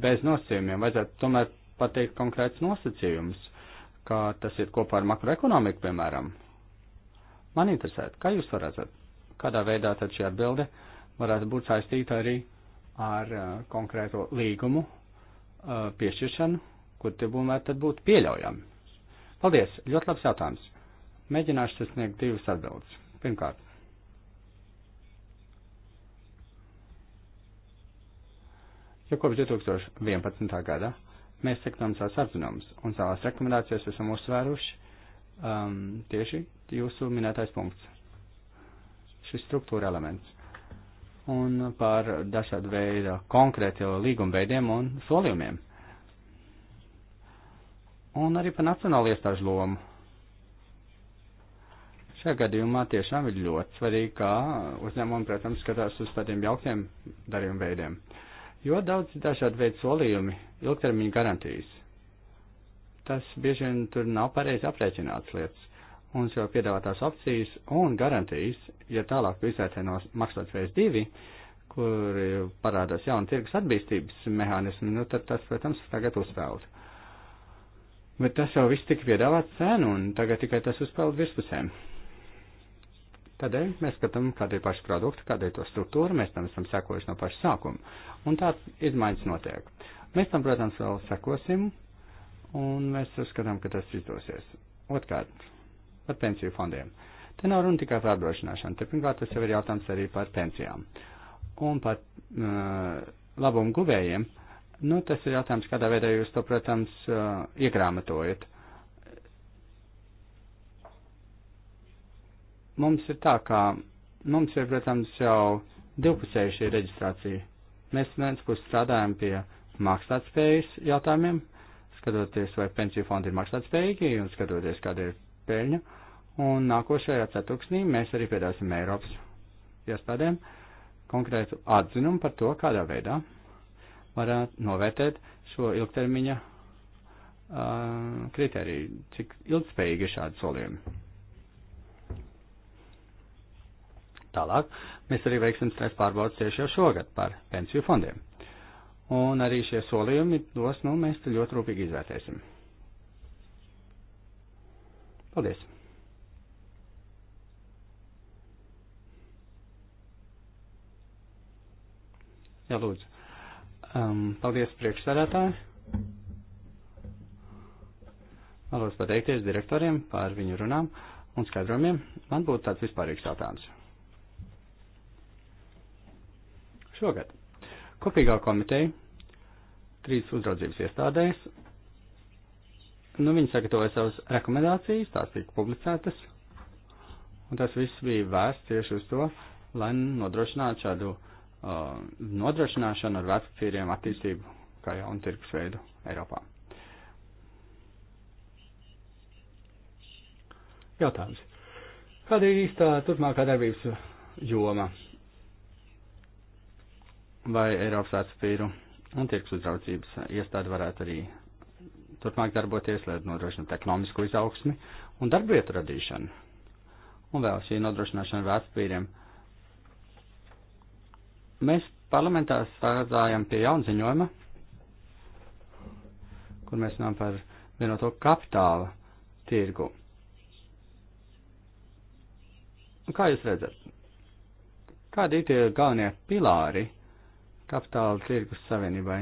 Bez nosacījumiem vajadzētu tomēr pateikt konkrēts nosacījums, kā tas ir kopā ar makroekonomiku, piemēram. Man interesē, kā jūs varētu, kādā veidā tad šī atbilde varētu būt saistīta arī ar uh, konkrēto līgumu uh, piešķiršanu, kur tie būmēr tad būtu pieļaujami. Paldies, ļoti labs jautājums. Mēģināšu sasniegt divas atbildes. Pirmkārt, jo kopš 2011. gada mēs sekojam savas atzinumus un savās rekomendācijās esam uzsvēruši um, tieši jūsu minētais punkts. Šis struktūra elements. Un par dažādu veidu konkrētiem līgumveidiem un solījumiem. Un arī par nacionālu iestāžu lomu. Šajā gadījumā tiešām ir ļoti svarīgi, kā uzņēmumi, protams, skatās uz tādiem jauktiem darījuma veidiem. Uh, jo daudz dažādi veidi solījumi, ilgtermiņa garantijas. Tas bieži vien tur nav pareizi aprēķināts lietas, un jau piedāvātās opcijas un garantijas, ja tālāk izvērtē no maksāt veids divi, kur parādās jauna tirgus attīstības mehānismi, nu tad tas, protams, tagad uzpeld. Bet tas jau viss tika piedāvāts cenu, un tagad tikai tas uzpeld virspusēm. Tādēļ mēs skatām, kāda ir paša produkta, kāda ir to struktūra, mēs tam esam sekojuši no paša sākuma. Un tā izmaiņas notiek. Mēs tam, protams, vēl sekosim, un mēs uzskatām, ka tas izdosies. Otkārt, par pensiju fondiem. Te nav runa tikai par apdrošināšanu, te pirmkārt tas jau ir jautājums arī par pensijām. Un par uh, labumu guvējiem, nu tas ir jautājums, kādā veidā jūs to, protams, uh, iegrāmatojat. mums ir tā, ka mums ir, protams, jau divpusēji šī reģistrācija. Mēs no vienas puses strādājam pie maksātspējas jautājumiem, skatoties, vai pensiju fondi ir maksātspējīgi un skatoties, kāda ir peļņa. Un nākošajā ceturksnī mēs arī piedāsim Eiropas iestādēm konkrētu atzinumu par to, kādā veidā varētu novērtēt šo ilgtermiņa uh, kritēriju, cik ilgspējīgi ir šādi solījumi. Tālāk mēs arī veiksim stres pārbaudas tieši jau šogad par pensiju fondiem. Un arī šie solījumi dos, nu, mēs ļoti rūpīgi izvērtēsim. Paldies! Jā, lūdzu. Um, paldies priekšsēdētāji. Vēlos pateikties direktoriem par viņu runām un skaidrojumiem. Man būtu tāds vispārīgs jautājums. šogad. Kopīgā komiteja trīs uzraudzības iestādēs. Nu, viņi sagatavoja savas rekomendācijas, tās tika publicētas, un tas viss bija vērsts tieši uz to, lai nodrošinātu šādu uh, nodrošināšanu ar vecpapīriem attīstību kā jaunu tirgus veidu Eiropā. Jautājums. Kāda ir īstā turpmākā darbības joma? vai Eiropas atspīru un tirgus uzraudzības iestāde varētu arī turpmāk darboties, lai nodrošinātu ekonomisku izaugsmi un darbvietu radīšanu. Un vēl šī nodrošināšana vērtspīriem. Mēs parlamentā strādājam pie jauna ziņojuma, kur mēs runājam par vienoto kapitāla tirgu. Un kā jūs redzat, kādi ir tie galvenie pilāri? kapitāla tirgus savienībai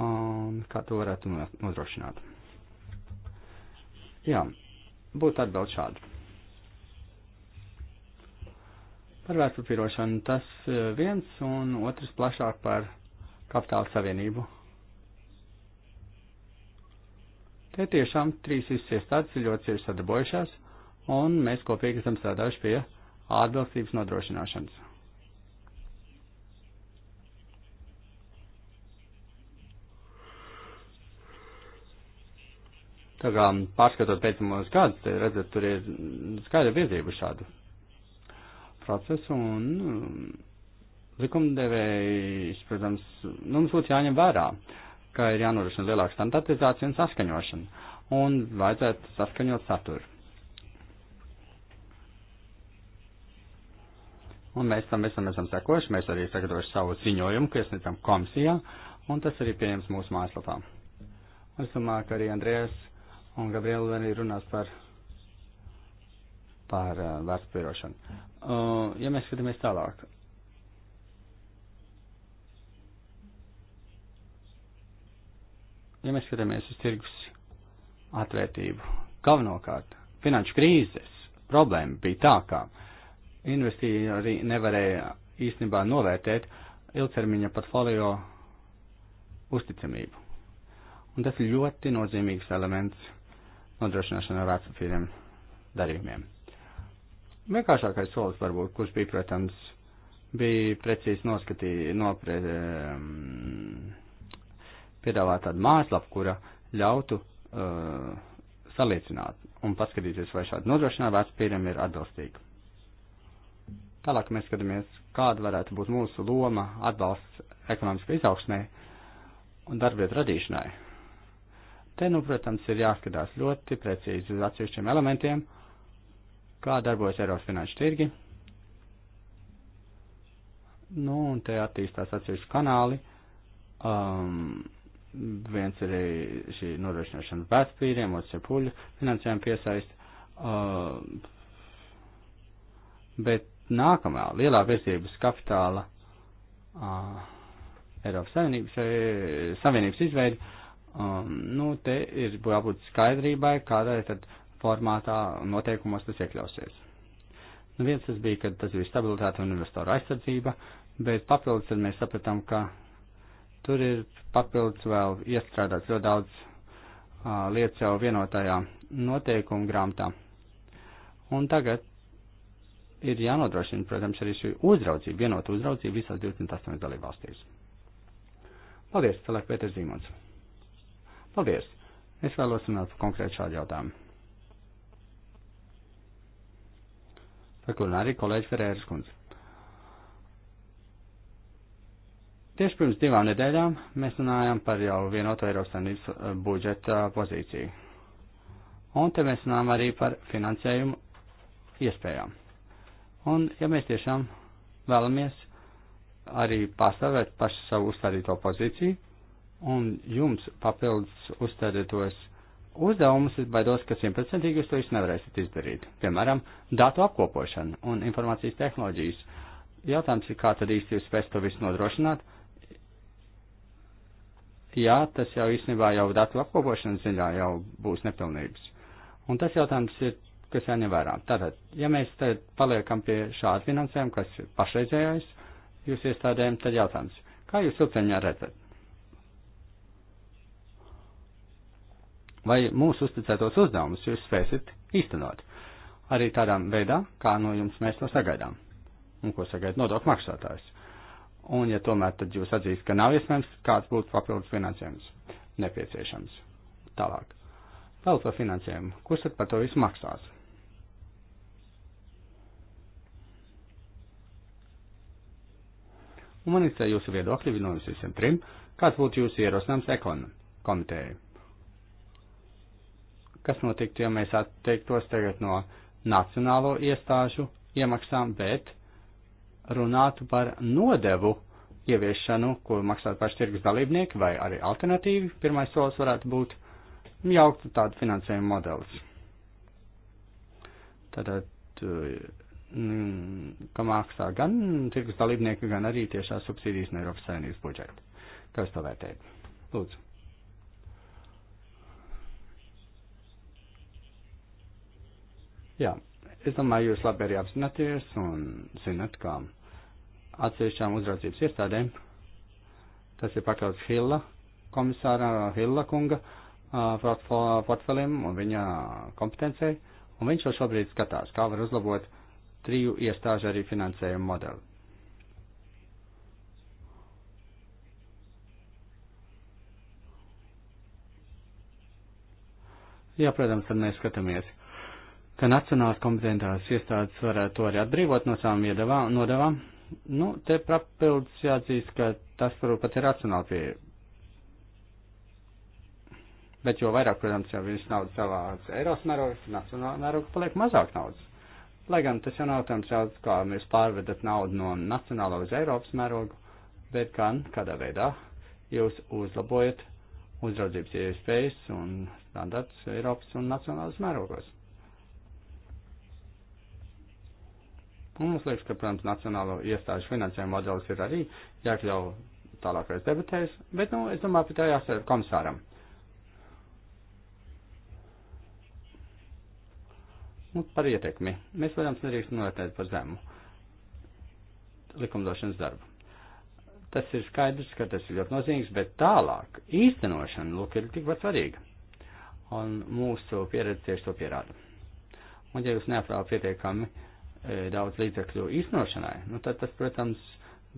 un kā to varētu nodrošināt. Jā, būtu atbild šādi. Par vērtspapīrošanu tas e, viens un otrs plašāk par kapitāla savienību. Te tiešām trīs visas iestādes ir ļoti cieši sadarbojušās, un mēs kopīgi esam strādājuši pie atbilstības nodrošināšanas. Tā kā pārskatot pēdējos gadus, redzat, tur ir skaidra virzība šādu procesu un mm, likumdevējs, protams, nu, mums būtu jāņem vērā, ka ir jānorošina lielāka standartizācija un saskaņošana un vajadzētu saskaņot saturu. Un mēs tam visam esam sekojuši, mēs arī sagatavojuši savu ziņojumu, ko iesniedzam komisijā, un tas arī pieņems mūsu mājaslapā. Es domāju, ka arī Andrējas Un Gabriela arī runās par, par uh, vērtspierošanu. Uh, ja mēs skatāmies tālāk. Ja mēs skatāmies uz tirgus atvērtību, galvenokārt finanšu krīzes problēma bija tā, ka investīri nevarēja īstenībā novērtēt ilgtermiņa portfolio uzticamību. Un tas ir ļoti nozīmīgs elements nodrošināšanu ar atsafīriem darījumiem. Vienkāršākais solis varbūt, kurš bija, protams, bija precīzi noskatīt, nopre, piedāvāt tādu mājaslapu, kura ļautu uh, salīdzināt un paskatīties, vai šāda nodrošinājuma vērtspīriem ir atbilstīga. Tālāk mēs skatāmies, kāda varētu būt mūsu loma atbalsts ekonomiskai izaugsmē un darbvietu radīšanai. Te, nu, protams, ir jāskatās ļoti precīzi uz atsevišķiem elementiem, kā darbojas Eiropas finanšu tirgi. Nu, un te attīstās atsevišķi kanāli. Um, viens ir šī nodrošināšana vērtspīriem, otrs ir puļu finansējuma piesaist. Um, bet nākamā lielā virzības kapitāla uh, Eiropas Savienības, eh, Savienības izveida Um, nu, te ir jābūt skaidrībai, kādā tad formātā noteikumos tas iekļausies. Nu, viens tas bija, kad tas bija stabilitāte un investoru aizsardzība, bet papildus tad mēs sapratām, ka tur ir papildus vēl iestrādāts ļoti daudz uh, lietas jau vienotajā noteikuma grāmatā. Un tagad ir jānodrošina, protams, arī šī uzraudzība, vienota uzraudzība visās 28 dalībvalstīs. Paldies, Celek Pēters Zīmons. Paldies! Es vēlos runāt konkrēti šādu jautājumu. Par kur arī kolēģi Ferēras kundze. Tieši pirms divām nedēļām mēs runājām par jau vienoto Eiropas Savienības eh, budžeta eh, pozīciju. Un te mēs runājām arī par finansējumu iespējām. Un ja mēs tiešām vēlamies arī pastāvēt pašu savu uzstādīto pozīciju, un jums papildus uzstādītos uzdevumus, es baidos, ka simtprocentīgi jūs to jūs nevarēsiet izdarīt. Piemēram, datu apkopošana un informācijas tehnoloģijas. Jautājums ir, kā tad īsti jūs spēs to visu nodrošināt? Jā, tas jau īstenībā jau datu apkopošanas ziņā jau būs nepilnības. Un tas jautājums ir, kas jāņem vērā. Tātad, ja mēs tad paliekam pie šāda finansējuma, kas ir pašreizējais, jūs iestādējam, tad jautājums, kā jūs ilgtermiņā redzat? vai mūsu uzticētos uzdevumus jūs spēsit īstenot. Arī tādā veidā, kā no jums mēs to sagaidām un ko sagaida nodokļu maksātājs. Un, ja tomēr tad jūs atzīst, ka nav iespējams, kāds būtu papildus finansējums nepieciešams. Tālāk. Vēl par finansējumu. Kurš tad par to visu maksās? Un man ir jūsu viedokļi no visiem trim. Kāds būtu jūsu ierosinājums ekonomikā komitējai? kas notiktu, ja mēs atteiktos tagad no nacionālo iestāžu iemaksām, bet runātu par nodevu ieviešanu, ko maksātu paši tirgus dalībnieki, vai arī alternatīvi pirmais solis varētu būt jauktu tādu finansējumu modelis. Tātad, mm, ka maksā gan tirgus dalībnieki, gan arī tiešā subsīdijas no Eiropas Savienības budžeta. Kā jūs to vērtējat? Lūdzu. Jā, es domāju, jūs labi arī apzināties un zinat, kā atsevišķām uzraudzības iestādēm, tas ir pakauts Hilla komisārā Hilla kunga portfelim un viņa kompetencei, un viņš jau šobrīd skatās, kā var uzlabot triju iestāžu arī finansējumu modeli. Jā, protams, tad mēs skatāmies ka nacionālās kompetentās iestādes varētu to arī atbrīvot no savām nodevām. Nu, te papildus jāatzīst, ka tas varbūt pat ir racionāli pieeja. Bet jo vairāk, protams, jau viņas naudas savās Eiropas mērogā, nacionālā mērogā paliek mazāk naudas. Lai gan tas jau nav tāds jauts, kā mēs pārvedat naudu no nacionālā uz Eiropas mērogu, bet gan kādā veidā jūs uzlabojat uzraudzības iespējas un standarts Eiropas un nacionālas mērogos. Un nu, mums liekas, ka, protams, nacionālo iestāžu finansējuma modelis ir arī jākļauj tālākais debatēs, bet, nu, es domāju, ka tā jāsaka komisāram. Un nu, par ietekmi. Mēs, protams, nedrīkstam novērtēt par zemu likumdošanas darbu. Tas ir skaidrs, ka tas ir ļoti nozīmīgs, bet tālāk īstenošana, lūk, ir tikpat svarīga. Un mūsu pieredze tieši to pierāda. Un, ja jūs neapstrādājat pietiekami, uh, E, daudz līdzekļu īstenošanai, nu tad tas, protams,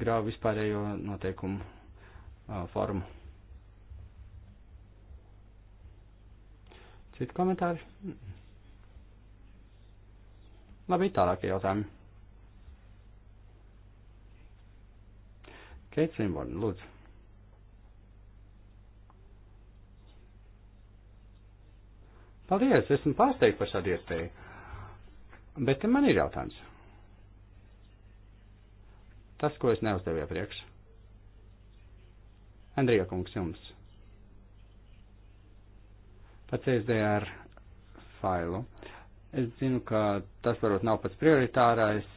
grauj vispārējo noteikumu e, formu. Citu komentāru? Labi, tālākie jautājumi. Keits Simborn, lūdzu. Paldies, esmu pārsteigts par šādu iespēju. Bet te man ir jautājums. Tas, ko es neuzdevu iepriekš. Andrija kungs jums. Pats SDR failu. Es zinu, ka tas varbūt nav pats prioritārais,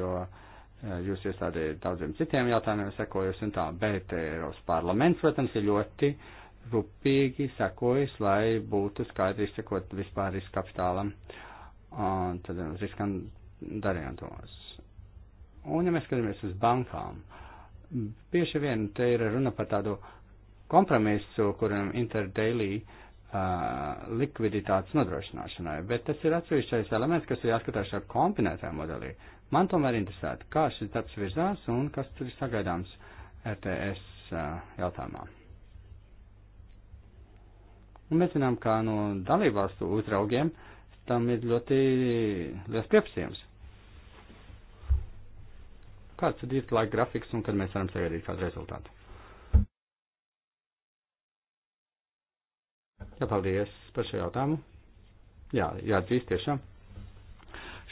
jo eh, jūs iestādējat daudziem citiem jautājumiem sekojus un tā, bet Eiropas parlaments, protams, ir ļoti rūpīgi sekojis, lai būtu skaidri sekot vispār riska kapitālam. Uh, un tad uz uh, riskantu darījumus. Un, ja mēs skatāmies uz bankām, bieži vien te ir runa par tādu kompromisu, kuram interdaily uh, likviditātes nodrošināšanai, bet tas ir atsevišķais elements, kas ir jāskatās ar kombinētā modelī. Man tomēr interesētu, kā šis darbs virzās un kas tur ir sagaidāms RTS uh, jautājumā. Un mēs zinām, kā no dalībvalstu uzraugiem uh, tam ir ļoti liels pieprasījums. Kāds ir īsta laika grafiks un kad mēs varam sagaidīt kādu rezultātu? Jā, paldies par šo jautājumu. Jā, jāatzīst tiešām.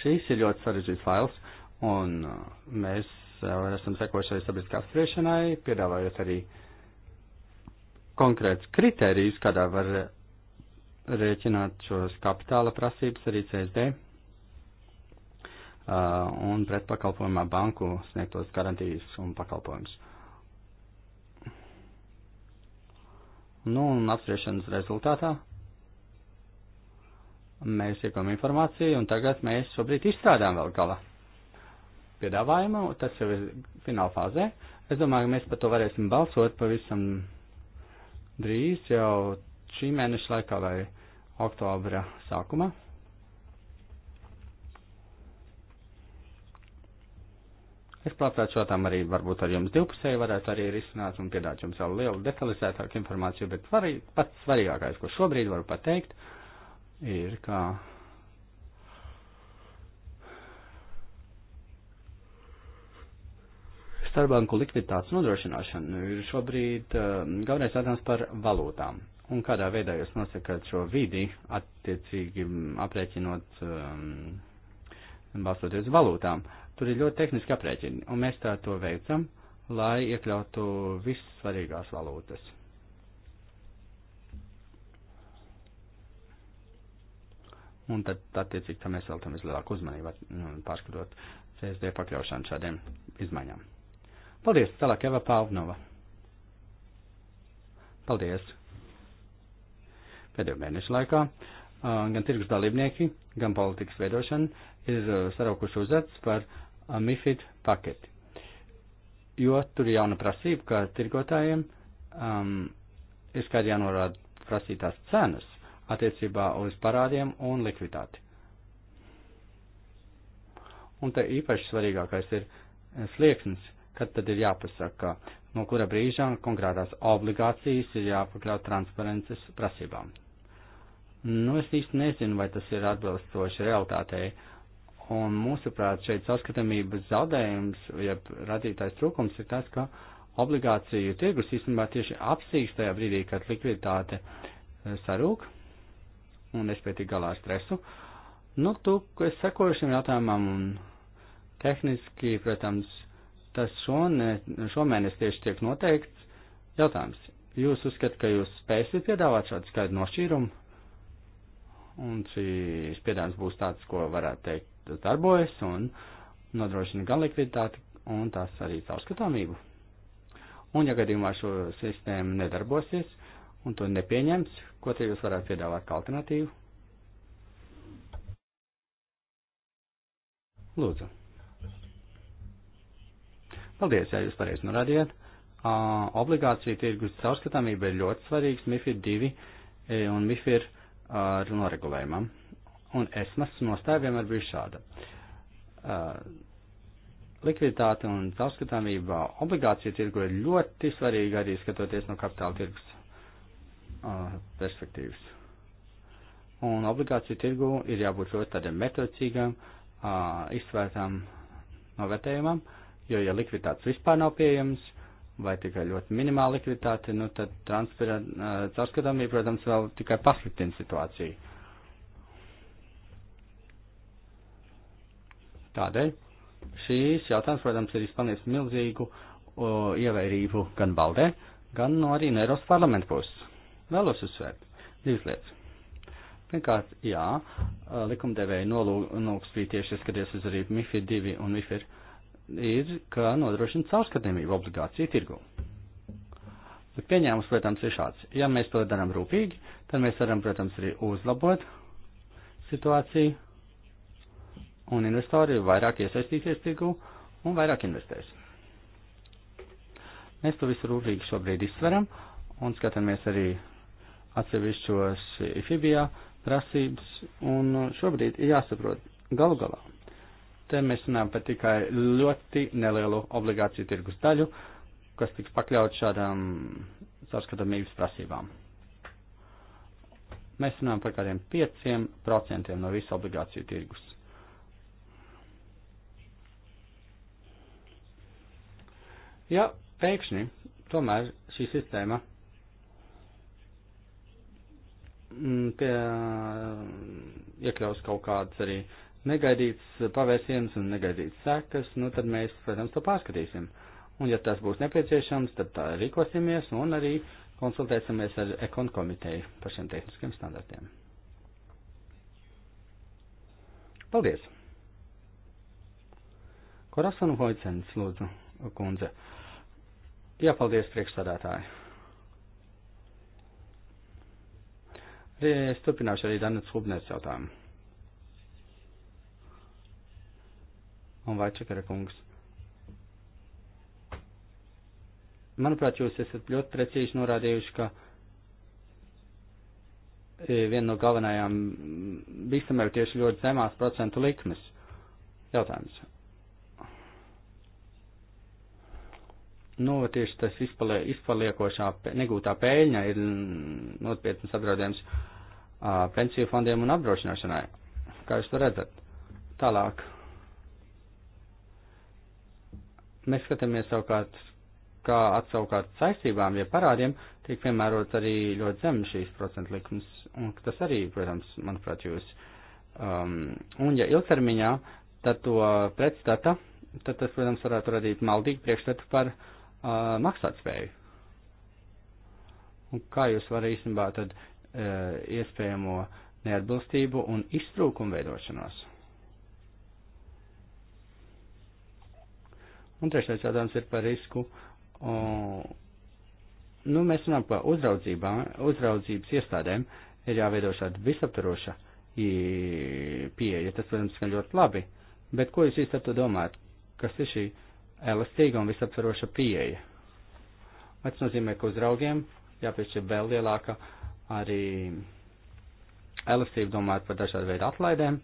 Šīs ir ļoti sarežģīts fails, un uh, mēs uh, esam sekojuši arī sabiedriskā apspriešanai, piedāvājot arī konkrēts kriterijus, kādā var rēķināt šos kapitāla prasības arī CSD un pretpakalpojumā banku sniegtos garantijas un pakalpojumus. Nu, un apspriešanas rezultātā mēs iekam informāciju, un tagad mēs šobrīd izstrādājam vēl gala piedāvājumu, tas jau ir fināla fāzē. Es domāju, ka mēs par to varēsim balsot pavisam drīz, jau šī mēneša laikā vai oktobra sākumā. Es labprāt šo tam arī varbūt ar jums divpusēji varētu arī risināt un piedāt jums vēl lielu detalizētāku informāciju, bet var, pats svarīgākais, ko šobrīd varu pateikt, ir, ka starpbanku likviditātes nodrošināšana ir šobrīd uh, galvenais jautājums par valūtām un kādā veidā jūs nosakat šo vidi, attiecīgi aprēķinot, um, balstoties valūtām. Tur ir ļoti tehniski aprēķini, un mēs tā to veicam, lai iekļautu visas svarīgās valūtas. Un tad, attiecīgi, tam mēs veltam vislielāku uzmanību, nu, pārskatot CSD pakļaušanu šādiem izmaiņām. Paldies, tālāk Eva Pāvnova. Paldies! pēdējo mēnešu laikā uh, gan tirgus dalībnieki, gan politikas veidošana ir uh, saraukuši uzats par uh, MIFID paketi. Jo tur ir jauna prasība, ka tirgotājiem um, ir skaidri jānorāda prasītās cenas attiecībā uz parādiem un likviditāti. Un te īpaši svarīgākais ir slieksnis, kad tad ir jāpasaka, no kura brīžā konkrētās obligācijas ir jāpakļaut transparences prasībām. Nu, es īsti nezinu, vai tas ir atbilstoši realitātei. Un mūsuprāt, šeit saskatāmības zaudējums, ja radītais trūkums ir tas, ka obligāciju tirgus īstenībā tieši apsīgs tajā brīdī, kad likviditāte eh, sarūk un nespēja tikt galā ar stresu. Nu, tu, es sekoju šim jautājumam un tehniski, protams, tas šone, šomēnes tieši tiek noteikts jautājums. Jūs uzskatāt, ka jūs spēsiet piedāvāt šādu skaidru nošķīrumu? Un šīs piedāvājums būs tāds, ko varētu teikt darbojas un nodrošina gan likviditāti, un tās arī caurskatāmību. Un, ja gadījumā šo sistēmu nedarbosies un to nepieņems, ko te jūs varētu piedāvāt kā alternatīvu? Lūdzu. Paldies, ja jūs pareizi norādījāt. Uh, obligācija tirgus caurskatāmība ir ļoti svarīgs MIFID 2 un MIFID ar noregulējumam. Un esmas nostāja vienmēr bija šāda. Likviditāte un caurskatāmība obligāciju tirgu ir ļoti svarīga arī skatoties no kapitāla tirgus perspektīvas. Un obligāciju tirgu ir jābūt ļoti tādam metodicīgam, izsvērtām novērtējumam, jo, ja likviditātes vispār nav pieejams, vai tikai ļoti minimāla likviditāte, nu tad caurskatāmība, protams, vēl tikai pasliktina situāciju. Tādēļ šīs jautājums, protams, ir izpelnījis milzīgu o, ievērību gan baldē, gan no arī no Eiropas parlamenta puses. Vēlos uzsvērt divas lietas. Pirmkārt, jā, likumdevēja nolūks bija tieši skaties uz arī MIFID 2 un MIFID 2 ir, ka nodrošina caurskatāmību obligāciju tirgu. Bet pieņēmums, protams, ir šāds. Ja mēs to darām rūpīgi, tad mēs varam, protams, arī uzlabot situāciju, un investori vairāk iesaistīsies tirgu un vairāk investēs. Mēs to visu rūpīgi šobrīd izsveram un skatāmies arī atsevišķos IFIBijā prasības, un šobrīd ir jāsaprot galu galā. Te mēs runājam par tikai ļoti nelielu obligāciju tirgus daļu, kas tiks pakļaut šādām sarskatāmības prasībām. Mēs runājam par kādiem 5% no visu obligāciju tirgus. Ja pēkšņi tomēr šī sistēma mm, pie, iekļaus kaut kādas arī negaidīts pavērsiens un negaidīts sekas, nu tad mēs, protams, to pārskatīsim. Un, ja tas būs nepieciešams, tad tā rīkosimies un arī konsultēsimies ar ekonu komiteju par šiem tehniskiem standartiem. Paldies! Korasonu Hoicens, lūdzu, kundze. Jā, paldies, priekšstādātāji. Es turpināšu arī Danas Hubners jautājumu. un Vaičakara kungs. Manuprāt, jūs esat ļoti precīzi norādījuši, ka e, viena no galvenajām bīstamē ir tieši ļoti zemās procentu likmes. Jautājums. Nu, tieši tas izpalie, izpaliekošā negūtā pēļņa ir nopietnas apdraudējums pensiju fondiem un apdrošināšanai. Kā jūs to redzat? Tālāk. Mēs skatāmies savukārt, kā atsavukārt saistībām, ja parādiem tiek piemērots arī ļoti zem šīs procentu likums, un tas arī, protams, manuprāt, jūs. Um, un ja ilgtermiņā, tad to pretstata, tad tas, protams, varētu radīt maldīgu priekšstatu par uh, maksātspēju. Un kā jūs varat īstenībā tad uh, iespējamo neatbilstību un iztrūkumu veidošanos? Un trešais jautājums ir par risku. O, nu, mēs runājam par uzraudzībām, uzraudzības iestādēm ir jāveido šāda visaptaroša pieeja. Tas, protams, skan ļoti labi. Bet ko jūs īsti ar to domājat? Kas ir šī elastīga un visaptaroša pieeja? Tas nozīmē, ka uzraugiem jāpiešķir vēl lielāka arī elastība domājot par dažādu veidu atlaidēm.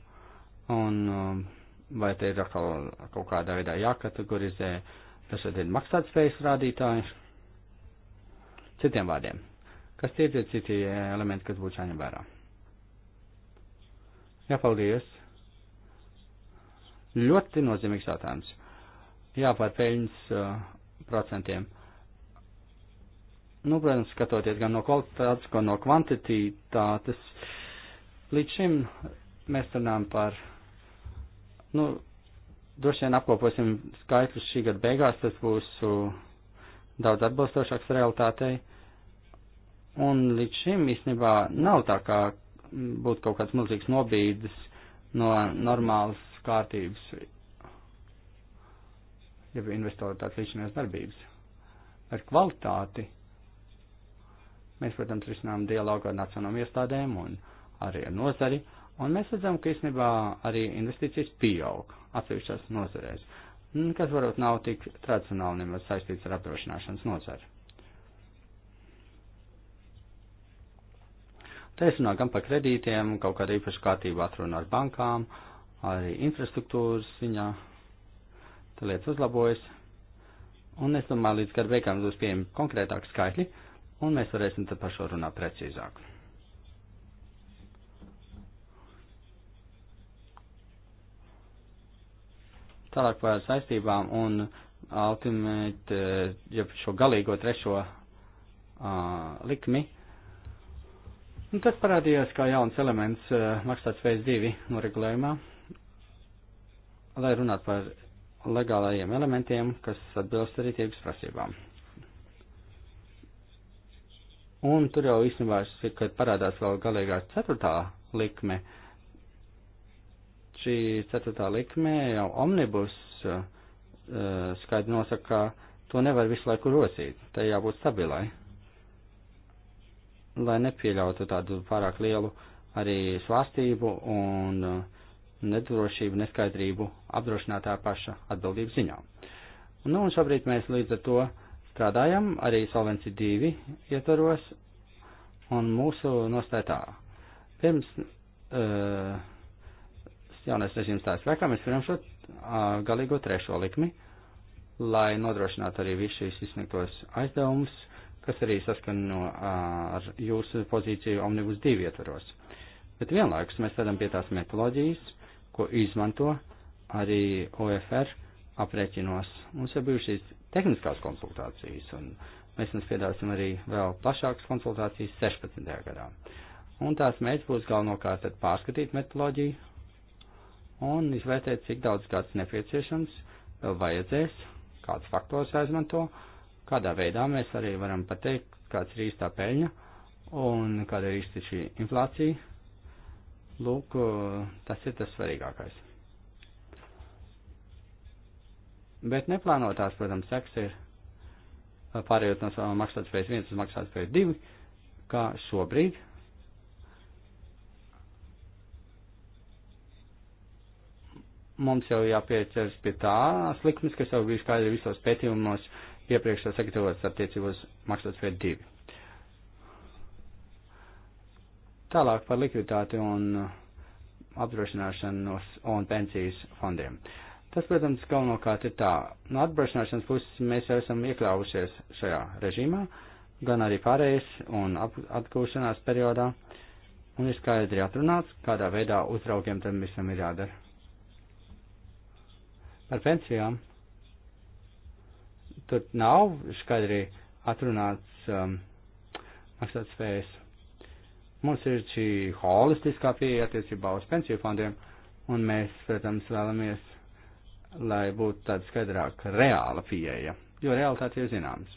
Un, um, vai te ir atkal kaut kādā veidā jākategorizē dažādi maksātspējas rādītāji. Citiem vārdiem, kas tie ir citi elementi, kas būtu jāņem vērā? Jā, paldies. Ļoti nozīmīgs jautājums. Jā, par peļņas uh, procentiem. Nu, protams, skatoties gan no kvalitātes, gan no kvantitātes, līdz šim mēs runājam par Nu, droši vien apkoposim skaitļus šī gada beigās, tas būs uh, daudz atbilstošāks realitātei. Un līdz šim īstenībā nav tā kā būtu kaut kāds milzīgs nobīdes no normālas kārtības, ja investoru tāds līdzinās darbības. Ar kvalitāti mēs, protams, risinām dialogu ar nacionālām iestādēm un arī ar nozari. Uh, Un mēs redzam, ka īstenībā arī investīcijas pieaug atsevišķās nozarēs, kas varbūt nav tik tradicionāli nemaz saistīts ar apdrošināšanas nozari. Te es runāju gan par kredītiem, kaut kāda īpaša kārtība atruna ar bankām, arī infrastruktūras ziņā. Te lietas uzlabojas. Un es domāju, līdz gada beigām būs pieejami konkrētāki skaitļi, un mēs varēsim tad par šo runāt precīzāk. Tālāk par saistībām un ultimate, eh, ja šo galīgo trešo uh, likmi. Un nu, tas parādījās kā jauns elements uh, eh, maksātspējas divi noregulējumā, lai runātu par legālajiem elementiem, kas atbilst arī tirgus prasībām. Un tur jau īstenībā, kad parādās vēl galīgā ceturtā likme, uh, šī ceturtā likme jau omnibus uh, skaidri nosaka, ka to nevar visu laiku rosīt, tai jābūt stabilai, lai nepieļautu tādu pārāk lielu arī svārstību un uh, nedrošību, neskaidrību apdrošinātāja paša atbildības ziņā. Nu, un šobrīd mēs līdz ar to strādājam arī Solvency 2 ietvaros, un mūsu nostāja tā. Pirms uh, jaunais režīms stājas spēkā, mēs varam šo galīgo trešo likmi, lai nodrošinātu arī visus šīs izsniegtos aizdevumus, kas arī saskano ar jūsu pozīciju Omnibus 2 ietvaros. Bet vienlaikus mēs redzam pie tās metoloģijas, ko izmanto arī OFR aprēķinos. Mums ir bijušas tehniskās konsultācijas, un mēs jums piedāsim arī vēl plašākas konsultācijas 16. gadā. Un tās mērķis būs galvenokārt pārskatīt metoloģiju un izvērtēt, cik daudz kāds nepieciešams, eh, vajadzēs, kāds faktors jāizmanto, kādā veidā mēs arī varam pateikt, kāds ir īstā peļņa un kāda ir īsti šī inflācija. Lūk, eh, tas ir tas svarīgākais. Bet neplānotās, protams, seks ir eh, pārējot no maksātspējas 1 uz maksātspēju 2, kā šobrīd mums jau jāpieķers pie tās likmes, kas jau bijuši kādreiz visos pētījumos iepriekš jau sagatavotas attiecībos maksātspēju divi. Tālāk par likviditāti un apdrošināšanos un pensijas fondiem. Tas, protams, galvenokārt ir tā, no apdrošināšanas puses mēs jau esam iekļāvušies šajā režīmā, gan arī pārējais un atgūšanās periodā, un ir skaidri atrunāts, kādā veidā uzraugiem tam visam ir jādara ar pensijām. Tur nav skaidri atrunāts um, maksātspējas. Mums ir šī holistiskā pieeja attiecībā uz pensiju fondiem, un mēs, protams, vēlamies, lai būtu tāda skaidrāka reāla pieeja, jo realitāte ir zināms.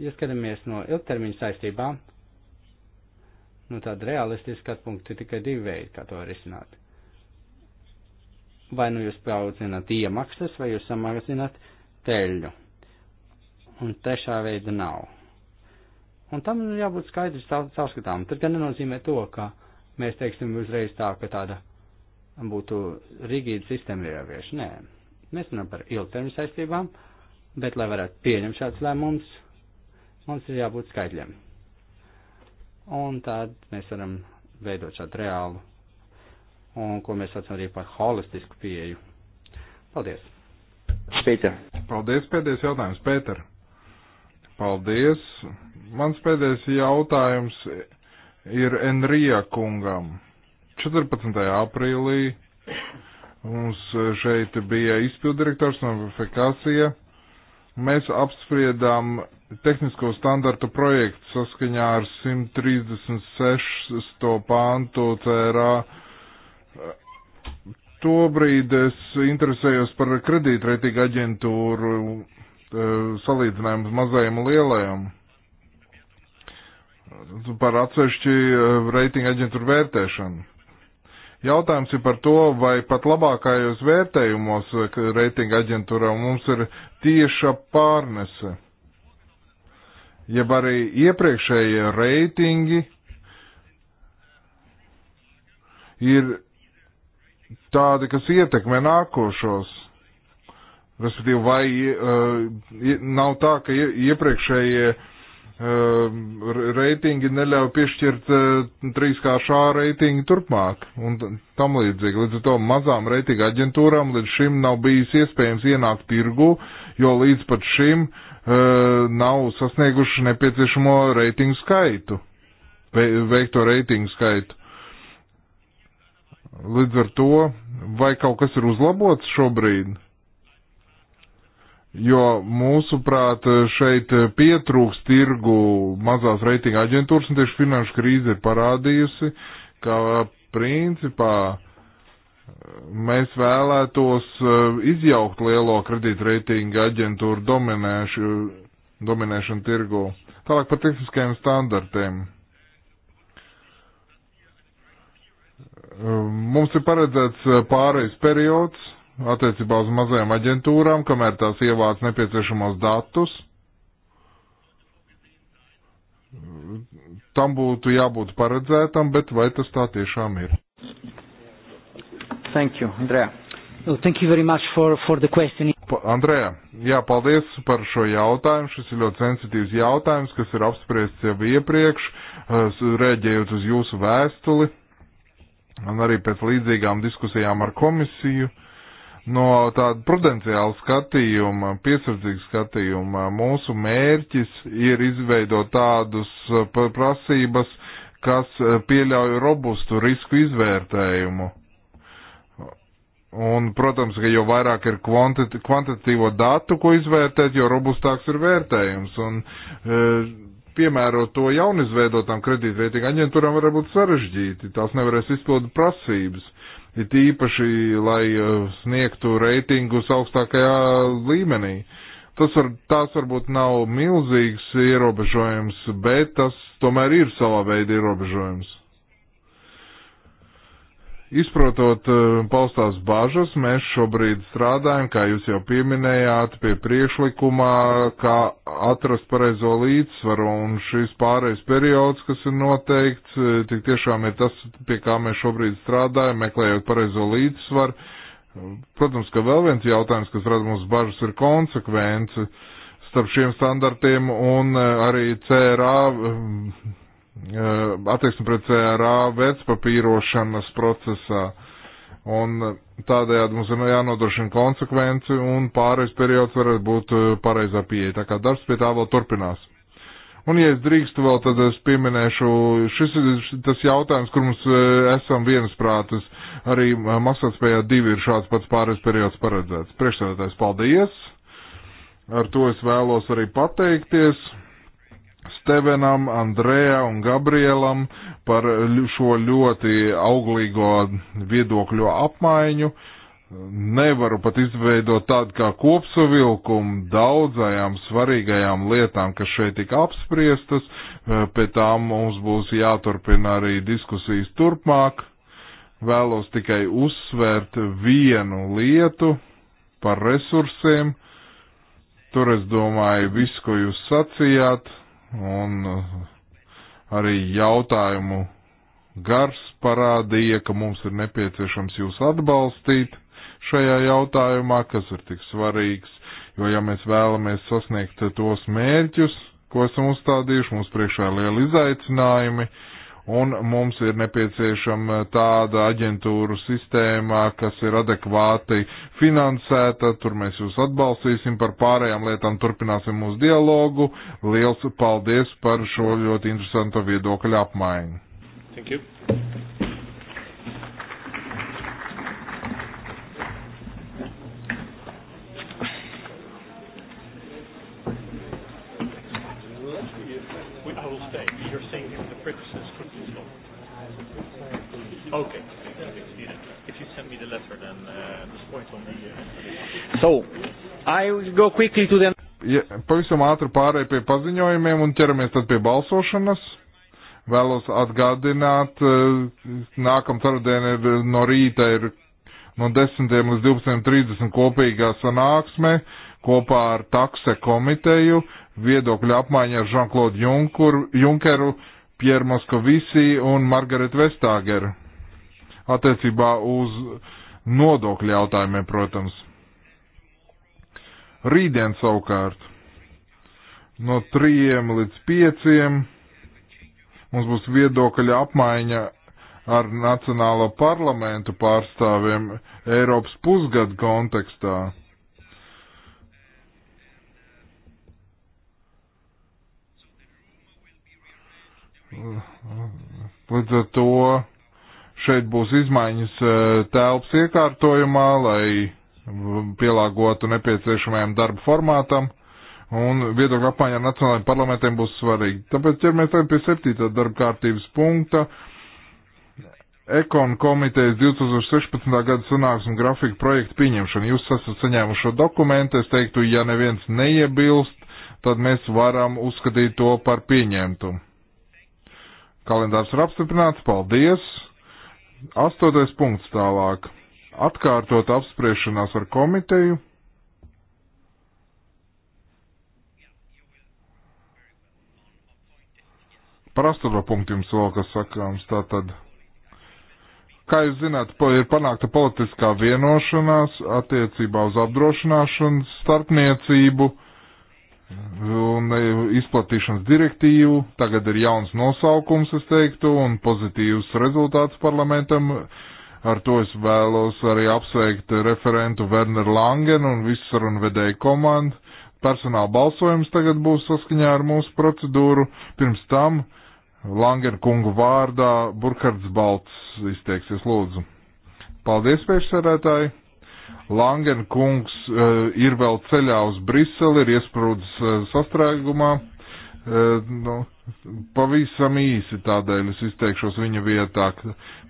Ja skatāmies no ilgtermiņa saistībām, nu tāda realistiska skatpunkta ir tikai divi veidi, kā to risināt vai nu jūs paaudzināt iemaksas, vai jūs samazināt peļļu. Un trešā veida nav. Un tam jābūt skaidrs caurskatām. Tad gan nenozīmē to, ka mēs teiksim uzreiz tā, ka tāda būtu rigīda sistēma ievieš. Nē, mēs runājam par ilgtermiņu saistībām, bet, lai varētu pieņemt šāds lēmums, mums ir jābūt skaidriem. Un tad mēs varam veidot šādu reālu un ko mēs saucam arī par holistisku pieeju. Paldies! Pēter. Paldies, pēdējais jautājums, Pēter. Paldies. Mans pēdējais jautājums ir Enrija kungam. 14. aprīlī mums šeit bija izpildirektors no Fekasija. Mēs apspriedām tehnisko standartu projektu saskaņā ar 136. pāntu CRA Tobrīd es interesējos par kredītreitīgu aģentūru e, salīdzinājumu mazajiem un lielajiem. Par atsevišķi e, reitinga aģentūru vērtēšanu. Jautājums ir par to, vai pat labākajos vērtējumos e, reitinga aģentūrā mums ir tieša pārnese. Jeb arī iepriekšējie reitingi ir tādi, kas ietekmē nākošos. Respektīvi, vai uh, nav tā, ka iepriekšējie uh, reitingi neļauj piešķirt uh, eh, trīskāršā reitingu turpmāk un tam līdzīgi. Līdz ar to mazām reitinga aģentūrām līdz šim nav bijis iespējams ienākt tirgu, jo līdz pat šim uh, nav sasnieguši nepieciešamo reitingu skaitu, veikto reitingu skaitu. Līdz ar to, vai kaut kas ir uzlabots šobrīd? Jo mūsuprāt, šeit pietrūks tirgu mazās reitinga aģentūras, un tieši finanšu krīze ir parādījusi, ka principā mēs vēlētos eh, izjaukt lielo kredītreitinga aģentūru dominēšanu tirgu. Tālāk par tehniskajiem standartiem. Mums ir paredzēts eh, pārejas periods attiecībā uz mazajām aģentūrām, kamēr tās ievāc nepieciešamos datus. Tam būtu jābūt paredzētam, bet vai tas tā tiešām ir? Thank you, Andrea. Oh, thank you very much for, for the question. Andrejā, jā, paldies par šo jautājumu. Šis ir ļoti sensitīvs jautājums, kas ir apspriests jau iepriekš, eh, rēģējot uz jūsu vēstuli un arī pēc līdzīgām diskusijām ar komisiju. No tāda prudenciāla skatījuma, piesardzīga skatījuma, mūsu mērķis ir izveidot tādus eh, prasības, kas eh, pieļauj robustu risku izvērtējumu. Un, protams, ka jo vairāk ir kvantit kvantitīvo datu, ko izvērtēt, jo robustāks ir vērtējums. Un, e, piemērot to jaunizveidotām kredītveitīgām aģentūrām var būt sarežģīti, tās nevarēs izpildu prasības, it īpaši, lai eh, sniegtu reitingus augstākajā līmenī. Tas var, tās varbūt nav milzīgs ierobežojums, bet tas tomēr ir savā veida ierobežojums. Izprotot e, paustās bažas, mēs šobrīd strādājam, kā jūs jau pieminējāt, pie priekšlikumā, kā atrast pareizo līdzsvaru, un šis pārējais periods, kas ir noteikts, e, tik tiešām ir tas, pie kā mēs šobrīd strādājam, meklējot pareizo līdzsvaru. Protams, ka vēl viens jautājums, kas rada mums bažas, ir konsekvence starp šiem standartiem un e, arī CRA attieksmi pret CRA vecpapīrošanas procesā. Un tādējādi mums ir nu jānodrošina konsekvenci un pārējais periods varētu būt pareizā pieeja. Tā kā darbs pie tā vēl turpinās. Un, ja es drīkstu vēl, tad es pieminēšu, šis ir tas jautājums, kur mums esam viensprātis. Arī maksātspējā divi ir šāds pats pārējais periods paredzēts. Priekšsēdētājs, paldies! Ar to es vēlos arī pateikties. Stevenam, Andrejā un Gabrielam par šo ļoti auglīgo viedokļu apmaiņu. Nevaru pat izveidot tādu kā kopsavilkumu daudzajām svarīgajām lietām, kas šeit tika apspriestas, eh, pēc tām mums būs jāturpina arī diskusijas turpmāk. Vēlos tikai uzsvērt vienu lietu par resursiem. Tur es domāju, viss, ko jūs sacījāt, un eh, arī jautājumu gars parādīja, ka mums ir nepieciešams jūs atbalstīt šajā jautājumā, kas ir tik svarīgs, jo ja mēs vēlamies sasniegt tos mērķus, ko esam uzstādījuši, mums priekšā ir lieli izaicinājumi, uh, un mums ir nepieciešama tāda aģentūru sistēma, kas ir adekvāti finansēta, tur mēs jūs atbalstīsim par pārējām lietām, turpināsim mūsu dialogu. Liels paldies par šo ļoti interesanto viedokļu apmaiņu. Thank you. go quickly to the... Ja, pavisam ātri pārēj pie paziņojumiem un ķeramies tad pie balsošanas. Vēlos atgādināt, eh, nākam ceturtdien ir no rīta ir no 10. līdz 12.30 kopīgā sanāksme kopā ar takse komiteju, viedokļu apmaiņa ar Jean-Claude Junkeru, Pierre Moskovisi un Margaret Vestageru attiecībā uz nodokļu jautājumiem, protams. Rītdien savukārt no 3 līdz 5 mums būs viedokļa apmaiņa ar Nacionālo parlamentu pārstāvjiem Eiropas pusgadu kontekstā. Līdz ar to šeit būs izmaiņas eh, telpas iekārtojumā, lai pielāgotu nepieciešamajam darba formātam, un viedokļu apmaiņa ar nacionālajiem parlamentiem būs svarīga. Tāpēc ķeramies tagad pie septītā darba kārtības punkta. Ekon komitejas 2016. gada sanāksmu grafiku projektu pieņemšanu. Jūs esat saņēmuši šo dokumentu, es teiktu, ja neviens neiebilst, tad mēs varam uzskatīt to par pieņemtu. Kalendārs ir apstiprināts, paldies! Astotais punkts tālāk atkārtot apspriešanās ar komiteju. Par astaro punktu jums vēl kas sakāms, tātad. Kā jūs zināt, ir panākta politiskā vienošanās attiecībā uz apdrošināšanas starpniecību un e, izplatīšanas direktīvu. Tagad ir jauns nosaukums, es teiktu, un pozitīvs rezultāts parlamentam. Uh, Ar to es vēlos arī apsveikt referentu Werneru Langenu un visu sarunvedēju komandu. Personāla balsojums tagad būs saskaņā ar mūsu procedūru. Pirms tam Langena kungu vārdā Burkhards Balts izteiksies lūdzu. Paldies, priekšsēdētāji! Langena kungs uh, ir vēl ceļā uz Briseli, ir iesprūdis uh, sastrēgumā Eh, nu, pavisam īsi tādēļ es izteikšos viņa vietā.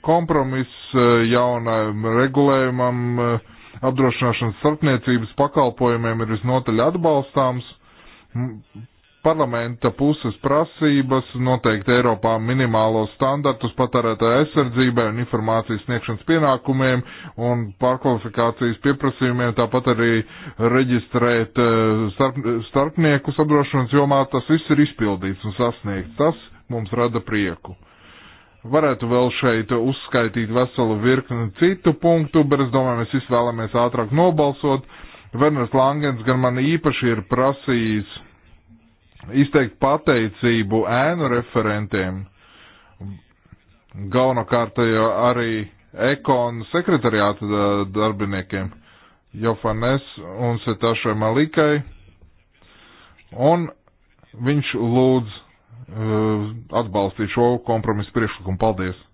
Kompromiss eh, jaunajam regulējumam eh, apdrošināšanas starpniecības pakalpojumiem ir visnotaļ atbalstāms parlamenta puses prasības noteikt Eiropā minimālos standartus patērētāja aizsardzībai un informācijas sniegšanas pienākumiem un pārkvalifikācijas pieprasījumiem, tāpat arī reģistrēt eh, starp, starpniekus apdrošināšanas jomā. Tas viss ir izpildīts un sasniegts. Tas mums rada prieku. Varētu vēl šeit uzskaitīt veselu virkni citu punktu, bet es domāju, mēs visi vēlamies ātrāk nobalsot. Werners Langens gan man īpaši ir prasījis izteikt pateicību ēnu referentiem, galvenokārt arī ekonu sekretariāta darbiniekiem, Jofanes un Setašai Malikai, un viņš lūdz uh, atbalstīt šo kompromisu priekšlikumu. Paldies!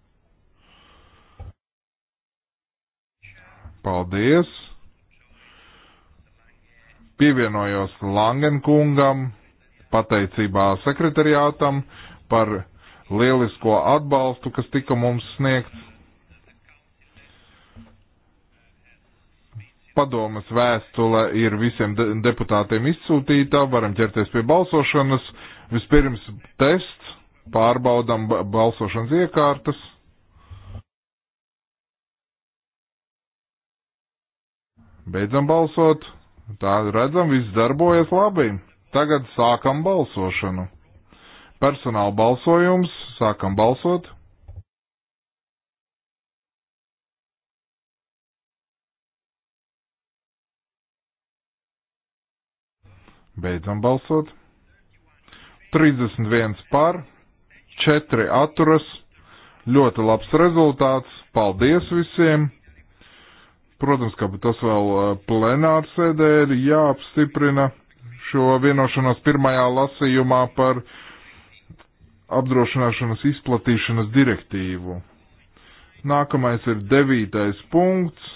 Paldies! Pievienojos Langenkungam pateicībā sekretariātam par lielisko atbalstu, kas tika mums sniegts. Padomas vēstule ir visiem de deputātiem izsūtīta, varam ķerties pie balsošanas. Vispirms tests, pārbaudam balsošanas iekārtas. Beidzam balsot. Tā redzam, viss darbojas labi. Tagad sākam balsošanu. Personāla balsojums, sākam balsot. Beidzam balsot. 31 par, 4 atturas. Ļoti labs rezultāts. Paldies visiem! Protams, ka tas vēl eh, plenārsēdē ir jāapstiprina šo vienošanos pirmajā lasījumā par apdrošināšanas izplatīšanas direktīvu. Nākamais ir devītais punkts.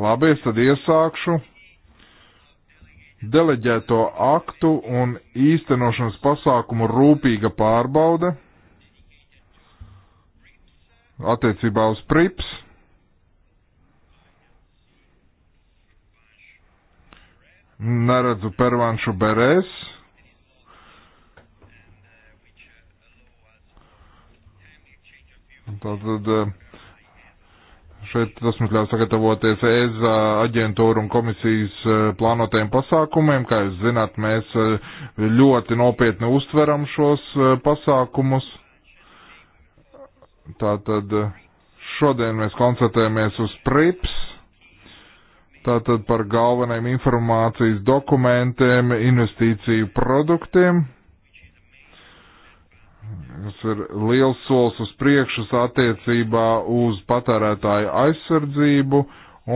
Labi, es tad iesākšu. Deleģēto aktu un īstenošanas pasākumu rūpīga pārbauda attiecībā uz prips. neredzu pervanšu berēs. Tātad eh, šeit tas mums ļauj sagatavoties EZA aģentūra un komisijas eh, plānotajiem pasākumiem. Kā jūs zināt, mēs eh, ļoti nopietni uztveram šos pasākumus. Tātad šodien mēs koncentrējamies uz PRIPS Tātad par galvenajiem informācijas dokumentiem, investīciju produktiem. Tas ir liels solis uz priekšu attiecībā uz patērētāju aizsardzību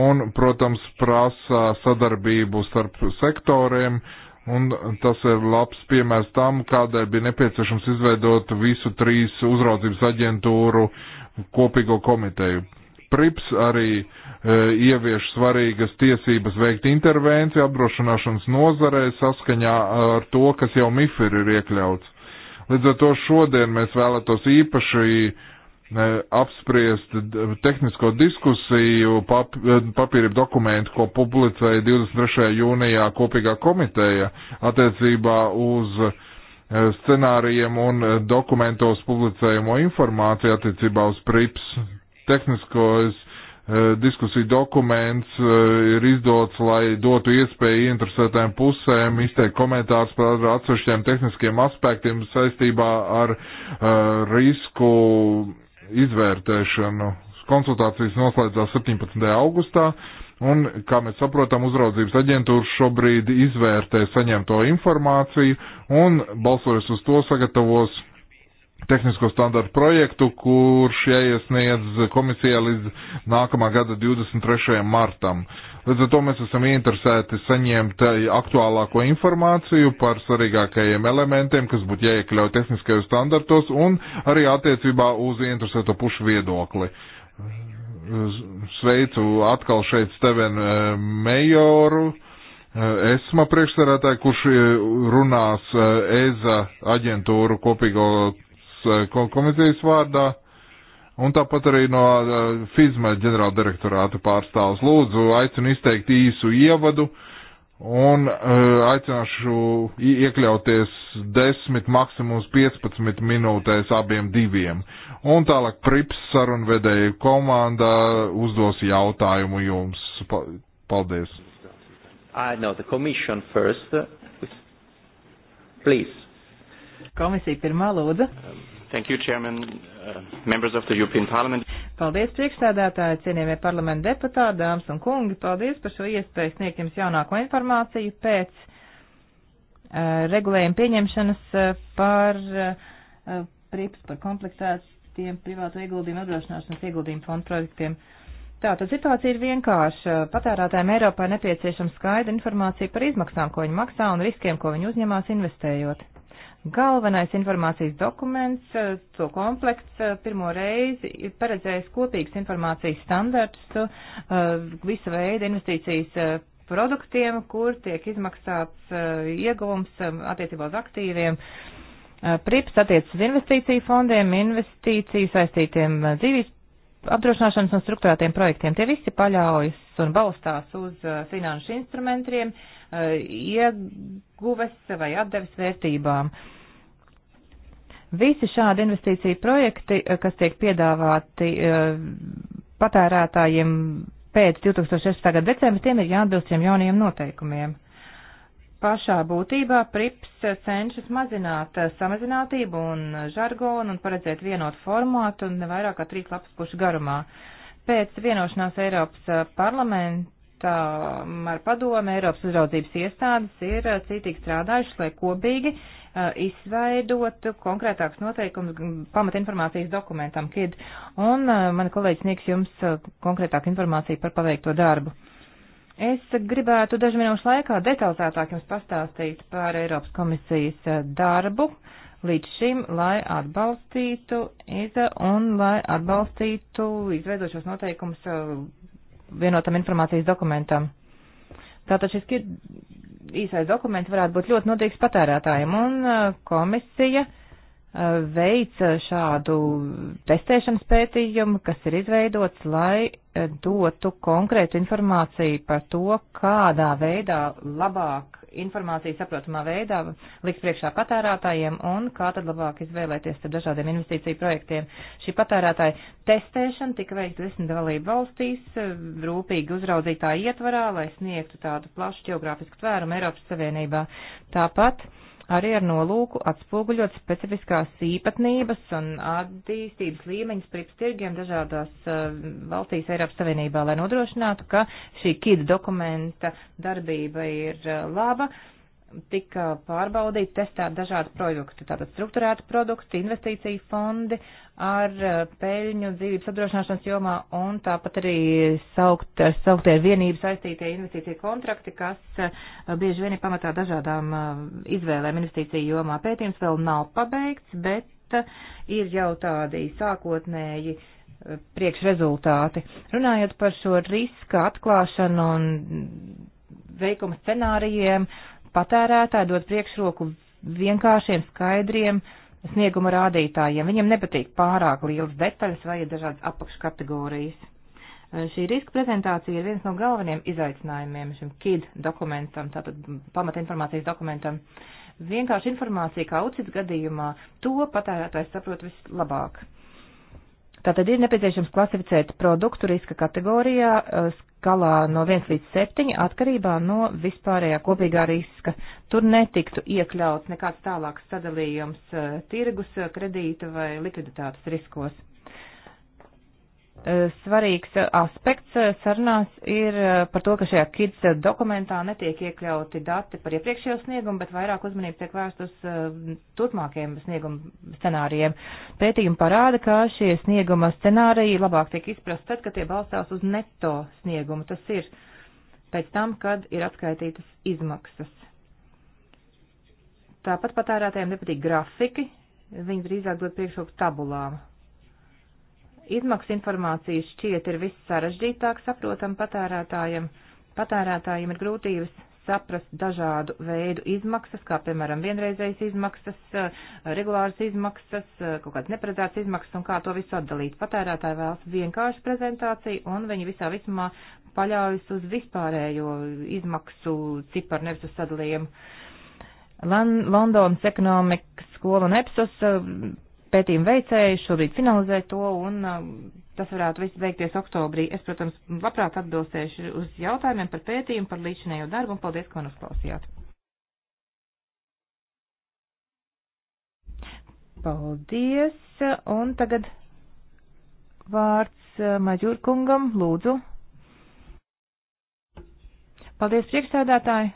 un, protams, prasa sadarbību starp sektoriem, Un tas ir labs piemērs tam, kādēļ bija nepieciešams izveidot visu trīs uzraudzības aģentūru kopīgo komiteju. PRIPS arī e, ievieš svarīgas tiesības veikt intervenciju apdrošināšanas nozarē saskaņā e, ar to, kas jau MIFIR ir iekļauts. Līdz ar to šodien mēs vēlētos īpaši e, apspriest tehnisko diskusiju pap, papīra dokumentu, ko publicēja 23. jūnijā kopīgā komiteja attiecībā uz scenārijiem un dokumentos publicējamo informāciju attiecībā uz PRIPS tehniskos eh, diskusiju dokuments eh, ir izdots, lai dotu iespēju interesētām pusēm izteikt komentārus par atsevišķiem tehniskiem aspektiem saistībā ar uh, risku izvērtēšanu. Konsultācijas noslēdzās 17. augustā. Un, kā mēs saprotam, uzraudzības aģentūra šobrīd izvērtē saņemto informāciju un balsojas uz to sagatavos tehnisko standartu projektu, kurš jāiesniedz komisijā līdz nākamā gada 23. martam. Līdz ar to mēs esam ieinteresēti saņemt eh, aktuālāko informāciju par svarīgākajiem elementiem, kas būtu jāiekļauj tehniskajos standartos un arī attiecībā uz ieinteresēto pušu viedokli. Sveicu atkal šeit Stevenu eh, Mejoru. Eh, ESMA priekšsarētāji, kurš runās EZA aģentūru kopīgo Eh, komisijas vārdā. Un tāpat arī no eh, FIZMA ģenerāla direktorāta pārstāvs lūdzu aicinu izteikt īsu ievadu un eh, aicināšu iekļauties 10, maksimums 15 minūtēs abiem diviem. Un tālāk prips sarunvedēju komanda uzdos jautājumu jums. Paldies. I know the commission first. Please. Komisija pirmā lūdza. Thank you, Chairman, uh, members of the European Parliament. Paldies, priekšstādātāji, cienījamie parlamenta deputāti, dāmas un kungi. Paldies par šo iespēju sniegt jums jaunāko informāciju pēc uh, regulējuma pieņemšanas uh, par uh, prips, par kompleksētiem privātu ieguldījumu nodrošināšanas ieguldījumu fondu projektiem. Tātad situācija ir vienkārša. Patērētājiem Eiropā nepieciešama skaidra informācija par izmaksām, ko viņi maksā un riskiem, ko viņi uzņemās investējot. Galvenais informācijas dokuments, eh, to komplekts eh, pirmo reizi ir paredzējis kopīgas informācijas standartus eh, visa veida investīcijas produktiem, kur tiek izmaksāts ieguvums attiecībā uz aktīviem. PRIPS attiecas uz investīciju fondiem, investīciju saistītiem dzīvības apdrošināšanas un struktūrētiem projektiem. Tie visi paļaujas un balstās uz uh, finanšu instrumentiem, uh, ieguves vai atdeves vērtībām. Visi šādi investīcija projekti, uh, kas tiek piedāvāti patērētājiem pēc 2016. gada decembra, tiem ir jāatbilst šiem jaunajiem noteikumiem pašā būtībā prips cenšas mazināt samazinātību un žargonu un paredzēt vienotu formātu un nevairāk kā trīs lapas pušu garumā. Pēc vienošanās Eiropas parlamentā ar padomu Eiropas uzraudzības iestādes ir cītīgi strādājušas, lai kopīgi uh, izveidot konkrētāks noteikums pamatinformācijas dokumentam KID. Un uh, mani kolēģis sniegs jums uh, konkrētāku informāciju par paveikto darbu. Es gribētu dažu minūšu laikā detalizētāk jums pastāstīt par Eiropas komisijas eh, darbu līdz šim, lai atbalstītu IZA un lai atbalstītu izveidošos noteikumus eh, vienotam informācijas dokumentam. Tātad šis īsais dokuments varētu būt ļoti noderīgs patērētājiem, un eh, komisija uh, veica šādu testēšanas pētījumu, kas ir izveidots, lai eh, dotu konkrētu informāciju par to, kādā veidā labāk informāciju saprotamā veidā liks priekšā patērētājiem un kā tad labāk izvēlēties ar dažādiem investīciju projektiem. Šī patērētāja testēšana tika veikta desmit dalību valstīs, eh, rūpīgi uzraudzītā ietvarā, lai sniegtu tādu plašu geogrāfisku tvērumu Eiropas Savienībā. Tāpat arī ar nolūku atspoguļot specifiskās īpatnības un attīstības līmeņus priekš tirgiem dažādās valstīs eh, Eiropas Savienībā, lai nodrošinātu, ka šī kīda dokumenta darbība ir eh, laba. Uh, tika pārbaudīti, testēti dažādi produkti, tātad struktūrēti produkti, investīciju fondi ar eh, peļņu dzīvības apdrošināšanas jomā un tāpat arī saukt, eh, sauktie ar vienību saistītie investīcija kontrakti, kas eh, bieži vien ir pamatā dažādām izvēlēm investīciju jomā. Pētījums vēl nav pabeigts, bet ir jau tādi sākotnēji priekšrezultāti. Runājot par šo riska atklāšanu un veikuma scenārijiem, uh, patērētāji dod priekšroku vienkāršiem, skaidriem snieguma rādītājiem. Viņam nepatīk pārāk liels detaļas vai dažādas apakškategorijas. Šī riska prezentācija ir viens no galvenajiem izaicinājumiem šim KID dokumentam, tātad pamatinformācijas dokumentam. Vienkārši informācija, kā UCITS gadījumā, to patērētājs saprot vislabāk. Tātad ir nepieciešams klasificēt produktu riska kategorijā, skalā no 1 līdz 7 atkarībā no vispārējā kopīgā riska. Tur netiktu iekļauts nekāds tālāks sadalījums eh, tirgus, eh, kredīta vai likviditātes riskos. Eh, svarīgs aspekts eh, sarunās ir eh, par to, ka šajā kids dokumentā netiek iekļauti dati par iepriekšējo sniegumu, bet vairāk uzmanību tiek vērst uz turpmākajiem snieguma scenārijiem. Pētījumi parāda, ka šie snieguma scenāriji labāk tiek izprast tad, kad tie balstās uz neto sniegumu. Tas ir pēc tam, kad ir atskaitītas izmaksas. Tāpat patērētājiem nepatīk grafiki, viņi drīzāk dod priekšroku tabulām Izmaksu informācija šķiet ir viss sarežģītāk saprotam patērētājiem. Patērētājiem ir grūtības saprast dažādu veidu izmaksas, kā piemēram vienreizējas izmaksas, eh, regulāras izmaksas, eh, kaut kādas neparedzētas izmaksas un kā to visu atdalīt. Patērētāji vēlas vienkāršu prezentāciju un viņi visā vismā paļaujas uz vispārējo izmaksu ciparu, nevis uz sadalījumu. Londonas ekonomikas skola un EPSOS eh, pētījumu veicēju, šobrīd finalizē to, un um, tas varētu viss beigties oktobrī. Es, protams, labprāt atbildēšu uz jautājumiem par pētījumu, par līdzinējo darbu, un paldies, ka man uzklausījāt. Paldies, un tagad vārds uh, Maģurkungam, lūdzu. Paldies, priekšsēdētāji.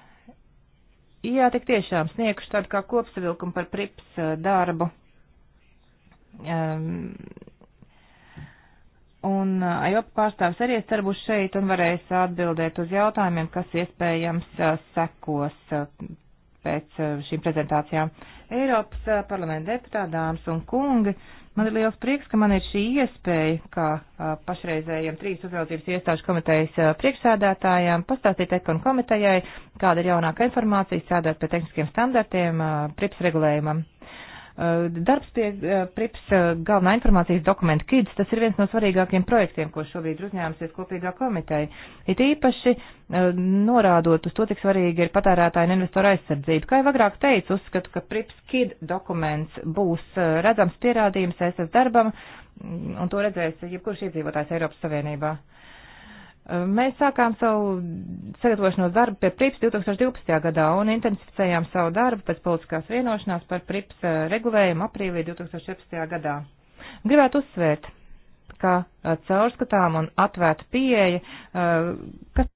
Jā, tik tiešām sniegšu tādu kā kopsavilkumu par prips uh, darbu. Ehm, un eh, AJOP pārstāvis arī es ceru būs šeit un varēs atbildēt uz jautājumiem, kas iespējams eh, sekos eh, pēc šīm prezentācijām. Eiropas parlamenta deputāti, dāmas un kungi, man ir liels prieks, ka man ir šī iespēja, kā pašreizējiem trīs uzraudzības iestāžu komitejas priekšsēdētājām, pastāstīt ekonu komitejai, kāda ir jaunāka informācija, strādāt pie tehniskiem standartiem, prips regulējumam. Eh, darbs pie eh, PRIPS eh, galvenā informācijas dokumenta KIDS, tas ir viens no svarīgākiem projektiem, ko šobrīd uzņēmusies kopīgā komiteja. It īpaši norādot uz to, cik svarīgi ir patērētāja un investora aizsardzība. Kā jau agrāk teicu, uzskatu, ka PRIPS KID dokuments būs redzams pierādījums SS darbam, mm, un to redzēs jebkurš iedzīvotājs Eiropas Savienībā. Mēs sākām savu sagatavošanos darbu pie PRIPS 2012. gadā un intensificējām savu darbu pēc politiskās vienošanās par PRIPS eh, regulējumu aprīlī 2014. gadā. Gribētu uzsvērt, ka eh, caurskatām un atvērta pieeja, eh, kas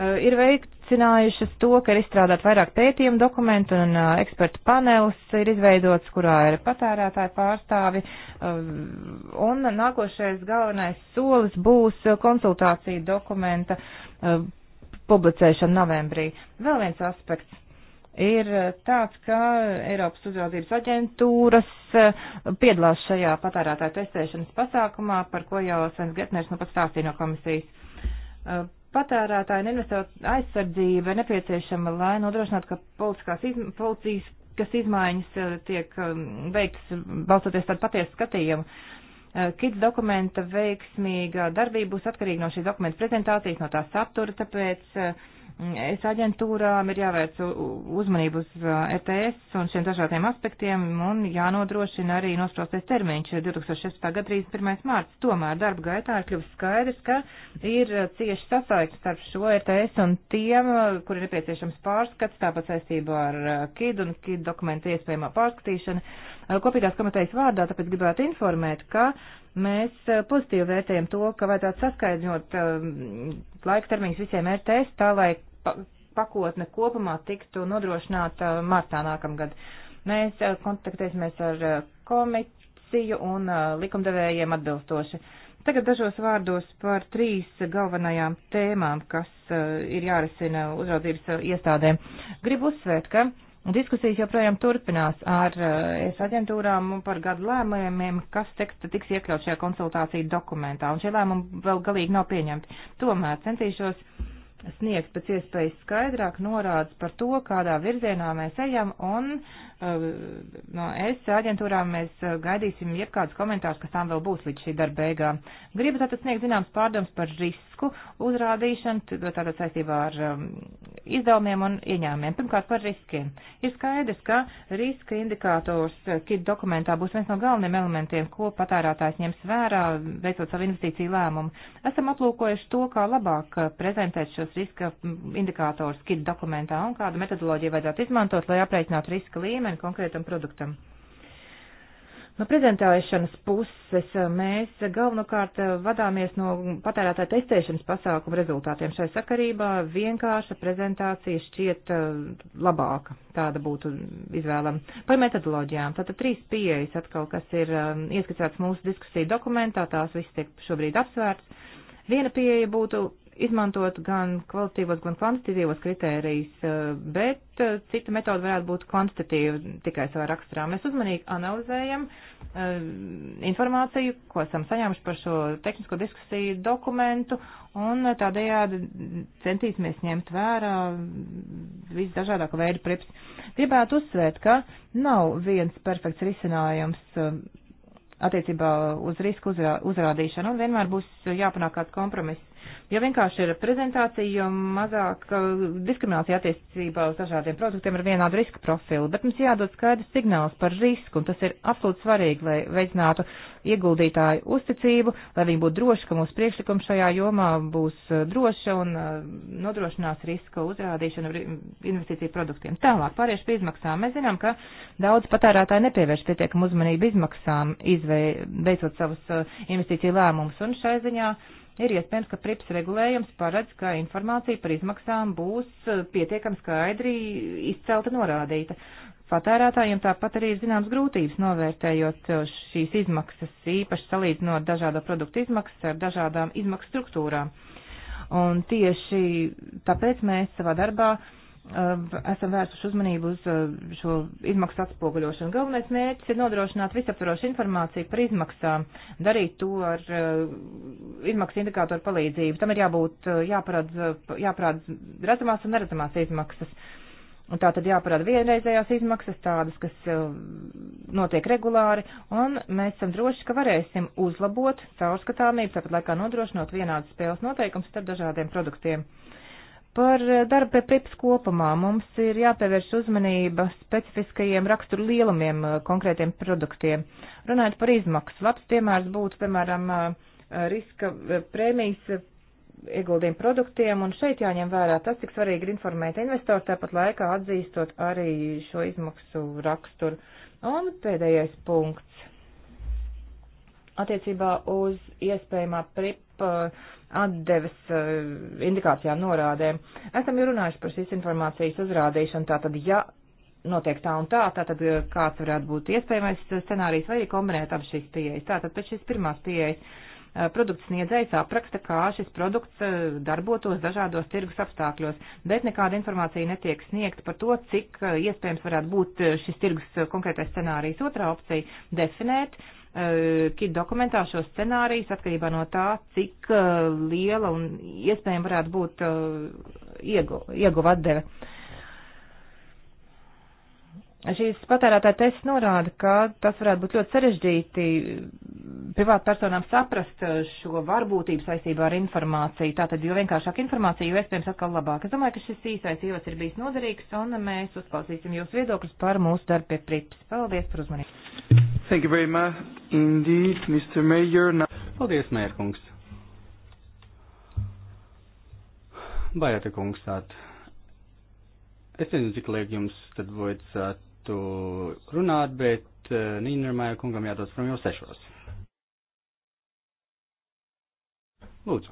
Eh, ir veicinājušas to, ka ir izstrādāt vairāk pētījumu dokumentu un eh, ekspertu panelis ir izveidots, kurā ir patērētāji pārstāvi. Eh, un nākošais galvenais solis būs konsultācija dokumenta publicēšana novembrī. Vēl viens aspekts ir tāds, ka Eiropas uzraudzības aģentūras piedalās šajā patērētāju testēšanas pasākumā, par ko jau Svens Getners nu pat stāstīja no komisijas Patērētāja un investora aizsardzība ir nepieciešama, lai nodrošinātu, ka politiskās izma, policijas, kas izmaiņas eh, tiek um, veiktas balstoties tādu patiesu skatījumu. Eh, kits dokumenta veiksmīga darbība būs atkarīga no šīs dokumenta prezentācijas, no tā satura, tāpēc uh, Es aģentūrām ir jāvērc uzmanību uz uh, ETS un šiem dažādiem aspektiem un jānodrošina arī nosprostais termiņš 2016. gada 31. mārts. Tomēr darba gaitā ir kļuvis skaidrs, ka ir uh, cieši sasaikts starp šo ETS un tiem, uh, kur ir nepieciešams pārskats, tāpat saistībā ar KID un KID dokumentu iespējamā pārskatīšana. Kopīgās komitejas vārdā tāpēc gribētu informēt, ka mēs pozitīvi vērtējam to, ka vajadzētu saskaidrot um, laiktermiņus visiem RTS, e tā lai pakotne kopumā tiktu nodrošināta martā nākamgad. Mēs eh, kontaktēsimies ar eh, komisiju un eh, likumdevējiem atbilstoši. Tagad dažos vārdos par trīs galvenajām tēmām, kas ir jārisina uzraudzības iestādēm. Gribu uzsvērt, ka diskusijas joprojām turpinās ar es aģentūrām par gadu lēmumiem, kas teksta tiks iekļaut šajā konsultāciju dokumentā, un šie lēmumi vēl galīgi nav pieņemti. Tomēr centīšos sniegt pēc iespējas skaidrāk norādes par to, kādā virzienā mēs ejam un uh, Eh, no es aģentūrām mēs eh, gaidīsim jebkādus komentārus, kas tām vēl būs līdz šī darba beigām. Gribu tātad sniegt zināms pārdoms par risku uzrādīšanu, tātad saistībā ar ehm, izdevumiem un ieņēmumiem. Pirmkārt par riskiem. Ir skaidrs, ka riska indikators eh, KID dokumentā būs viens no galveniem elementiem, ko patērētājs ņems vērā, veicot savu investīciju lēmumu. Esam aplūkojuši to, kā labāk prezentēt šos riska indikators KID dokumentā un kādu metodoloģiju vajadzētu izmantot, lai aprēķinātu riska līmeni līmeni konkrētam produktam. No prezentēšanas puses eh, mēs galvenokārt eh, vadāmies no patērētāja testēšanas pasākumu rezultātiem. Šai sakarībā vienkārša prezentācija šķiet eh, labāka. Tāda būtu izvēlama. Par metodoloģijām. Tātad trīs pieejas atkal, kas ir ieskicēts mūsu diskusiju dokumentā, tās viss tiek šobrīd apsvērts. Viena pieeja būtu izmantot gan kvalitatīvos, gan kvantitīvos kritērijus, eh, bet eh, cita metoda varētu būt kvantitatīva tikai savā raksturā. Mēs uzmanīgi analizējam eh, informāciju, ko esam saņēmuši par šo tehnisko diskusiju dokumentu, un tādējādi centīsimies ņemt vērā visdažādāko veidu prips. Gribētu uzsvērt, ka nav viens perfekts risinājums attiecībā uz risku uzrādīšanu, un vienmēr būs jāpanāk kāds kompromiss Jo vienkārši ir prezentācija, jo mazāk uh, diskriminācija attiecībā uz dažādiem produktiem ar vienādu riska profilu. Bet mums jādod skaidrs signāls par risku, un tas ir absolūti svarīgi, lai veicinātu ieguldītāju uzticību, lai viņi būtu droši, ka mūsu priekšlikums šajā jomā būs uh, droša un uh, nodrošinās riska uzrādīšanu investīciju produktiem. Tālāk, pāriešu pie izmaksām. Mēs zinām, ka daudz patērētāji nepievērš pietiekam uzmanību izmaksām, izvei, veicot savus investīciju lēmumus, un šai ziņā uh, Ir iespējams, ka prips regulējums paredz, ka informācija par izmaksām būs uh, pietiekami skaidri izcelta norādīta. Patērētājiem tāpat arī ir zināms grūtības novērtējot uh, šīs izmaksas, īpaši salīdzinot dažādo produktu izmaksas ar dažādām izmaksu struktūrām. Un tieši tāpēc mēs savā darbā uh, esam vērsuši uzmanību uz šo izmaksu atspoguļošanu. Galvenais mērķis ir nodrošināt visaptvarošu informāciju par izmaksām, darīt to ar izmaksu indikātoru palīdzību. Tam ir jābūt jāparādz, jāparādz redzamās un neredzamās izmaksas. Un tā tad jāparāda vienreizējās izmaksas, tādas, kas notiek regulāri, un mēs esam droši, ka varēsim uzlabot caurskatāmību, tāpat laikā nodrošinot vienādas spēles noteikums starp dažādiem produktiem. Uh, Par eh, darbu pie prips kopumā mums ir jāpievērš uzmanība specifiskajiem raksturu lielumiem eh, konkrētiem produktiem. Runājot par izmaksu, labs piemērs būtu, piemēram, eh, riska prēmijas ieguldījumu produktiem, un šeit jāņem vērā tas, cik svarīgi ir informēt investoru, tāpat laikā atzīstot arī šo izmaksu raksturu. Un pēdējais punkts. Attiecībā uz iespējamā pripa atdevis eh, indikācijām norādēm. Esam jau runājuši par šīs informācijas uzrādīšanu, tātad, ja notiek tā un tā, tātad eh, kāds varētu būt iespējamais scenārijs vai arī kombinēt ap šīs pieejas. Tātad pēc šīs pirmās pieejas eh, produkts sniedzējs apraksta, kā šis produkts darbotos dažādos tirgus apstākļos, bet nekāda informācija netiek sniegta par to, cik iespējams varētu būt šis tirgus konkrētais scenārijs. Otrā opcija - definēt uh, Eh, KIT dokumentā šo scenārijas atkarībā no tā, cik eh, liela un iespējama varētu būt eh, ieguva atdeve. Iegu Šīs patērētāja tests norāda, ka tas varētu būt ļoti sarežģīti eh, privātpersonām saprast eh, šo varbūtību saistībā ar informāciju. Tātad, jo vienkāršāk informācija, jo iespējams atkal labāk. Es domāju, ka šis īsais ievads ir bijis noderīgs, un mēs uzklausīsim jūs viedokļus par mūsu darbu pie prips. Paldies par uzmanību. Thank you very much indeed, Mr. Mayor. Now... Paldies, mērkungs. Bajata kungs, tātad. Es nezinu, cik liek jums tad vajadzētu gribētu runāt, bet eh, Nīnermāja kungam jādodas prom jau sešos. Lūdzu.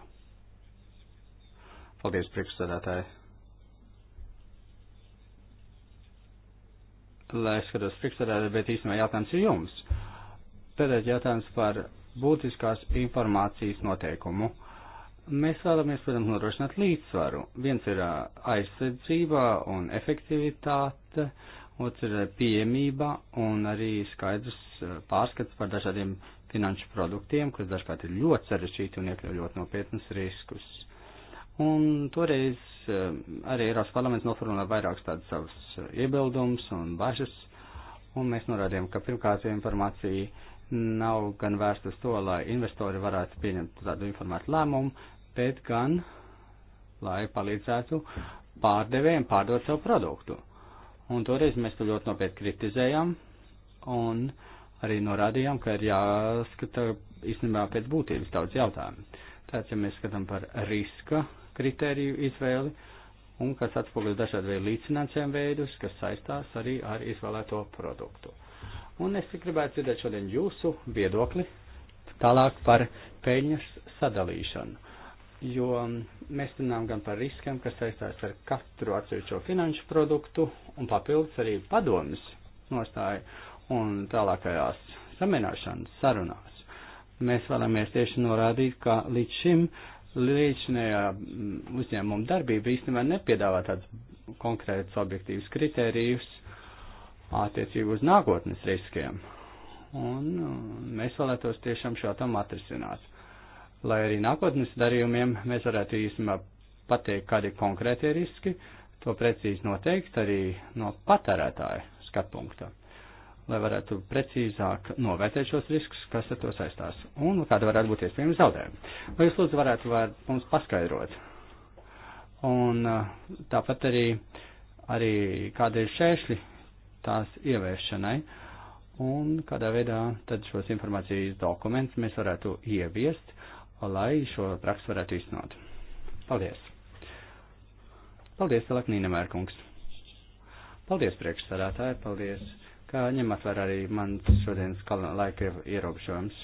Paldies, priekšsēdētāji. Lai es skatos priekšsēdētāji, bet īstenībā jautājums ir jums. Pēdējais jautājums par būtiskās informācijas noteikumu. Mēs vēlamies, protams, nodrošināt līdzsvaru. Viens ir eh, aizsardzība un efektivitāte, uh, otrs ir eh, pieejamība un arī skaidrs eh, pārskats par dažādiem finanšu produktiem, kas dažkārt ir ļoti sarežģīti un iekļauj ļoti nopietnus riskus. Un toreiz eh, arī Eiropas parlaments noformulē vairākus tādus savus iebildumus un bažas, un mēs norādījām, ka pirmkārt informācija nav gan vērsta uz to, lai investori varētu pieņemt tādu informētu lēmumu, bet gan, lai palīdzētu pārdevējiem pārdot savu produktu Un toreiz mēs to ļoti nopietni kritizējām un arī norādījām, ka ir jāskata īstenībā pēc būtības daudz jautājumu. Tāds, ja mēs skatām par riska kritēriju izvēli, un kas atspoguļo dažādu veidu līdzinājumu veidus, kas saistās arī ar izvēlēto produktu. Un es gribētu dzirdēt šodien jūsu viedokli tālāk par peļņas sadalīšanu jo mēs runājam gan par riskiem, kas saistās ar katru atsevišķo finanšu produktu, un papildus arī padomas nostāju un tālākajās samierināšanas sarunās. Mēs vēlamies tieši norādīt, ka līdz šim līdzinējā mm, uzņēmuma darbība īstenībā nepiedāvā tādus konkrētus objektīvus kritērijus attiecīgi uz nākotnes riskiem. Un mm, mēs vēlētos tiešām šo tam atrisināt lai arī nākotnes darījumiem mēs varētu īstenībā pateikt, kādi konkrēti riski, to precīzi noteikt arī no patērētāja skatpunkta, lai varētu precīzāk novērtēt šos riskus, kas ar to saistās, un kāda varētu būt iespējama zaudējuma. Vai jūs lūdzu varētu var mums paskaidrot? Un tāpat arī, arī kāda ir šēšļi tās ievēršanai, un kādā veidā tad šos informācijas dokumentus mēs varētu ieviest, lai šo praksu varētu īstenot. Paldies! Paldies, Laknīna Mērkungs! Paldies, priekšsādātāji! Paldies, ka ņemat vērā arī mans šodienas laika ierobežojums.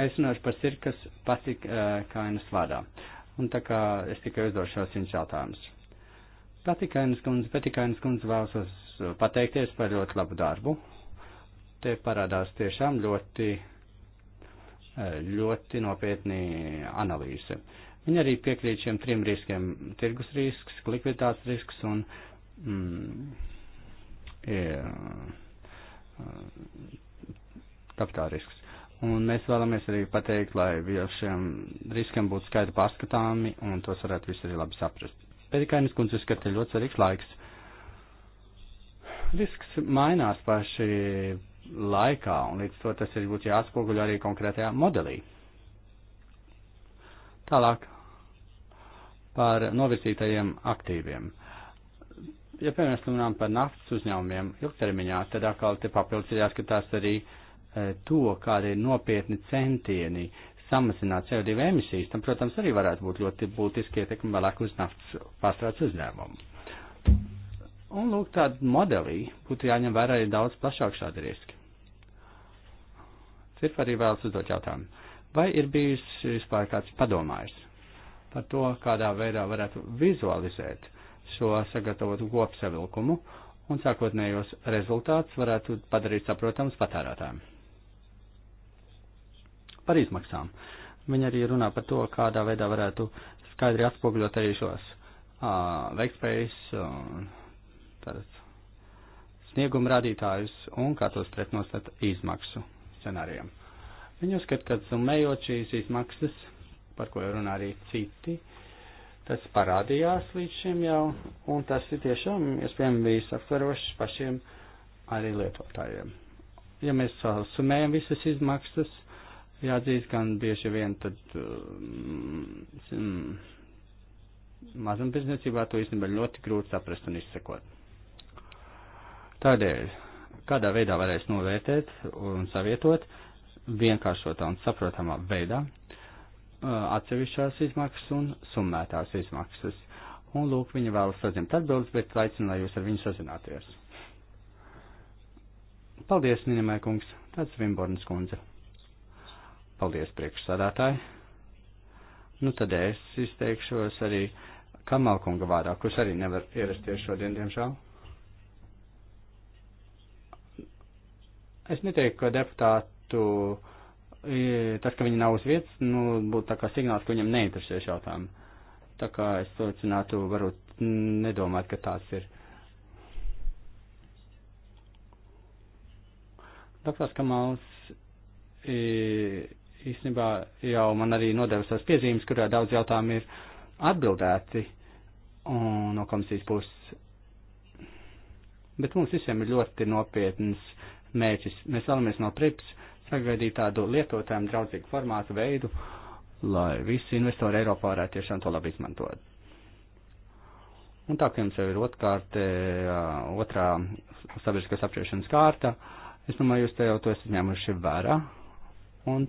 Es runāšu par sirkas patikainas vārdā. Un tā kā es tikai uzdošu šos viņas jautājumus. Patikainas kundze, patikainas kundze vēlas pateikties par ļoti labu darbu. Te parādās tiešām ļoti ļoti nopietni analīze. Viņi arī piekrīt šiem trim riskiem - tirgus risks, likviditātes risks un mm, mm kapitāla risks. Un mēs vēlamies arī pateikt, lai šiem riskiem būtu skaidri pārskatāmi un tos varētu visi arī labi saprast. Pēdīkainis kundze uzskata ļoti svarīgs laiks. Risks mainās paši laikā, un līdz to tas ir būtu jāatspoguļo arī konkrētajā modelī. Tālāk par novirzītajiem aktīviem. Ja, piemēram, runājam par naftas uzņēmumiem ilgtermiņā, tad atkal te papildus ir jāskatās arī e, to, kādi ir nopietni centieni samazināt CO2 emisijas. Tam, protams, arī varētu būt ļoti būtiski ietekmi vēlāk uz naftas pārstrādes uzņēmumu. Un, lūk, tādā modelī būtu jāņem vērā arī daudz plašāk šādi riski. Cirpa arī vēlas uzdot jautājumu. Vai ir bijis vispār kāds padomājis par to, kādā veidā varētu vizualizēt šo sagatavotu kopsavilkumu un sākotnējos rezultātus varētu padarīt saprotams patērētājiem? Par izmaksām. Viņa arī runā par to, kādā veidā varētu skaidri atspoguļot arī šos uh, veiktspējas un tādas snieguma rādītājus un kā tos pretnostat izmaksu scenārijiem. Viņi uzskata, ka summējot šīs izmaksas, par ko jau runā arī citi, tas parādījās līdz šim jau, un tas ir tiešām, iespējams, bijis aptverošs pašiem arī lietotājiem. Ja mēs summējam visas izmaksas, jāatzīst, gan bieži vien tad um, mm, mazumtirdzniecībā to īstenībā ļoti grūti saprast un izsekot. Tādēļ kādā veidā varēs novērtēt un savietot vienkāršotā un saprotamā veidā uh, atsevišķās izmaksas un summētās izmaksas. Un lūk, viņa vēlas saņemt atbildes, bet aicinu, lai jūs ar viņu sazināties. Paldies, minimē kungs, tāds Vimbornas kundze. Paldies, priekšsādātāji. Nu, tad es izteikšos arī Kamalkunga vārdā, kurš arī nevar ierasties šodien, diemžēl. Es neteiktu, ka deputātu, tas, ka viņi nav uz vietas, nu, būtu tā kā signāls, ka viņam neinteresē jautājumu. Tā kā es socinātu, varbūt nedomāt, ka tāds ir. Doktors Kamals īstenībā jau man arī nodeva savas piezīmes, kurā daudz jautājumu ir atbildēti un, no komisijas puses. Bet mums visiem ir ļoti nopietnas mērķis. Mēs vēlamies no prips sagaidīt tādu lietotājiem draudzīgu formātu veidu, lai visi investori Eiropā varētu tiešām to labi izmantot. Un tā, ka jums jau ir otrkārt, otrā sabiedriskās apšķiršanas kārta, es domāju, jūs te jau to esat ņēmuši vērā. Un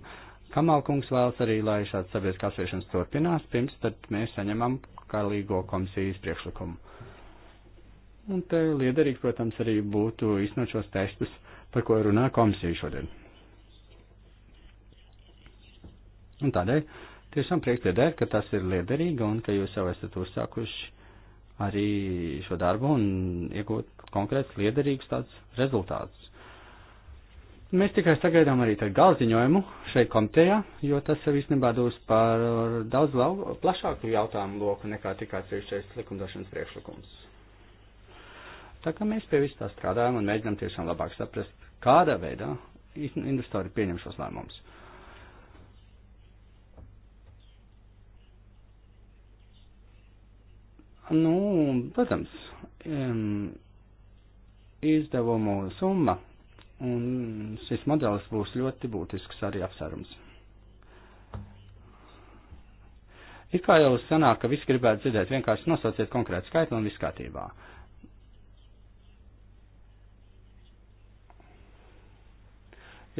Kamalkungs vēlas arī, lai šāds sabiedriskās apšķiršanas turpinās, pirms tad mēs saņemam karalīgo komisijas priekšlikumu. Un te liederīgi, protams, arī būtu iznot šos testus par ko runā komisija šodien. Un tādēļ tiešām prieks dzirdēt, ka tas ir liederīgi un ka jūs jau esat uzsākuši arī šo darbu un iegūt konkrēts liederīgs tāds rezultāts. Mēs tikai sagaidām arī tādu galziņojumu šeit komitejā, jo tas jau īstenībā dos par daudz lau, plašāku jautājumu loku nekā tikai atsevišķais likumdošanas priekšlikums. Tā kā mēs pie vis tā strādājam un mēģinam tiešām labāk saprast kādā veidā investori pieņem šos lēmumus. Nu, protams, um, izdevumu summa, un šis modelis būs ļoti būtisks arī apsvērums. Ir kā jau sanāk, ka visi gribētu dzirdēt, vienkārši nosauciet konkrētu skaitli un viss kārtībā. Uh,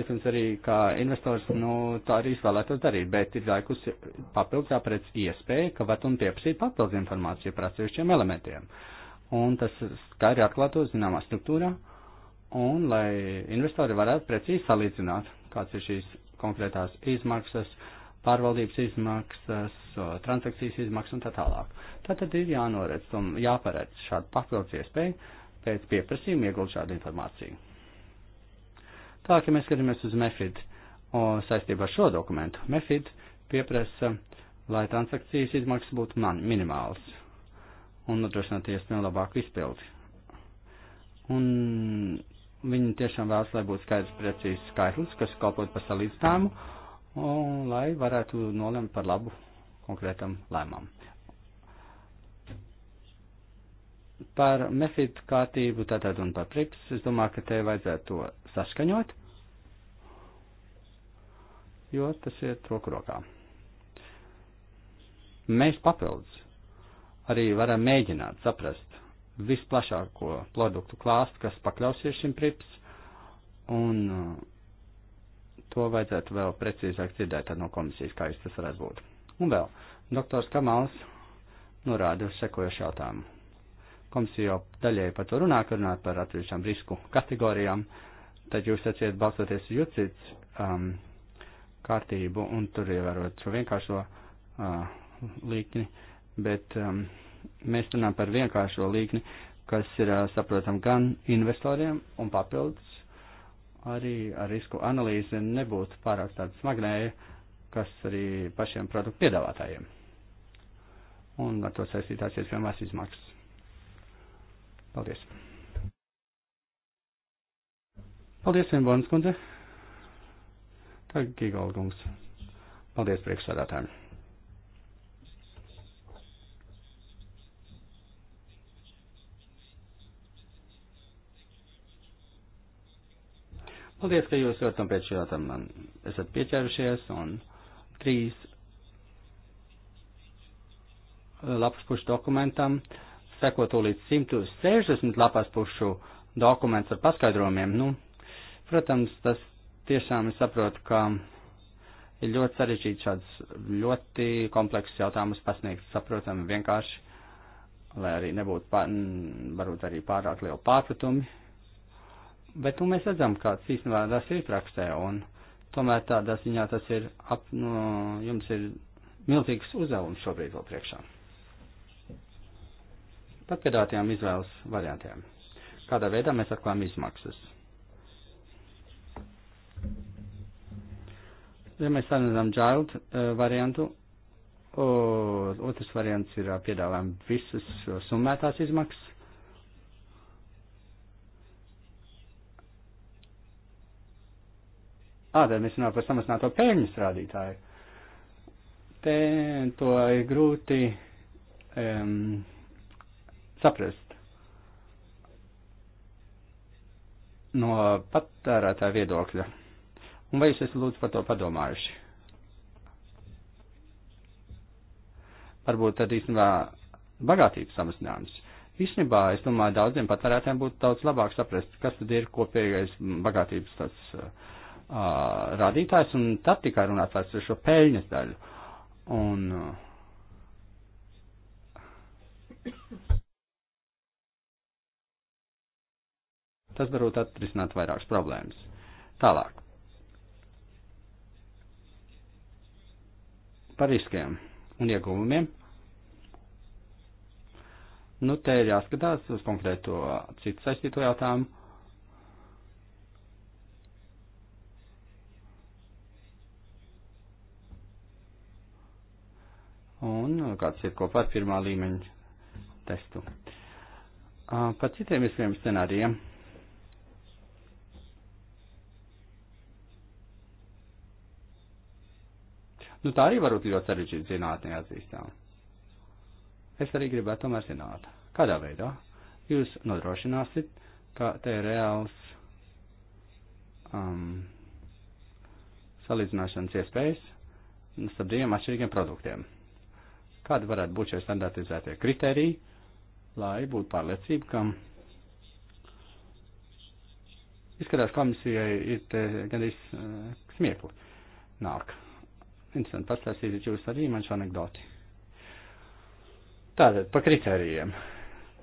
iespējams arī kā investors, nu, tā arī izvēlētos darīt, bet ir laikus papildus jāpredz iespēja, ka var un pieprasīt papildus informāciju par atsevišķiem elementiem. Un tas skaidri atklātos zināmā struktūrā, un lai investori varētu precīzi salīdzināt, kāds ir šīs konkrētās izmaksas, pārvaldības izmaksas, transakcijas izmaksas un tā tālāk. Tātad ir jānoredz un jāparedz šādu papildus iespēju pēc pieprasījuma iegūt šādu informāciju. Tālāk, ja mēs skatāmies uz MEFID saistībā ar šo dokumentu, MEFID pieprasa, lai transakcijas izmaksas būtu man, minimāls un nodrošinātu iespējami labāku izpildi. Un viņi tiešām vēlas, lai būtu skaidrs, precīzs skaitlis, kas kalpot par salīdzinājumu, un lai varētu nolemt par labu konkrētam lēmumam. par MEFIT kārtību tātad un par PRIPS. Es domāju, ka te vajadzētu to saskaņot, jo tas iet roku rokā. Mēs papildus arī varam mēģināt saprast visplašāko produktu klāstu, kas pakļausies šim PRIPS, un uh, to vajadzētu vēl precīzāk dzirdēt no komisijas, kā jūs tas varētu būt. Un vēl, doktors Kamals norāda uz sekojušu jautājumu komisija jau daļēji par to runā, kad runā par atsevišķām risku kategorijām, tad jūs atsiet balstoties jucits um, kārtību un tur ievērot šo vienkāršo uh, līkni, bet um, mēs runājam par vienkāršo līkni, kas ir uh, saprotam gan investoriem un papildus arī ar risku analīzi nebūtu pārāk tāda smagnēja, kas arī pašiem produktu piedāvātājiem. Un ar to saistītās iespējamās izmaksas. Paldies! Paldies, Vienbonas kundze! Tā Gigalgungs. Paldies priekšsādātājiem! Paldies, ka jūs ļoti nopietni šajā jautājumā esat pieķērušies un trīs lapas pušu dokumentam. Uh, sekot līdz 160 lapas pušu dokuments ar paskaidrojumiem. Nu, protams, tas tiešām es saprotu, ka ir ļoti sarežģīts šāds ļoti komplekss jautājums pasniegt, saprotam, vienkārši, lai arī nebūtu, pār, varbūt arī pārāk liela pārpratumi. Bet nu, mēs redzam, kāds īstenībā tas ir praksē, un tomēr tādā ziņā tas ir, ap, nu, jums ir milzīgs uzdevums šobrīd vēl priekšā par piedāvātajām izvēles variantiem. Kādā veidā mēs atklājam izmaksas? Ja mēs analizējam Gild eh, variantu, otrs variants ir eh, piedāvājam visas eh, summētās izmaksas. Ādēļ mēs runājam par samazināto peļņas rādītāju. Te to ir grūti um, saprast no patērētāja viedokļa. Un vai jūs esat lūdzu par to padomājuši? Varbūt tad īstenībā bagātības samazinājums. Īstenībā, es domāju, daudziem patērētājiem būtu daudz labāk saprast, kas tad ir kopīgais bagātības tāds uh, uh rādītājs, un tad tikai runāt par šo peļņas daļu. Un, uh, Tas varbūt atrisināt vairākas problēmas. Tālāk. Par riskiem un ieguvumiem. Nu, te ir jāskatās uz konkrēto citu saistīto jautājumu. Un kāds ir kopā ar pirmā līmeņa testu. Par citiem iespējamiem scenārijiem. Nu, tā arī var būt ļoti sarežģīta zinātnē atzīstām. Es arī gribētu tomēr zināt, kādā veidā jūs nodrošināsit, ka te ir reāls um, salīdzināšanas iespējas starp diviem atšķirīgiem produktiem. Kādi varētu būt šie standartizētie kriteriji, lai būtu pārliecība, ka izskatās komisijai ir te gandrīz uh, smiekli nāk. Interesanti pastāstīsiet jūs arī man šo anekdoti. Tātad par kritērijiem.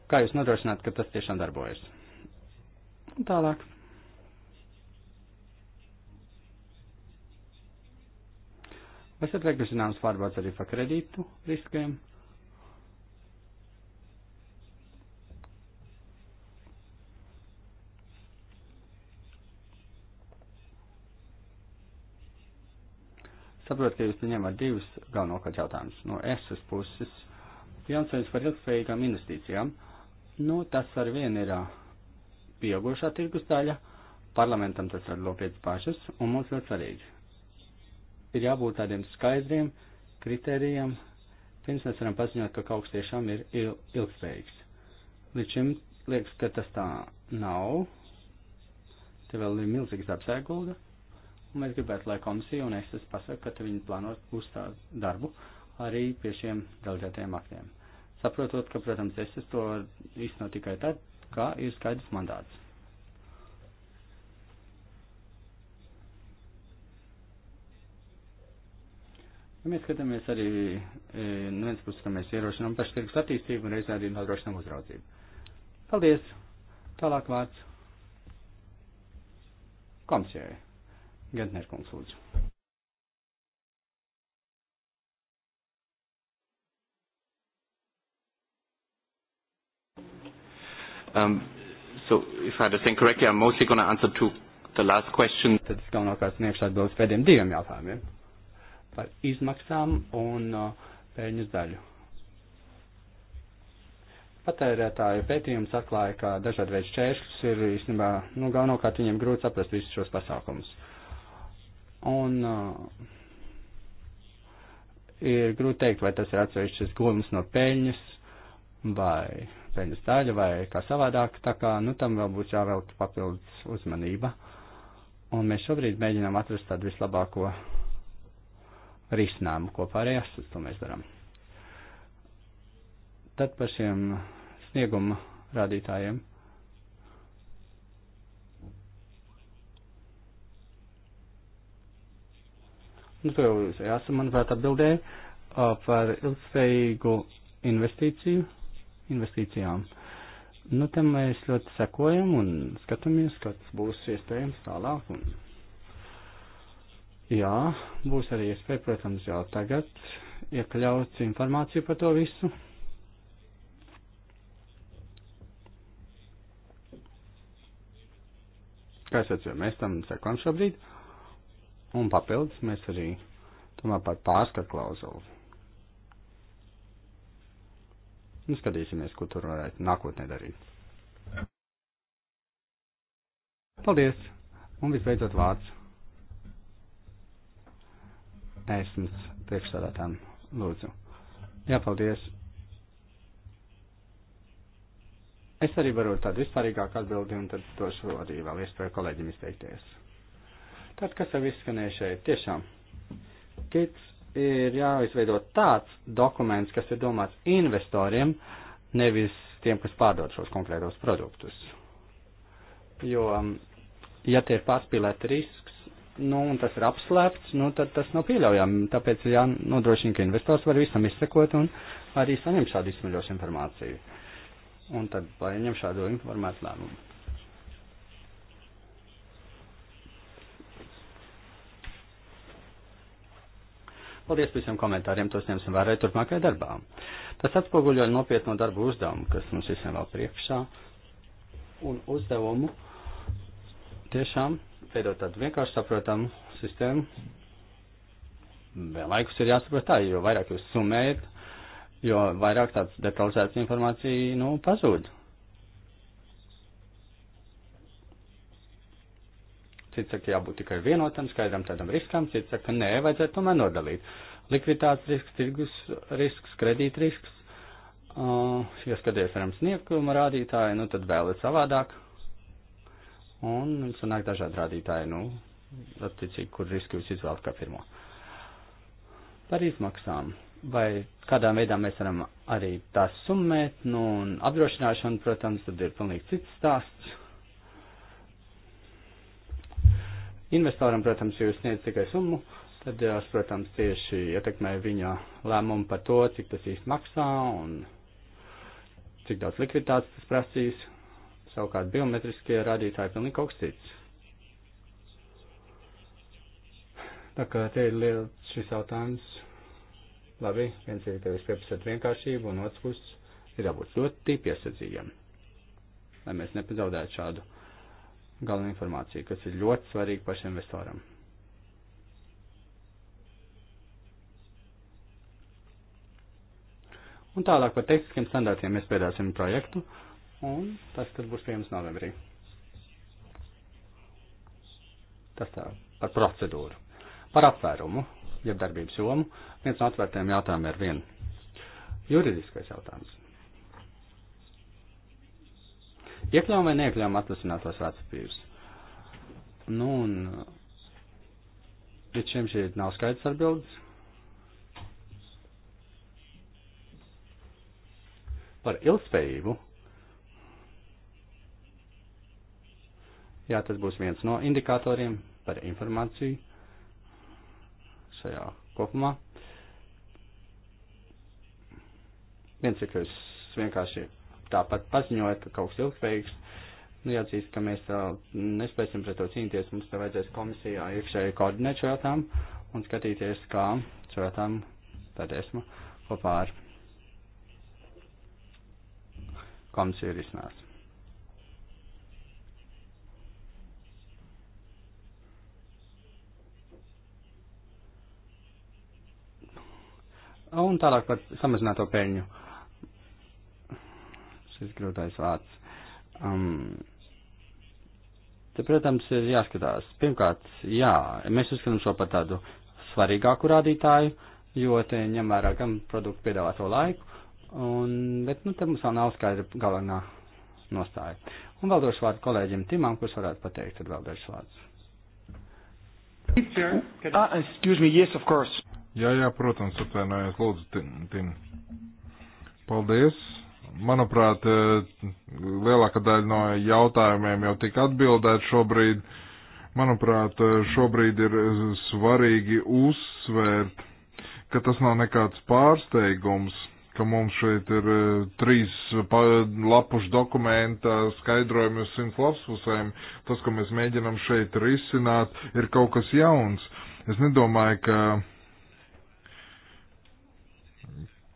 Kā jūs nodrošināt, ka tas tiešām darbojas? Un tālāk. Vai esat veikuši zināmas pārbaudas arī par kredītu riskiem? Saprotu, ka jūs ņemat divus galvenokārt jautājumus. No esas puses finansējums par ilgspējīgām investīcijām. Nu, tas ar vienu ir pieaugušā tirgus daļa. Parlamentam tas var lopiet pašas un mums ļoti svarīgi. Ir jābūt tādiem skaidriem kritērijiem, pirms mēs varam paziņot, ka kaut kas tiešām ir il ilgspējīgs. Līdz šim liekas, ka tas tā nav. Te vēl ir milzīgs apsēgulda. Un mēs gribētu, lai komisija un es tas pasaka, ka viņi plāno uzstāt darbu arī pie šiem delģētajiem aktiem. Saprotot, ka, protams, es to īsteno tikai tad, kā ir skaidrs mandāts. Ja mēs skatāmies arī, e, nu viens puses, ka mēs ierošinām paštirgus attīstību un reizē arī nodrošinām uzraudzību. Paldies! Tālāk vārds komisijai. Gentner kungs lūdzu. Um, so if I understand correctly, I'm mostly going to answer to the last question. Tad es galvenokārt sniegšu atbildes pēdējiem diviem jautājumiem par izmaksām un uh, pēļņas daļu. Patērētāju pētījums atklāja, ka dažādi veidi šķēršļus ir īstenībā, nu, galvenokārt viņiem grūti saprast visus šos pasākumus. Uh, Un uh, ir grūti teikt, vai tas ir atsevišķis gulums no peļņas vai peļņas daļa vai kā savādāk, tā kā, nu, tam vēl būs jāvelk papildus uzmanība. Un mēs šobrīd mēģinām atrast tādu vislabāko risinājumu kopā ar EASU, to mēs darām. Tad par šiem snieguma rādītājiem. Nu, to jau esam, manuprāt, atbildēja par ilgspējīgu investīciju, investīcijām. Nu, tam mēs ļoti sekojam un skatāmies, kas būs iespējams tālāk. Un... Jā, būs arī iespēja, protams, jau tagad iekļaut informāciju par to visu. Kā es atceru, mēs tam sekojam šobrīd. Uh, Un papildus mēs arī domājam par pārskatu klauzulu. Nu, skatīsimies, ko tur varētu nākotnē darīt. Paldies! Un visbeidzot vārds. Esmas priekšstādātām lūdzu. Jā, paldies! Es arī varu tādu vispārīgāku atbildi un tad došu arī vēl iespēju kolēģim izteikties. Tad, kas jau izskanēja šeit, tiešām, kits ir jāizveido tāds dokuments, kas ir domāts investoriem, nevis tiem, kas pārdod šos konkrētos produktus. Jo, um, ja tie ir pārspīlēti risks, nu, un tas ir apslēpts, nu, tad tas nav pieļaujami. Tāpēc ir jānodrošina, ka investors var visam izsekot un arī saņem šādu izsmeļošu informāciju. Un tad, lai ņem šādu informētu lēmumu. Paldies par visiem komentāriem, tos ņemsim vērā turpmākajā darbā. Tas atspoguļo nopietno darbu uzdevumu, kas mums visiem vēl priekšā, un uzdevumu tiešām veidot tādu vienkārši saprotamu sistēmu. Vienlaikus ir jāsaprot tā, jo vairāk jūs sumējat, jo vairāk tāds detalizēts informācija, nu, pazūd. Cits saka, jābūt tikai vienotam, skaidram tādam riskam, cits saka, nē, vajadzētu tomēr nodalīt. Likviditātes risks, tirgus risks, kredīt risks. Uh, ja skaties, varam snieguma rādītāji, nu tad vēl ir savādāk. Un sanāk dažādi rādītāji, nu, attiecīgi, kur riski jūs izvēlat kā pirmo. Par izmaksām. Vai kādā veidā mēs varam arī tās summēt, nu, un apdrošināšana, protams, tad ir pilnīgi cits stāsts Investoram, protams, jūs sniedz tikai summu, tad, jās, protams, tieši ietekmē viņa lēmumu par to, cik tas īsti maksā un cik daudz likviditātes tas prasīs. Savukārt biometriskie rādītāji pilnīgi kaut kas cits. Tā kā te ir liels šis jautājums. Labi, viens ir tevis pieprasot vienkāršību, un otrs puses ir jābūt ļoti piesardzīgiem, lai mēs nepazaudētu šādu galvenu informāciju, kas ir ļoti svarīga pašam investoram. Un tālāk par tehniskiem standartiem mēs piedāsim projektu, un tas, kas būs pieejams novembrī. Tas tā, par procedūru. Par apvērumu, jeb darbības jomu, viens no atvērtiem jautājumiem ir vien juridiskais jautājums. Iekļām vai neiekļām atrasinātos vecpapīrus. Nu, un līdz šiem šeit nav skaidrs atbildes. Par ilgspējību. Jā, tas būs viens no indikatoriem par informāciju šajā kopumā. Viens ir, ka jūs vienkārši tāpat paziņoja, ka kaut kas ilgspējīgs. Nu, jāatzīst, ka mēs uh, nespēsim pret to cīnīties. Mums te vajadzēs komisijā iekšēji koordinēt šo jautājumu un skatīties, kā šo jautājumu tad esmu kopā ar komisiju risinās. Un tālāk par samazināto peļņu šis grūtais vārds. Um, te, protams, ir jāskatās. Pirmkārt, jā, mēs uzskatām šo par tādu svarīgāku rādītāju, jo te ņem vērā gan produktu piedāvāto laiku, un, bet, nu, te mums vēl nav skaidra galvenā nostāja. Un vēl došu vārdu kolēģim Timam, kurš varētu pateikt, tad vēl dažs vārds. Ah, excuse me, yes, of course. Jā, jā, protams, atvainojos, lūdzu, Tim. Paldies. Manuprāt, eh, lielākā daļa no jautājumiem jau tika atbildēt šobrīd. Manuprāt, eh, šobrīd ir eh, svarīgi uzsvērt, ka tas nav nekāds pārsteigums, ka mums šeit ir trīs lapušu dokumenta skaidrojumi uz simts lapusēm. Tas, ko mēs mēģinam šeit risināt, ir kaut kas jauns. Es nedomāju, ka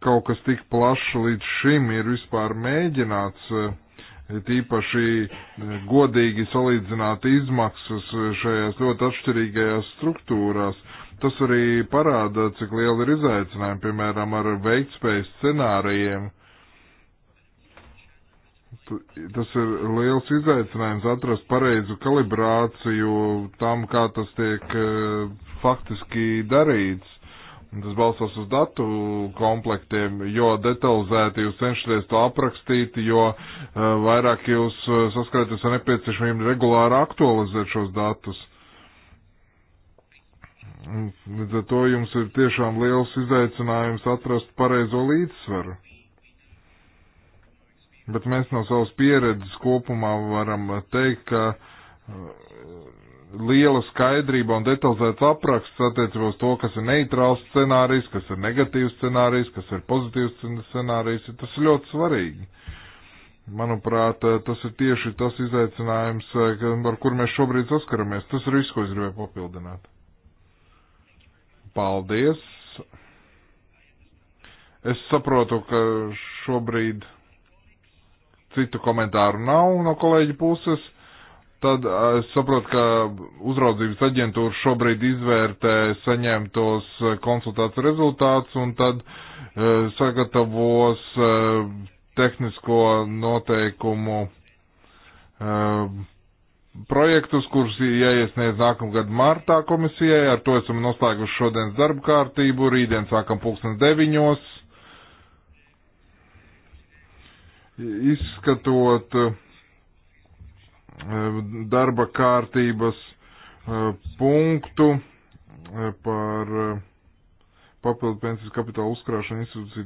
kaut kas tik plašs līdz šim ir vispār mēģināts, eh, tīpaši eh, godīgi salīdzināt izmaksas eh, šajās ļoti atšķirīgajās struktūrās. Tas arī parāda, cik liela ir izaicinājuma, piemēram, ar veiktspējas scenārijiem. Tas ir liels izaicinājums atrast pareizu kalibrāciju tam, kā tas tiek faktiski darīts Tas balstos uz datu komplektiem, jo detalizēti jūs cenšaties to aprakstīt, jo eh, vairāk jūs eh, saskaraties ar nepieciešamību regulāri aktualizēt šos datus. Līdz ar to jums ir tiešām liels izaicinājums atrast pareizo līdzsvaru. Bet mēs no savas pieredzes kopumā varam teikt, ka eh, liela skaidrība un detalizēts apraksts attiecībā uz to, kas ir neitrāls scenārijs, kas ir negatīvs scenārijs, kas ir pozitīvs scenārijs, tas ir ļoti svarīgi. Manuprāt, eh, tas ir tieši tas izaicinājums, eh, ar kur mēs šobrīd saskaramies. Tas ir viss, ko es gribēju papildināt. Paldies! Es saprotu, ka šobrīd citu komentāru nav no kolēģa puses Tad es saprotu, ka uzraudzības aģentūra šobrīd izvērtē saņemtos konsultāciju rezultātus un tad uh, sagatavos uh, tehnisko noteikumu uh, projektus, kurus jāiesniedz nākamgad martā komisijai. Ar to esam noslēguši šodienas darba kārtību. Rītdien sākam pulkstens deviņos. Izskatot uh, Eh, darba kārtības eh, punktu eh, par papildu pensijas kapitāla uzkrāšanu institūciju